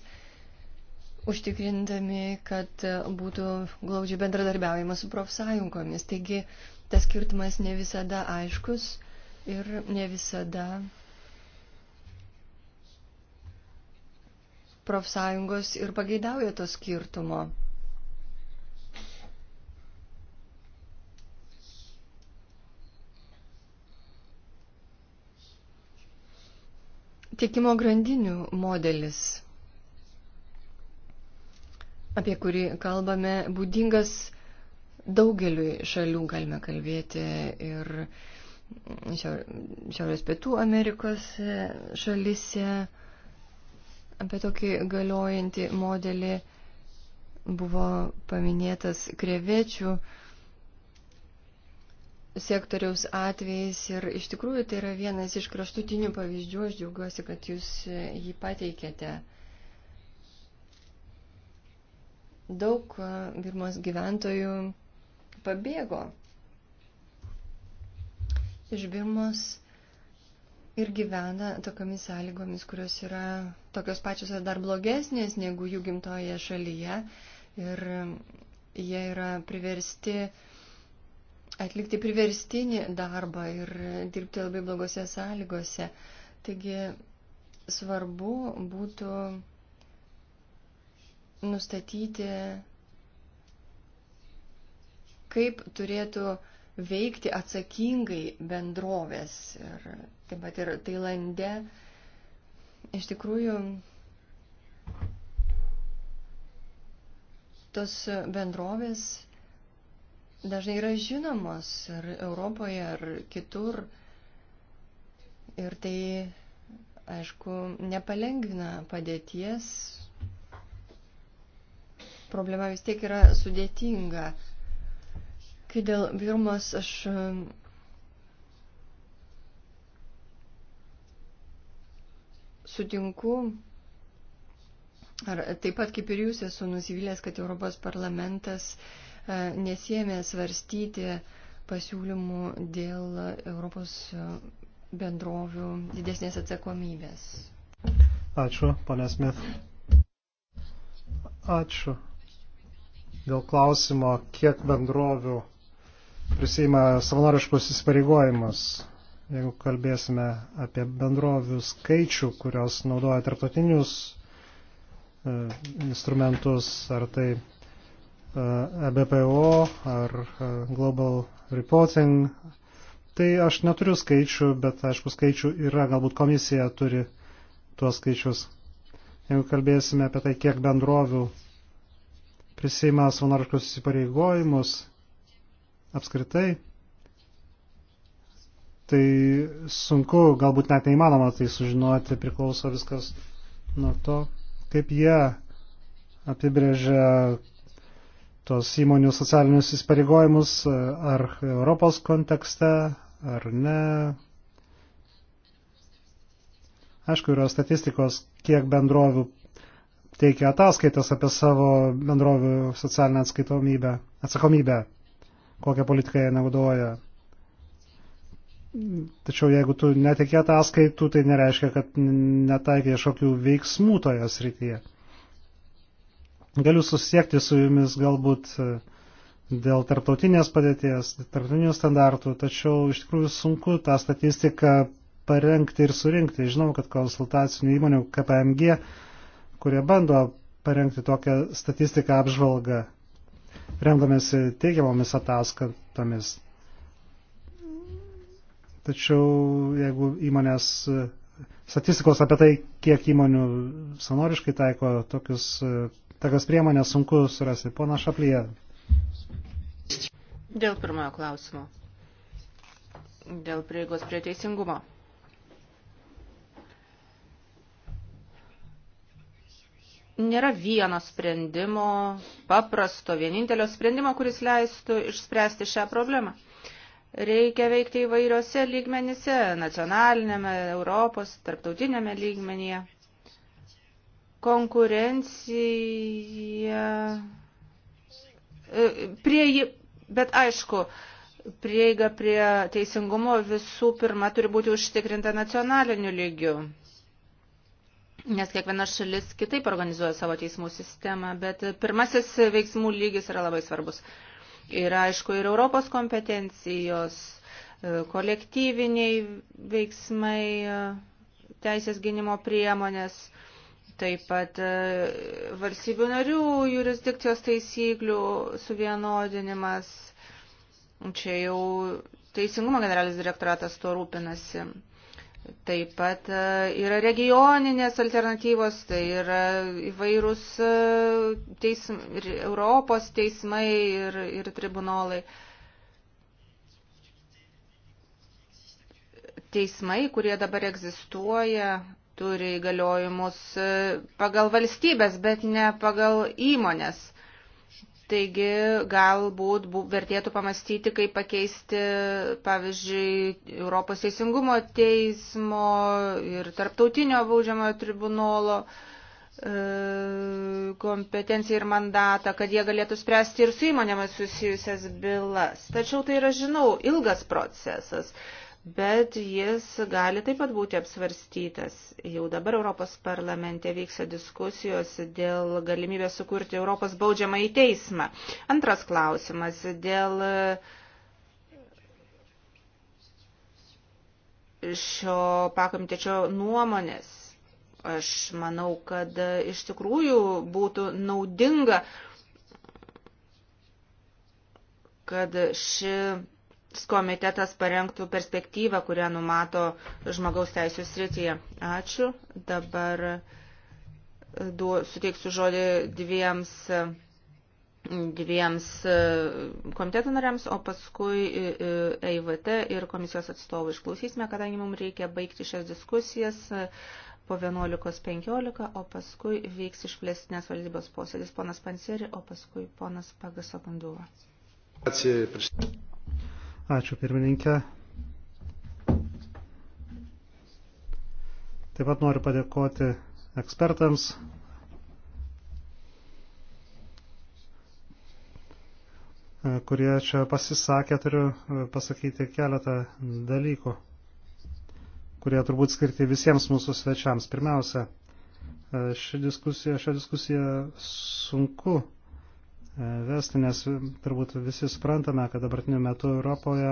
užtikrindami, kad būtų glaudžiai bendradarbiaujama su profsąjungomis. Taigi tas skirtumas ne visada aiškus ir ne visada profsąjungos ir pageidauja to skirtumo. Tiekimo grandinių modelis, apie kurį kalbame, būdingas daugeliu šalių galime kalbėti ir Šiaurės Pietų Amerikos šalise, Apie tokį galiojantį modelį buvo paminėtas krevečių sektoriaus atvejais ir iš tikrųjų tai yra vienas iš kraštutinių pavyzdžių, aš džiaugiuosi, kad jūs e, jį pateikėte. Daug e, Birmos gyventojų pabėgo iš Birmos ir gyvena tokiamis sąlygomis, kurios yra tokios pačios ar dar blogesnės negu jų gimtoje šalyje ir jie yra priversti atlikti priverstinį darbą ir dirbti labai blogose sąlygose. Taigi svarbu būtų nustatyti, kaip turėtų veikti atsakingai bendrovės ir taip pat ir Tailande Iš tikrųjų, tos bendrovės dažnai yra žinomos ir Europoje, ir kitur. Ir tai, aišku, nepalengvina padėties. Problema vis tiek yra sudėtinga. Kai dėl Birmos aš sutinku, ar taip pat kaip ir jūs esu nusivylęs, kad Europos parlamentas e, nesėmė svarstyti pasiūlymų dėl Europos bendrovių didesnės atsakomybės. Ačiū, ponė Smith. Ačiū. Dėl klausimo, kiek bendrovių prisima savanoriškus įsipareigojimus jeigu kalbėsime apie bendrovių skaičių, kurios naudoja tarptautinius e, instrumentus, ar tai EBPO, e ar e, Global Reporting. Tai aš neturiu skaičių, bet aišku, skaičių yra, galbūt komisija turi tuos skaičius. Jeigu kalbėsime apie tai, kiek bendrovių prisima savanoriškus įsipareigojimus apskritai, tai sunku, galbūt net neįmanoma tai sužinoti, priklauso viskas nuo to, kaip jie apibrėžia tos įmonių socialinius įsipareigojimus, ar Europos kontekste, ar ne. Aišku, yra statistikos, kiek bendrovių teikia ataskaitas apie savo bendrovių socialinę atskaitomybę, atsakomybę, kokią politiką jie naudoja. Tačiau jeigu tu netikė ataskaitų, tai nereiškia, kad netaikė kažkokių veiksmų toje srityje. Galiu susiekti su jumis galbūt e, dėl tarptautinės padėties, tarptautinių standartų, tačiau iš tikrųjų sunku tą statistiką parengti ir surinkti. Žinau, kad konsultacinių įmonių KPMG, kurie bando parengti tokią statistiką apžvalgą, remdamėsi teigiamomis ataskatomis Tačiau jeigu įmonės e, statistikos apie tai, kiek įmonių sanoriškai taiko tokius, e, tokias priemonės, sunku surasti. Pona Šaplyje. Dėl pirmojo klausimo. Dėl prieigos prie teisingumo. nėra vieno sprendimo, paprasto, vienintelio sprendimo, kuris leistų išspręsti šią problemą. Reikia veikti įvairiose lygmenyse - nacionalinėme, Europos, tarptautinėme lygmenyje. Konkurencija. E, prie, bet aišku, prieiga prie teisingumo visų pirma turi būti užtikrinta nacionaliniu lygiu. Nes kiekviena šalis kitaip organizuoja savo teismų sistemą, bet pirmasis veiksmų lygis yra labai svarbus. Yra, aišku, ir Europos kompetencijos, e, kolektyviniai veiksmai, e, teisės gynimo priemonės, taip pat e, valstybių narių jurisdikcijos taisyklių suvienodinimas. Čia jau Teisingumo generalinis direktoratas tuo rūpinasi. Taip pat e, yra regioninės alternatyvos, tai yra įvairūs e, teism, Europos teismai ir, ir tribunolai. Teismai, kurie dabar egzistuoja, turi įgaliojimus e, pagal valstybės, bet ne pagal įmonės. Taigi galbūt vertėtų pamastyti, kaip pakeisti, pavyzdžiui, Europos teisingumo teismo ir tarptautinio baudžiamojo tribunolo e, kompetenciją ir mandatą, kad jie galėtų spręsti ir su įmonėmis susijusias bylas. Tačiau tai yra, žinau, ilgas procesas bet jis gali taip pat būti apsvarstytas. Jau dabar Europos parlamente vyksta diskusijos dėl galimybės sukurti Europos baudžiamą į teismą. Antras klausimas dėl šio pakomitečio nuomonės. Aš manau, kad iš tikrųjų būtų naudinga, kad ši komitetas parengtų perspektyvą, kurią numato žmogaus teisų srityje. Ačiū. Dabar e, du, suteiksiu žodį dviems, e, dviems e, komiteto nariams, o paskui EIVT ir komisijos atstovų išklausysime, kadangi mums reikia baigti šias diskusijas po 11.15, o paskui vyks išplėstinės valdybos posėdis ponas Panseri, o paskui ponas Pagasapanduva. Ačiū. Ačiū pirmininkė. Taip pat noriu padėkoti ekspertams. kurie čia pasisakė, turiu pasakyti keletą dalykų, kurie turbūt skirti visiems mūsų svečiams. Pirmiausia, ši diskusija, šią diskusiją sunku E, vesti, nes turbūt visi suprantame, kad dabartiniu metu Europoje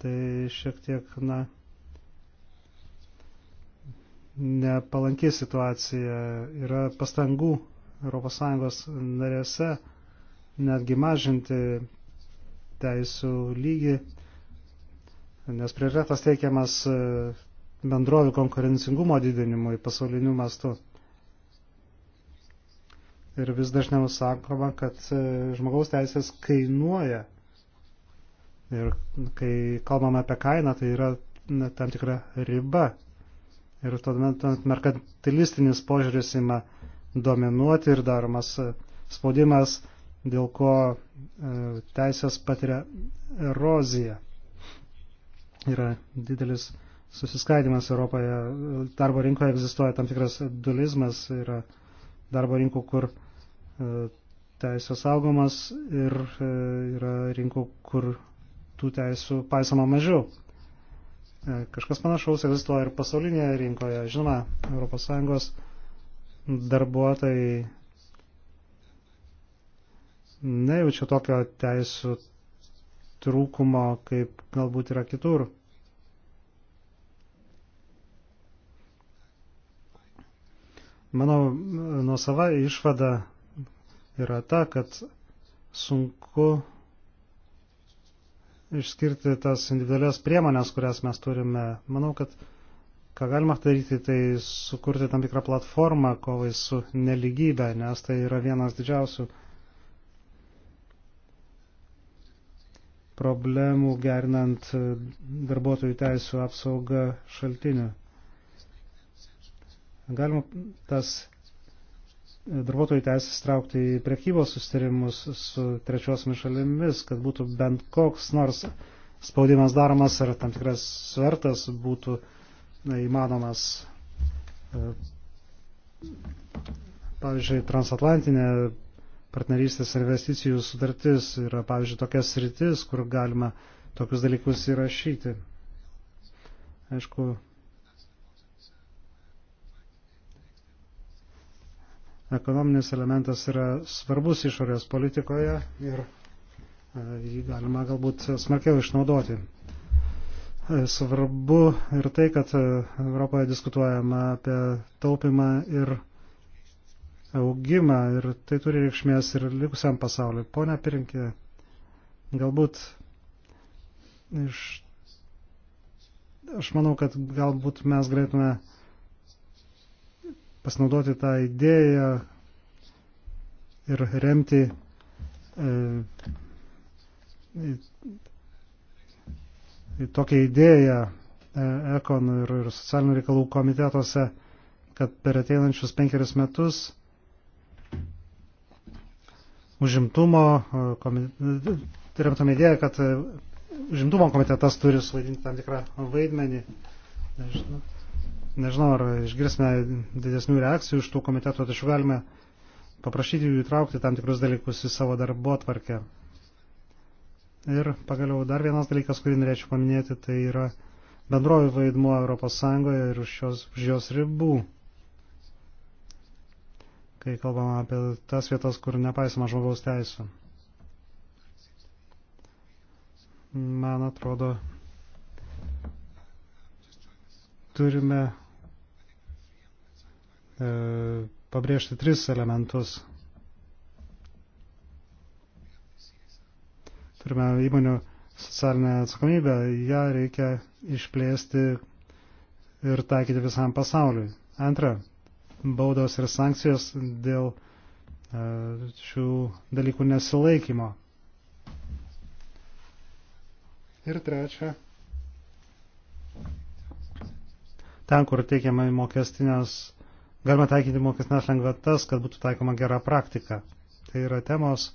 tai šiek tiek, na, nepalanki situacija. Yra pastangų ES narėse netgi mažinti teisų lygį, nes prioritetas teikiamas e, bendrovių konkurencingumo didinimui pasauliniu mastu ir vis dažniau sakoma, kad e, žmogaus teisės kainuoja. Ir kai kalbame apie kainą, tai yra tam tikra riba. Ir tuomet merkantilistinis požiūris ima dominuoti ir daromas e, spaudimas, dėl ko e, teisės patiria eroziją. Yra didelis susiskaidimas Europoje, darbo rinkoje egzistuoja tam tikras dualizmas, yra darbo rinkų, kur E, teisės saugomas ir e, yra rinkų, kur tų teisų paisama mažiau. E, kažkas panašaus egzistuoja ir pasaulinėje rinkoje. Žinoma, ES darbuotojai nejaučia tokio teisų trūkumo, kaip galbūt yra kitur. Mano nuosava išvada yra ta, kad sunku išskirti tas individualias priemonės, kurias mes turime. Manau, kad ką galima daryti, tai sukurti tam tikrą platformą kovai su neligybė, nes tai yra vienas didžiausių problemų gerinant darbuotojų teisų apsaugą šaltinių. Galima tas darbuotojų teisės traukti į prekybos sustarimus su trečiosiomis šalimis, kad būtų bent koks nors spaudimas daromas ar tam tikras svertas būtų įmanomas. E, pavyzdžiui, transatlantinė partnerystės ir investicijų sutartis yra, pavyzdžiui, tokias sritis, kur galima tokius dalykus įrašyti. Aišku, ekonominis elementas yra svarbus išorės politikoje ir e, jį galima galbūt smarkiau išnaudoti. E, svarbu ir tai, kad e, Europoje diskutuojama apie taupimą ir augimą ir tai turi reikšmės ir likusiam pasauliu. Pone Pirinkė, galbūt iš. Aš manau, kad galbūt mes galėtume uh, pasinaudoti tą idėją ir remti e, tokią idėją e, Ekon ir, ir socialinių reikalų komitetuose, kad per ateinančius penkerius metus užimtumo e, komitetas, remtum idėją, kad e, užimtumo komitetas turi suvaidinti tam tikrą vaidmenį. Nežinau Nežinau, ar išgirsime didesnių reakcijų iš tų komitetų, tačiau galime paprašyti jų įtraukti tam tikrus dalykus į savo darbo atvarkę. Ir pagaliau dar vienas dalykas, kurį norėčiau paminėti, tai yra bendrovių vaidmuo Europos Sąjungoje ir už jos, už jos ribų. Kai kalbama apie tas vietas, kur nepaisama žmogaus teisų. Man atrodo, turime E, pabrėžti tris elementus. Turime įmonių socialinę atsakomybę, ją reikia išplėsti ir taikyti visam pasauliui. Antra, baudos ir sankcijos dėl e, šių dalykų nesilaikymo. Ir trečia, ten, kur teikiamai mokestinės galima taikyti mokestinės lengvetas, kad būtų taikoma gera praktika. Tai yra temos,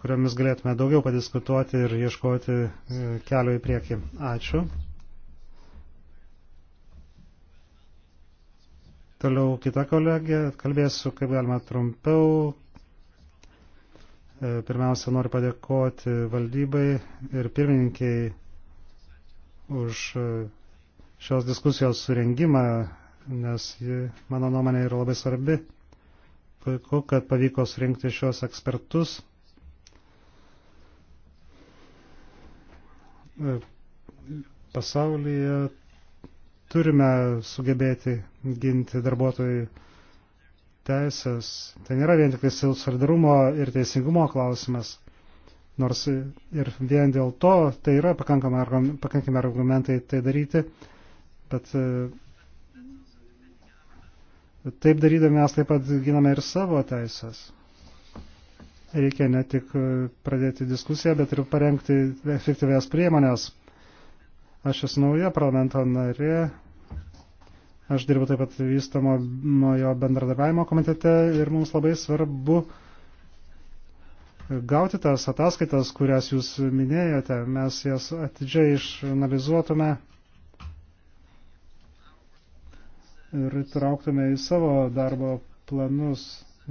kuriomis galėtume daugiau padiskutuoti ir ieškoti e, kelio į priekį. Ačiū. Toliau kita kolegė, kalbėsiu kaip galima trumpiau. E, pirmiausia, noriu padėkoti valdybai ir pirmininkiai už e, šios diskusijos surengimą, nes ji, mano nuomonė, yra labai svarbi. Puiku, kad pavyko surinkti šios ekspertus. Pasaulyje turime sugebėti ginti darbuotojų teisės. Tai nėra vien tik tai solidarumo ir teisingumo klausimas. Nors ir vien dėl to tai yra pakankami argumentai tai daryti Bet taip darydami mes taip pat giname ir savo teisės. Reikia ne tik e, pradėti diskusiją, bet ir parengti efektyvės priemonės. Aš esu nauja parlamento narė, aš dirbu taip pat vystamojo bendradarbiavimo komitete ir mums labai svarbu gauti tas ataskaitas, kurias jūs minėjote, mes jas atidžiai išanalizuotume ir trauktume į savo darbo planus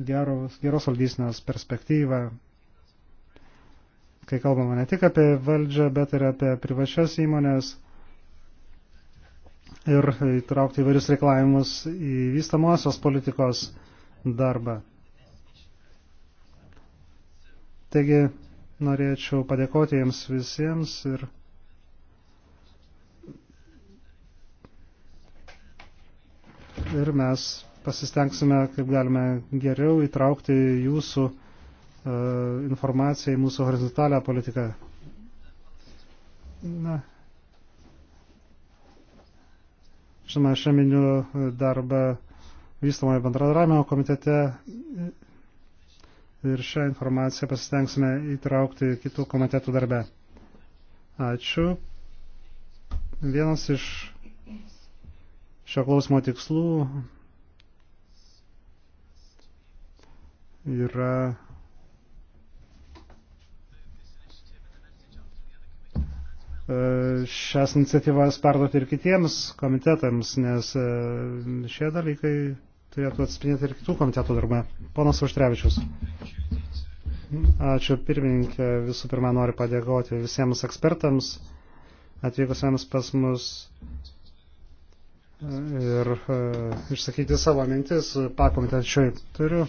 geros, geros valdysinos perspektyvą, kai kalbama ne tik apie valdžią, bet ir apie privačias įmonės ir įtraukti įvairius reikalavimus į vystamosios politikos darbą. Taigi norėčiau padėkoti jiems visiems ir ir mes pasistengsime, kaip galime geriau įtraukti jūsų e, informaciją į mūsų horizontalią politiką. Na. Žinoma, aš miniu e, darbą vystamojo bendradarbiavimo komitete ir šią informaciją pasistengsime įtraukti kitų komitetų darbe. Ačiū. Vienas iš šio klausimo tikslų yra e, šias iniciatyvas perduoti ir kitiems komitetams, nes e, šie dalykai turėtų atspindėti ir kitų komitetų darbą. Ponas Užtrevičius. Ačiū pirmininkė. Visų pirma, noriu padėkoti visiems ekspertams atvykusiems pas mus ir e, išsakyti savo mintis pakomitečiui. Turiu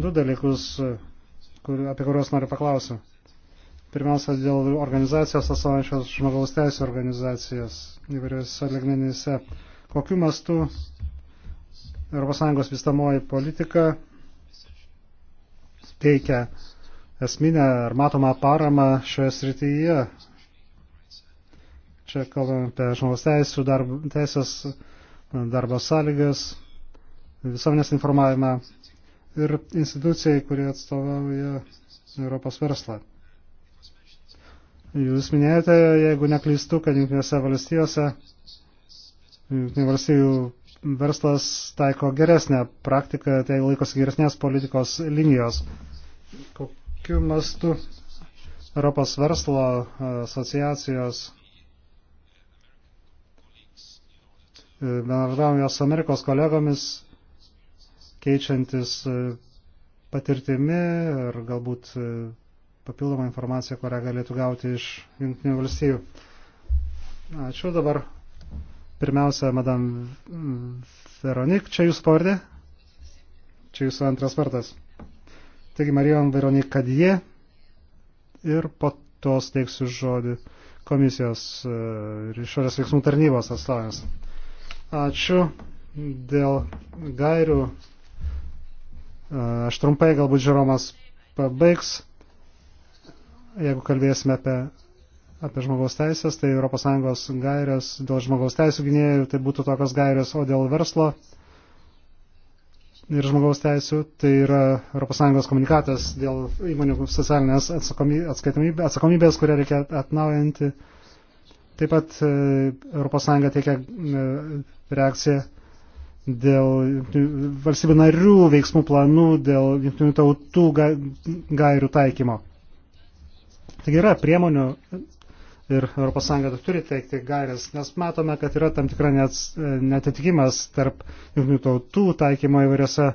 du dalykus, kur, apie kuriuos noriu paklausiu. Pirmiausia, dėl organizacijos atstovaujančios žmogaus teisų organizacijos įvairiuose ligmenyse. Kokiu mastu ES vystamoji politika teikia esminę ar matomą paramą šioje srityje Čia kalbame apie žmogaus teisų, darb, teisės, darbo sąlygas, visuomenės informavimą ir institucijai, kurie atstovauja Europos verslą. Jūs minėjote, jeigu neklystu, kad jungtinėse valstijose jungtinių valstijų verslas taiko geresnę praktiką, tai laikosi geresnės politikos linijos. Kokiu mastu Europos verslo asociacijos E, bendradarbiavome su Amerikos kolegomis, keičiantis e, patirtimi ir galbūt e, papildomą informaciją, kurią galėtų gauti iš Junktinių valstybių. Ačiū dabar. Pirmiausia, madam Veronik, čia jūsų pavardė? Čia jūsų antras vardas. Taigi, Marijon Veronik Kadie ir po to steiksiu žodį komisijos ir išorės veiksmų tarnybos atstovės. Ačiū dėl gairių. E, aš trumpai galbūt Žeromas pabaigs. Jeigu kalbėsime apie, apie žmogaus teisės, tai ES gairės dėl žmogaus teisų gynėjų, tai būtų tokios gairės, o dėl verslo ir žmogaus teisų, tai yra ES komunikatas dėl įmonių socialinės atsakomybės, kurią reikia atnaujinti Taip pat ES teikia e, reakciją dėl valstybių narių veiksmų planų, dėl jungtinių tautų gairių taikymo. Taigi yra priemonių ir ES turi teikti gairias, nes matome, kad yra tam tikra e, netitikimas tarp jungtinių tautų taikymo įvairiose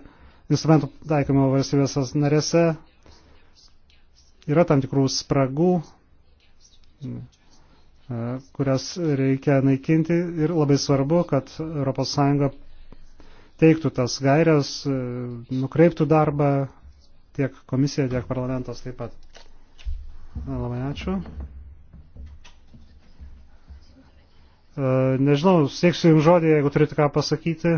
instrumentų taikymo valstybėse narėse. Yra tam tikrų spragų. E, kurias reikia naikinti ir labai svarbu, kad ES teiktų tas gairias, e, nukreiptų darbą tiek komisija, tiek parlamentas taip pat. Labai ačiū. E, nežinau, sieksiu jums žodį, jeigu turite ką pasakyti.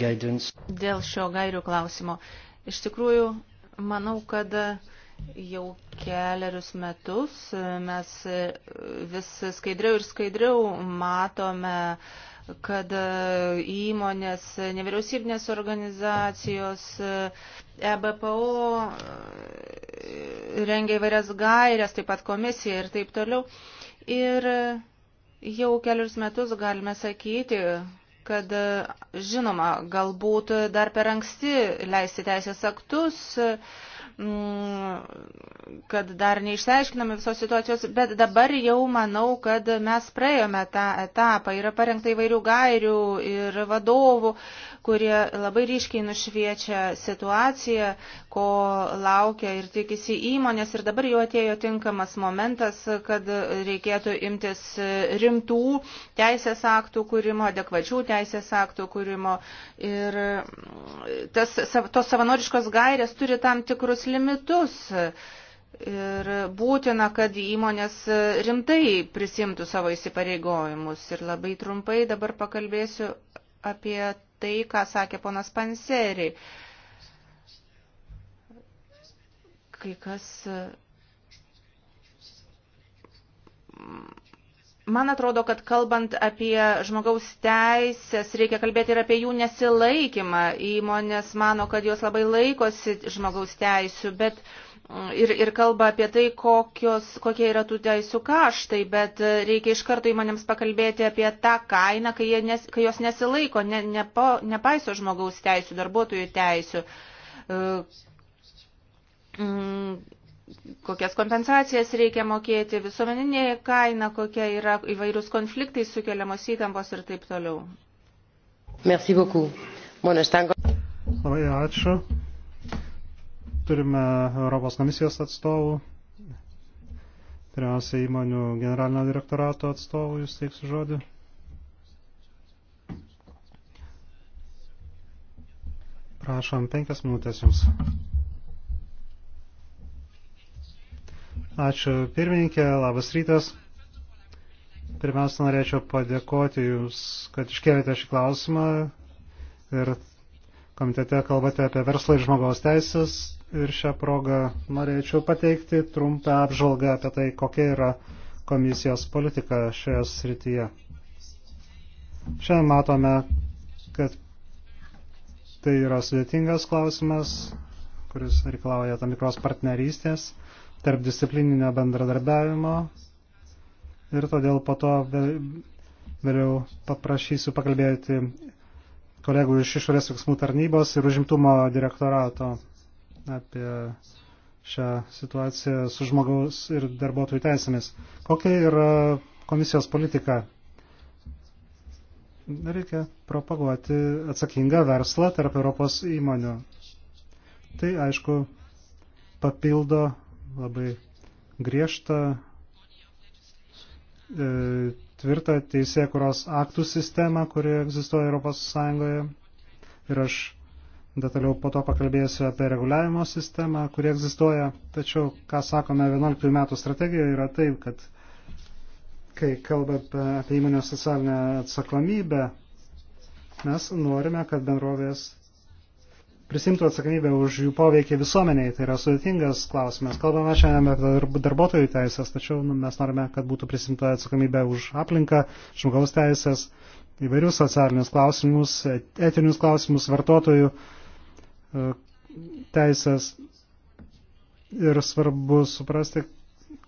Dėl, dėl šio gairių klausimo. Iš tikrųjų, manau, kad uh, Jau keliarius metus mes vis skaidriau ir skaidriau matome, kad įmonės, nevyriausybinės organizacijos, EBPO rengia įvairias gairias, taip pat komisija ir taip toliau. Ir jau kelius metus galime sakyti, kad žinoma, galbūt dar per anksti leisti teisės aktus, Mm, kad dar neišsiaiškiname visos situacijos, bet dabar jau manau, kad mes praėjome tą etapą. Yra parengta įvairių gairių ir vadovų, kurie labai ryškiai nušviečia situaciją, ko laukia ir tikisi įmonės. Ir dabar jau atėjo tinkamas momentas, kad reikėtų imtis rimtų teisės aktų kūrimo, adekvačių teisės aktų kūrimo. Ir tas, tos savanoriškos gairės turi tam tikrus limitus. Ir būtina, kad įmonės rimtai prisimtų savo įsipareigojimus. Ir labai trumpai dabar pakalbėsiu apie tai, ką sakė ponas Panseri. Uh, kai kas. Man atrodo, kad kalbant apie žmogaus teisės, reikia kalbėti ir apie jų nesilaikymą. Įmonės mano, kad jos labai laikosi žmogaus teisių, bet mm, ir, ir kalba apie tai, kokios, kokie yra tų teisų kaštai, bet reikia iš karto įmonėms pakalbėti apie tą kainą, kai, nes, kai jos nesilaiko, ne, nepa, nepaiso žmogaus teisų, darbuotojų teisų Mm, kokias kompensacijas reikia mokėti, visuomeninė kaina, kokia yra įvairūs konfliktai sukeliamos įtampos ir taip toliau. Merci beaucoup. Bueno, están... Labai ačiū. Turime Europos komisijos atstovų. Pirmiausia, įmonių generalinio direktorato atstovų jūs teiksiu žodį. Prašom, penkias minutės jums. Ačiū pirmininkė, labas rytas. Pirmiausia, norėčiau padėkoti Jūs, kad iškėlėte šį klausimą ir komitete kalbate apie verslą ir žmogaus teisės. Ir šią progą norėčiau pateikti trumpą apžvalgą apie tai, kokia yra komisijos politika šioje srityje. Šiandien matome, kad tai yra sudėtingas klausimas, kuris reikalauja tam tikros partnerystės tarp disciplininio bendradarbiavimo ir todėl po to vėliau paprašysiu pakalbėti kolegų iš išorės veiksmų tarnybos ir užimtumo direktorato apie šią situaciją su žmogaus ir darbuotojų teisėmis. Kokia yra komisijos politika? Reikia propaguoti atsakingą verslą tarp Europos įmonių. Tai, aišku, papildo labai griežtą, e, tvirtą teisė, kurios aktų sistemą, kuri egzistuoja Europos Sąjungoje. Ir aš detaliau po to pakalbėsiu apie reguliavimo sistemą, kuri egzistuoja. Tačiau, ką sakome 11 metų strategijoje, yra tai, kad kai kalbame apie įmonės socialinę atsakomybę, mes norime, kad bendrovės prisimtų atsakomybę už jų poveikį visuomeniai. Tai yra sudėtingas klausimas. Kalbame šiandien apie darbuotojų teisės, tačiau nu, mes norime, kad būtų prisimta atsakomybė už aplinką, žmogaus teisės, įvairius socialinius klausimus, etinius klausimus, vartotojų e, teisės. Ir svarbu suprasti,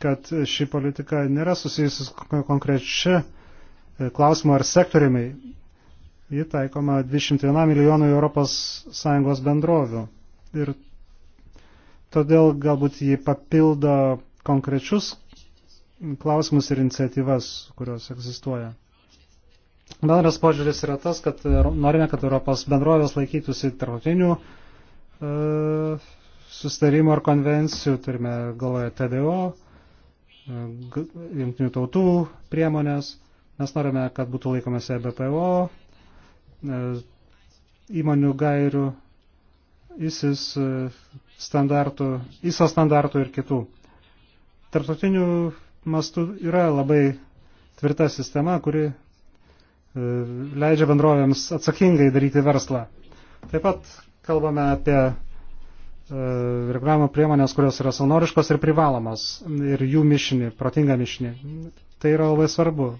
kad ši politika nėra susijusi konkrečia e, klausimo ar sektoriumi Ji taikoma 21 milijonų ES bendrovių. Ir todėl galbūt ji papildo konkrečius klausimus ir iniciatyvas, kurios egzistuoja. Bendras požiūris yra tas, kad norime, kad Europos bendrovės laikytųsi tarptautinių e, sustarimo ar konvencijų, turime galvoje TDO, e, jungtinių tautų priemonės. Mes norime, kad būtų laikomasi e BPO E, įmonių gairių, ISIS e, standartų, ISO standartų ir kitų. Tarptautinių mastų yra labai tvirta sistema, kuri e, leidžia bendrovėms atsakingai daryti verslą. Taip pat kalbame apie reguliavimo priemonės, kurios yra savanoriškos ir privalomos, ir jų mišinį, protingą mišinį. Tai yra labai svarbu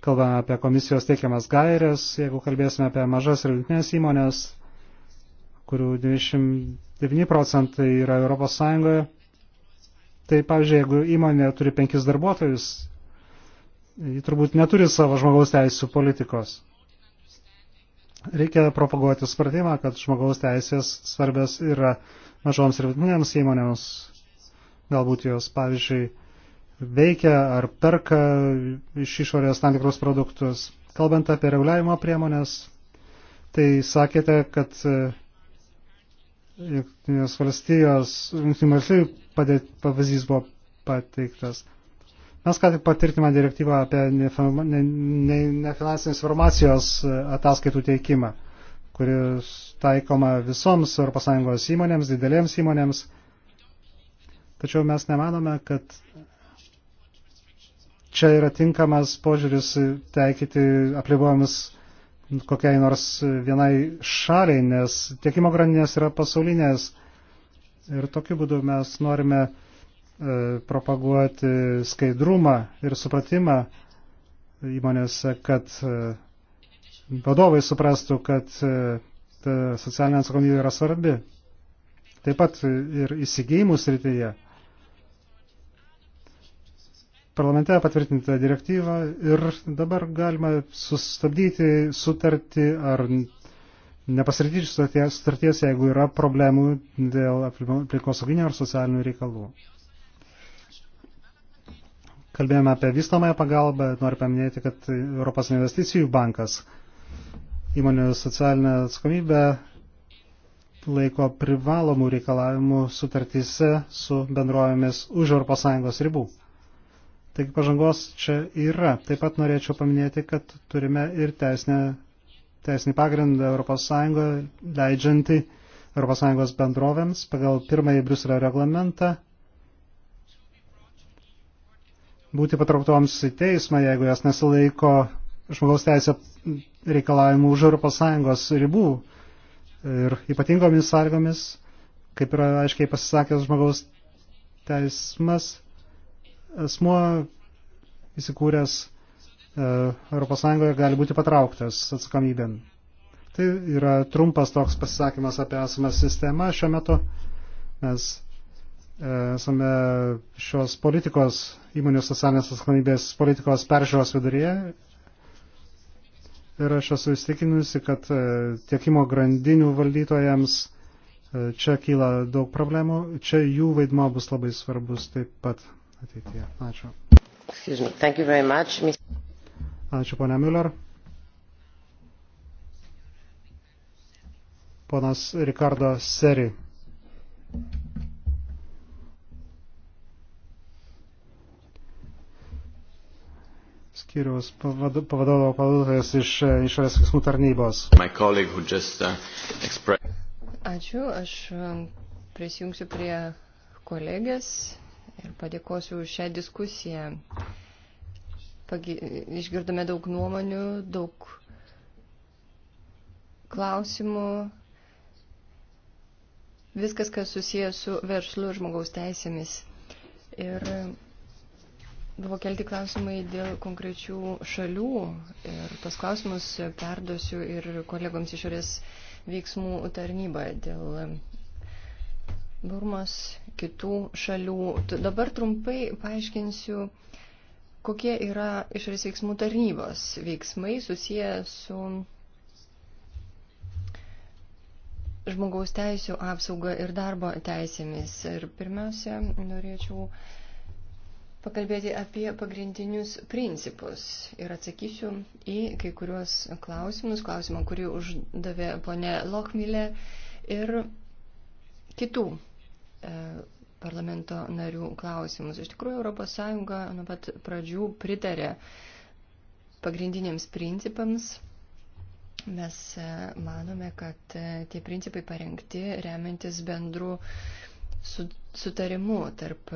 kalbame apie komisijos teikiamas gairias, jeigu kalbėsime apie mažas ir vidutinės įmonės, kurių 29 procentai yra Europos Sąjungoje, tai pavyzdžiui, jeigu įmonė turi penkis darbuotojus, ji turbūt neturi savo žmogaus teisų politikos. Reikia propaguoti supratimą, kad žmogaus teisės svarbios yra mažoms ir vidutinėms įmonėms. Galbūt jos, pavyzdžiui, veikia ar perka iš išorės tam tikrus produktus. Kalbant apie reguliavimo priemonės, tai sakėte, kad e, Junktinės valstijos, Junktinių valstijų pavyzdys buvo pateiktas. Mes ką tik patirtimą direktyvą apie nefinansinės informacijos e, ataskaitų teikimą, kuris taikoma visoms ES įmonėms, didelėms įmonėms. Tačiau mes nemanome, kad čia yra tinkamas požiūris taikyti aplibojimus kokiai nors vienai šaliai, nes tiekimo grandinės yra pasaulinės ir tokiu būdu mes norime e, propaguoti skaidrumą ir supratimą įmonėse, kad e, vadovai suprastų, kad e, socialinė atsakomybė yra svarbi. Taip pat ir įsigijimų srityje. Tai parlamente patvirtinta direktyva ir dabar galima sustabdyti sutartį ar nepasirašyti sutarties, jeigu yra problemų dėl aplinkosauginio ar socialinių reikalų. Kalbėjome apie vystomąją pagalbą, noriu paminėti, kad Europos investicijų bankas įmonių socialinę atsakomybę laiko privalomų reikalavimų sutartyse su bendrovėmis už ES ribų. Taigi pažangos čia yra. Taip pat norėčiau paminėti, kad turime ir teisinę, teisinį pagrindą ES leidžiantį ES bendrovėms pagal pirmąjį Briuselio reglamentą būti patrauktoms į teismą, jeigu jas nesilaiko žmogaus teisė reikalavimų už ES ribų ir ypatingomis sąlygomis, kaip yra aiškiai pasisakęs žmogaus teismas, asmuo įsikūręs ES gali būti patrauktas atsakomybėn. Tai yra trumpas toks pasisakymas apie esamą sistemą šiuo metu. Mes e, esame šios politikos, įmonių socialinės atsakomybės politikos peržiūros viduryje. Ir aš esu įstikinusi, kad e, tiekimo grandinių valdytojams e, čia kyla daug problemų. Čia jų vaidmo bus labai svarbus taip pat ateityje. Ačiū. Ačiū, ponia Miller. Ponas Ricardo Seri. skyriaus pavadovo pavaduotojas iš e, išorės veiksmų tarnybos. Just, uh, express... Ačiū, aš um, prisijungsiu prie kolegės ir padėkosiu už šią diskusiją. Pagi... Išgirdome daug nuomonių, daug klausimų. Viskas, kas susijęs su verslu ir žmogaus teisėmis. Ir e, buvo kelti klausimai dėl konkrečių šalių. Ir tos klausimus perduosiu ir kolegoms išorės veiksmų tarnybą dėl Burmos, kitų šalių. Dabar trumpai paaiškinsiu, kokie yra išorės veiksmų tarnybos veiksmai susiję su žmogaus teisų apsauga ir darbo teisėmis. Ir pirmiausia, norėčiau pakalbėti apie pagrindinius principus ir atsakysiu į kai kuriuos klausimus, klausimą, kurį uždavė ponė Lokmilė ir kitų E, parlamento narių klausimus. Iš tikrųjų, ES nuo pat pradžių pritarė pagrindiniams principams. Mes e, manome, kad e, tie principai parengti remiantis bendrų sutarimu tarp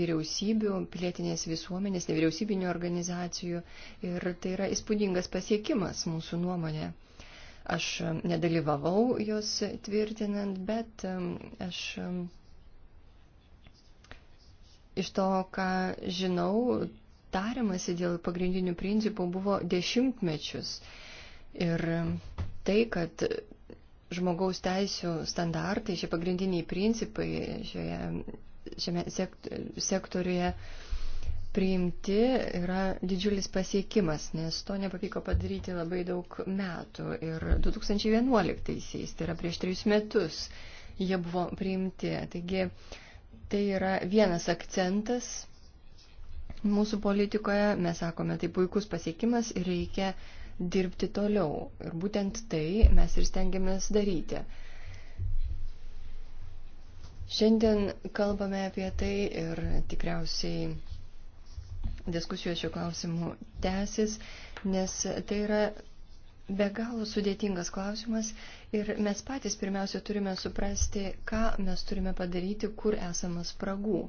vyriausybių, pilietinės visuomenės, nevyriausybinių organizacijų ir tai yra įspūdingas pasiekimas mūsų nuomonė. Aš nedalyvavau jos tvirtinant, bet aš Iš to, ką žinau, tariamasi dėl pagrindinių principų buvo dešimtmečius. Ir tai, kad žmogaus teisų standartai, šie pagrindiniai principai šioje, šiame sekt, sektoriuje priimti yra didžiulis pasiekimas, nes to nepavyko padaryti labai daug metų. Ir 2011-aisiais, tai yra prieš trejus metus, jie buvo priimti. Taigi, uh, Tai yra vienas akcentas mūsų politikoje. Mes sakome, tai puikus pasiekimas ir reikia dirbti toliau. Ir būtent tai mes ir stengiamės daryti. Šiandien kalbame apie tai ir tikriausiai diskusijos šiuo klausimu tęsis, nes tai yra be galo sudėtingas klausimas ir mes patys pirmiausia turime suprasti, ką mes turime padaryti, kur esame spragų.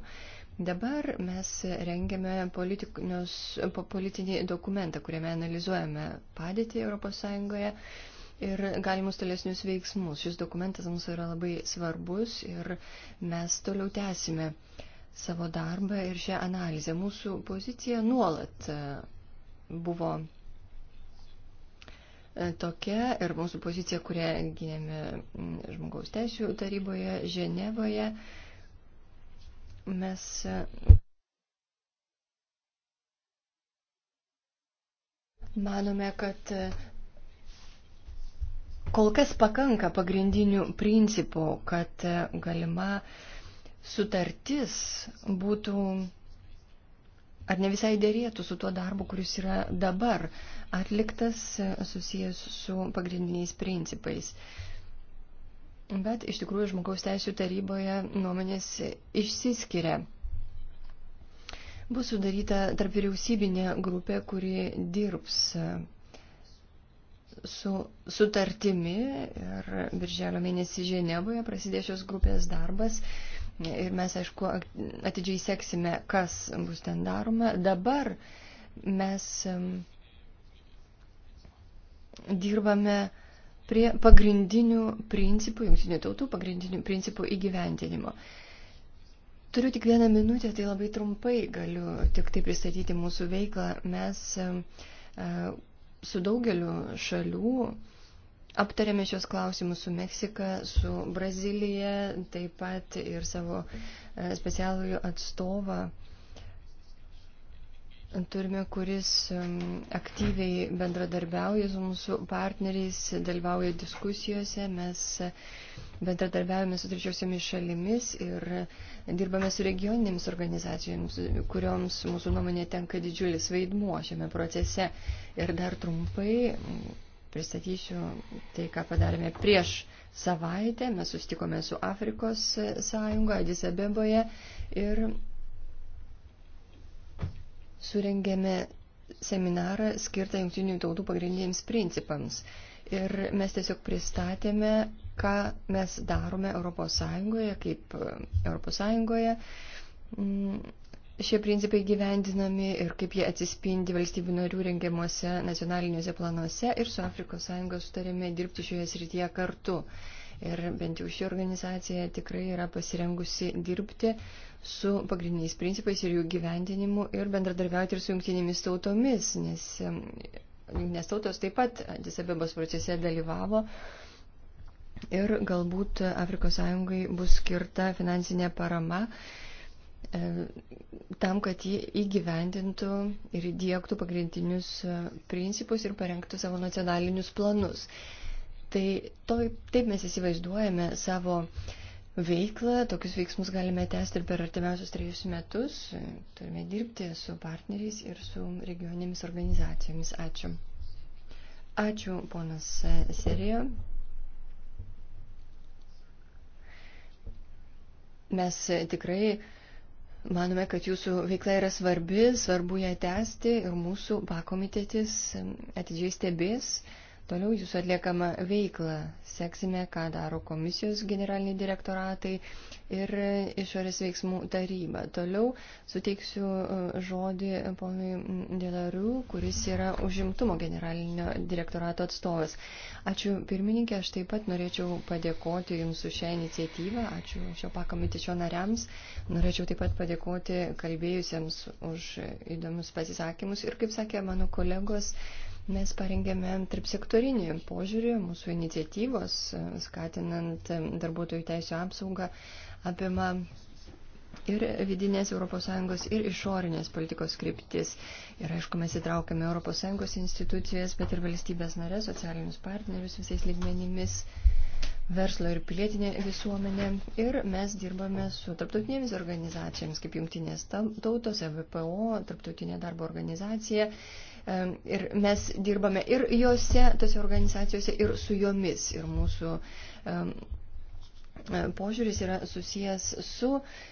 Dabar mes rengiame politinį dokumentą, kuriame analizuojame padėtį ES ir galimus tolesnius veiksmus. Šis dokumentas mums yra labai svarbus ir mes toliau tęsime savo darbą ir šią analizę. Mūsų pozicija nuolat e, buvo E, tokia ir mūsų pozicija, kurią gynėme žmogaus teisų taryboje Ženevoje. Mes. E, manome, kad e, kol kas pakanka pagrindinių principų, kad galima sutartis būtų ar ne visai dėrėtų su tuo darbu, kuris yra dabar atliktas e, susijęs su pagrindiniais principais. Bet iš tikrųjų žmogaus teisų taryboje nuomonės išsiskiria. Bus sudaryta tarp vyriausybinė grupė, kuri dirbs e, su sutartimi ir birželio mėnesį Ženevoje prasidės šios grupės darbas. Ir mes, aišku, atidžiai seksime, kas bus ten daroma. Dabar mes dirbame prie pagrindinių principų, jungtinių tautų pagrindinių principų įgyventinimo. Turiu tik vieną minutę, tai labai trumpai galiu tik tai pristatyti mūsų veiklą. Mes e, su daugeliu šalių uh, Aptarėme šios klausimus su Meksika, su Brazilija, taip pat ir savo e, specialųjų atstovą turime, kuris aktyviai bendradarbiauja su mūsų partneriais, dalyvauja diskusijose, mes bendradarbiaujame su trečiosiomis šalimis ir dirbame su regioninėmis organizacijomis, kurioms mūsų nuomonė tenka didžiulis vaidmuo šiame procese. Ir dar trumpai pristatysiu tai, ką padarėme prieš savaitę. Mes sustikome su Afrikos sąjunga Adis Abeboje ir surengėme seminarą skirtą jungtinių tautų pagrindiniams principams. Ir mes tiesiog pristatėme, ką mes darome Europos Sąjungoje, kaip Europos Sąjungoje mm, šie principai gyvendinami ir kaip jie atsispindi valstybių narių rengiamuose nacionaliniuose planuose ir su Afrikos Sąjunga sutarėme dirbti šioje srityje kartu. Ir bent jau ši organizacija tikrai yra pasirengusi dirbti su pagrindiniais principais ir jų gyvendinimu ir bendradarbiauti ir su jungtinėmis tautomis, nes jungtinės tautos taip pat Disabebos procese dalyvavo. Ir galbūt Afrikos Sąjungai bus skirta finansinė parama E, tam, kad jį įgyvendintų ir įdėktų pagrindinius e, principus ir parengtų savo nacionalinius planus. Tai to, taip mes įsivaizduojame savo veiklą, tokius veiksmus galime tęsti ir per artimiausius trejus metus. Turime dirbti su partneriais ir su regioninėmis organizacijomis. Ačiū. Ačiū, ponas Serijo. Mes tikrai Manome, kad jūsų veikla yra svarbi, svarbu ją tęsti ir mūsų pakomitėtis atidžiai stebės toliau jūsų atliekamą veiklą. Seksime, ką daro komisijos generaliniai direktoratai ir išorės veiksmų taryba. Toliau suteiksiu e, žodį ponui Dėlariu, kuris yra užimtumo generalinio direktorato atstovas. Ačiū pirmininkė, aš taip pat norėčiau padėkoti Jums už šią iniciatyvą, ačiū šio pakomitečio nariams, norėčiau taip pat padėkoti kalbėjusiems už įdomius pasisakymus ir, kaip sakė mano kolegos, Mes parengėme tarpsektorinį požiūrį mūsų iniciatyvos, skatinant darbuotojų teisų apsaugą, apima ir vidinės ES, ir išorinės politikos kryptis. Ir aišku, mes įtraukėme ES institucijas, bet ir valstybės narės, socialinius partnerius visais lygmenimis verslo ir pilietinė visuomenė. Ir mes dirbame su tarptautinėmis organizacijomis, kaip Jungtinės tautos, EVPO, Tarptautinė darbo organizacija, Ir mes dirbame ir jose, tose organizacijose, ir su jomis. Ir mūsų požiūris yra susijęs su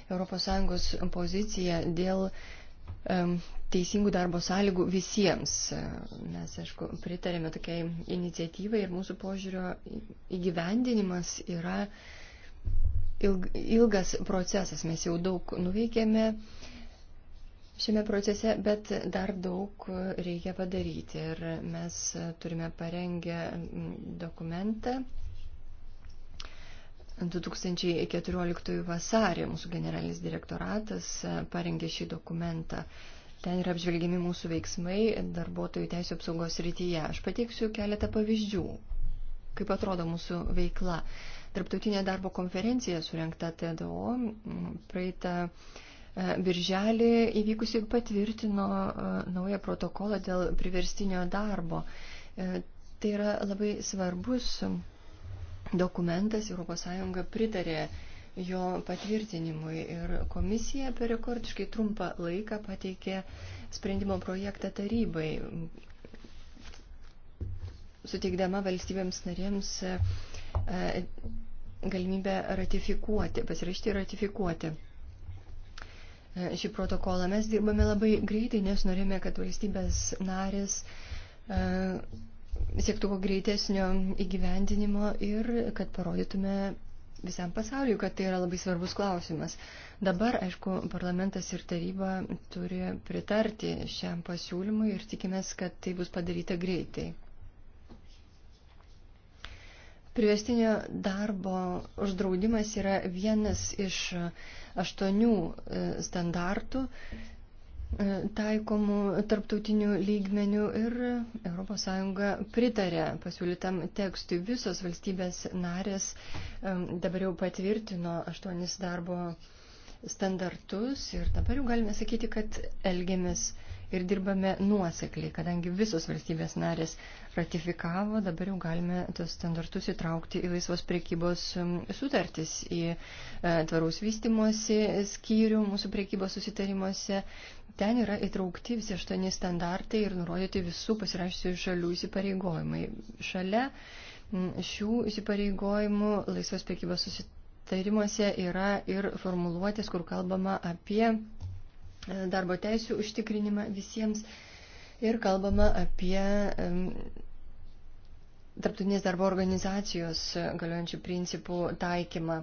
ES pozicija dėl teisingų darbo sąlygų visiems. Mes, aišku, pritarėme tokiai iniciatyvai ir mūsų požiūrio įgyvendinimas yra ilgas procesas. Mes jau daug nuveikėme, šiame procese, bet dar daug reikia padaryti. Ir mes turime parengę dokumentą 2014 vasarį. Mūsų generalinis direktoratas parengė šį dokumentą. Ten yra apžvelgiami mūsų veiksmai darbuotojų teisų apsaugos rytyje. Aš pateiksiu keletą pavyzdžių, kaip atrodo mūsų veikla. Tarptautinė darbo konferencija surinkta TDO praeitą E, birželį įvykusi patvirtino e, naują protokolą dėl priverstinio darbo. E, tai yra labai svarbus dokumentas, ES pritarė jo patvirtinimui ir komisija per rekordiškai trumpą laiką pateikė sprendimo projektą tarybai, suteikdama valstybėms narėms galimybę ratifikuoti, pasirašyti ir ratifikuoti šį protokolą. Mes dirbame labai greitai, nes norime, kad valstybės narės e, siektų kuo greitesnio įgyvendinimo ir kad parodytume visam pasauliu, kad tai yra labai svarbus klausimas. Dabar, aišku, parlamentas ir taryba turi pritarti šiam pasiūlymui ir tikimės, kad tai bus padaryta greitai. Privestinio darbo uždraudimas yra vienas iš uh, aštuonių e, standartų e, taikomų tarptautinių lygmenių ir ES pritarė pasiūlytam tekstui. Visos valstybės narės e, dabar jau patvirtino aštuonis darbo standartus ir dabar jau galime sakyti, kad elgiamės ir dirbame nuosekliai, kadangi visos valstybės narės ratifikavo, dabar jau galime tos standartus įtraukti į laisvos priekybos um, sutartis, į e, tvaraus vystimosi skyrių mūsų priekybos susitarimuose. Ten yra įtraukti visi aštuoni standartai ir nurodyti visų pasirašysių šalių įsipareigojimai. Šalia šių įsipareigojimų laisvos priekybos susitarimuose yra ir formuluotės, kur kalbama apie darbo teisų užtikrinimą visiems ir kalbama apie Tarptautinės darbo organizacijos galiojančių principų taikymą.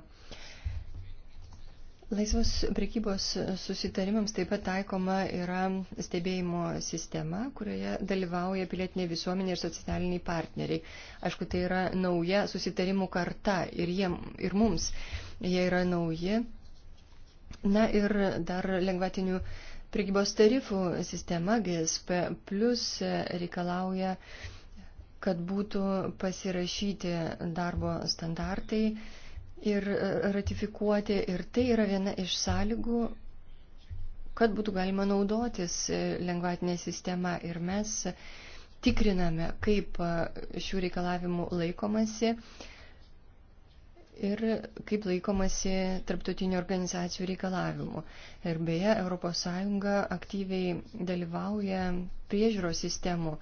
Laisvos prekybos susitarimams taip pat taikoma yra stebėjimo sistema, kurioje dalyvauja pilietinė visuomenė ir socialiniai partneriai. Aišku, tai yra nauja susitarimų karta ir, jie, ir mums. Jie yra nauji Na ir dar lengvatinių prigybos tarifų sistema GSP plus reikalauja, kad būtų pasirašyti darbo standartai ir ratifikuoti. Ir tai yra viena iš sąlygų, kad būtų galima naudotis lengvatinė sistema. Ir mes tikriname, kaip šių reikalavimų laikomasi ir kaip laikomasi tarptautinių organizacijų reikalavimų. Ir beje, ES aktyviai dalyvauja priežiūros sistemų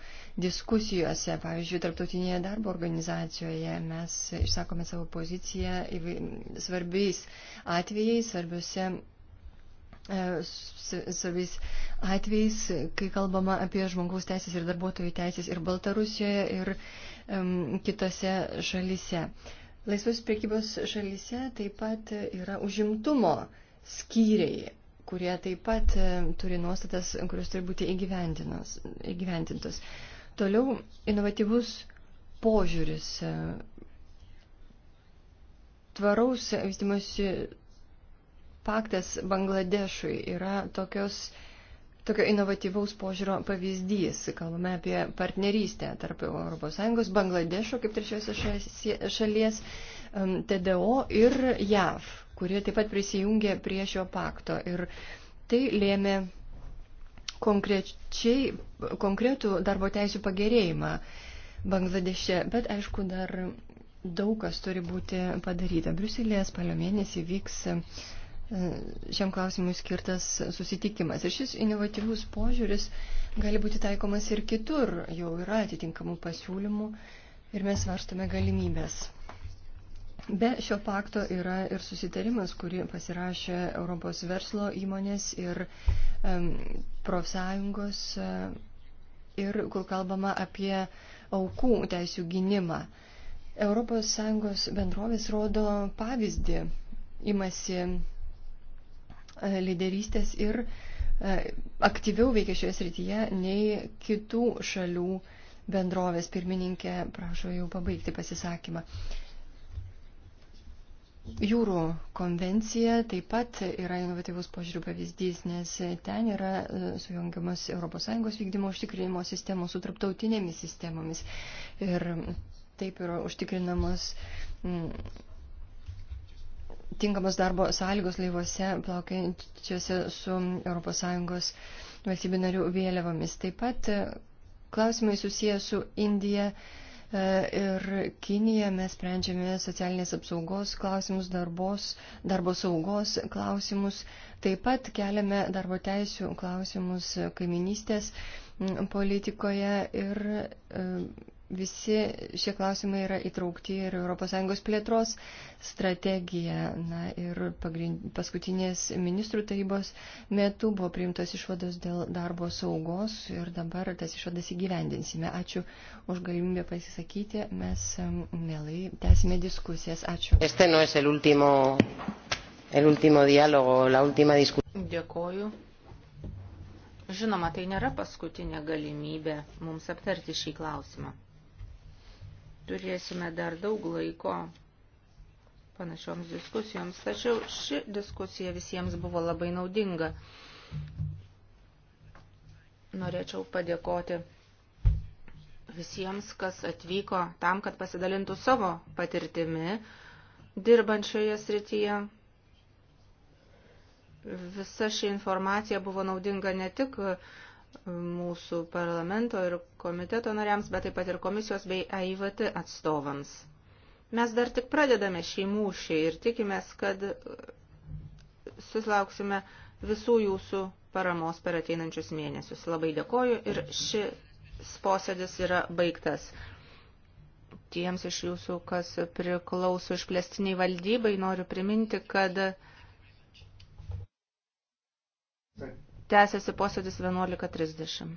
diskusijose. Pavyzdžiui, tarptautinėje darbo organizacijoje mes išsakome savo poziciją svarbiais atvejais, svarbiuose e, savais atvejais, kai kalbama apie žmogaus teisės ir darbuotojų teisės ir Baltarusijoje ir um, kitose šalise. Uh, Laisvos priekybos šalyse taip pat yra užimtumo skyriai, kurie taip pat e, turi nuostatas, kurios turi būti įgyvendintos. Toliau inovatyvus požiūris e, tvaraus vystimosi paktas Bangladešui yra tokios tokio inovatyvaus požiūrio pavyzdys. Kalbame apie partnerystę tarp ES, Bangladešo kaip trečiosios šalies, TDO ir JAV, kurie taip pat prisijungė prie šio pakto. Ir tai lėmė konkretų darbo teisų pagerėjimą Bangladeše. Bet aišku, dar daug kas turi būti padaryta. Briuselėje spalio mėnesį vyks uh, šiam klausimui skirtas susitikimas. Ir šis inovatyvus požiūris gali būti taikomas ir kitur. Jau yra atitinkamų pasiūlymų ir mes svarstome galimybės. Be šio pakto yra ir susitarimas, kurį pasirašė Europos verslo įmonės ir um, profsąjungos. Uh, ir kur kalbama apie aukų teisų gynimą. ES bendrovės rodo pavyzdį, imasi E, lyderystės ir e, aktyviau veikia šioje srityje nei kitų šalių bendrovės pirmininkė, prašau jau pabaigti pasisakymą. Jūrų konvencija taip pat yra inovatyvus požiūrių pavyzdys, nes ten yra e, sujungiamas ES vykdymo užtikrinimo sistemos su traptautinėmis sistemomis. Ir taip yra užtikrinamos tinkamos darbo sąlygos laivuose plaukiančiuose su ES valstybių narių vėliavomis. Taip pat e, klausimai susiję su Indija e, ir Kinija mes sprendžiame socialinės apsaugos klausimus, darbos, darbo saugos klausimus, taip pat keliame darbo teisų klausimus kaiminystės politikoje ir e, visi šie klausimai yra įtraukti ir ES plėtros strategija. Na ir pagrind, paskutinės ministrų tarybos metu buvo priimtos išvados dėl darbo saugos ir dabar tas išvadas įgyvendinsime. Ačiū už galimybę pasisakyti. Mes mielai tęsime diskusijas. Ačiū. Este no es el último, el último diálogo, la última diskusija. Dėkoju. Žinoma, tai nėra paskutinė galimybė mums aptarti šį klausimą turėsime dar daug laiko panašioms diskusijoms, tačiau ši diskusija visiems buvo labai naudinga. Norėčiau padėkoti visiems, kas atvyko tam, kad pasidalintų savo patirtimi dirbančioje srityje. Visa ši informacija buvo naudinga ne tik uh, mūsų parlamento ir komiteto nariams, bet taip pat ir komisijos bei AIVT atstovams. Mes dar tik pradedame šį mūšį ir tikimės, kad e, susilauksime visų jūsų paramos per ateinančius mėnesius. Labai dėkoju ir šis posėdis yra baigtas. Tiems iš jūsų, kas priklauso išplėstiniai valdybai, noriu priminti, kad. Taip. Tęsiasi posėdis 11.30.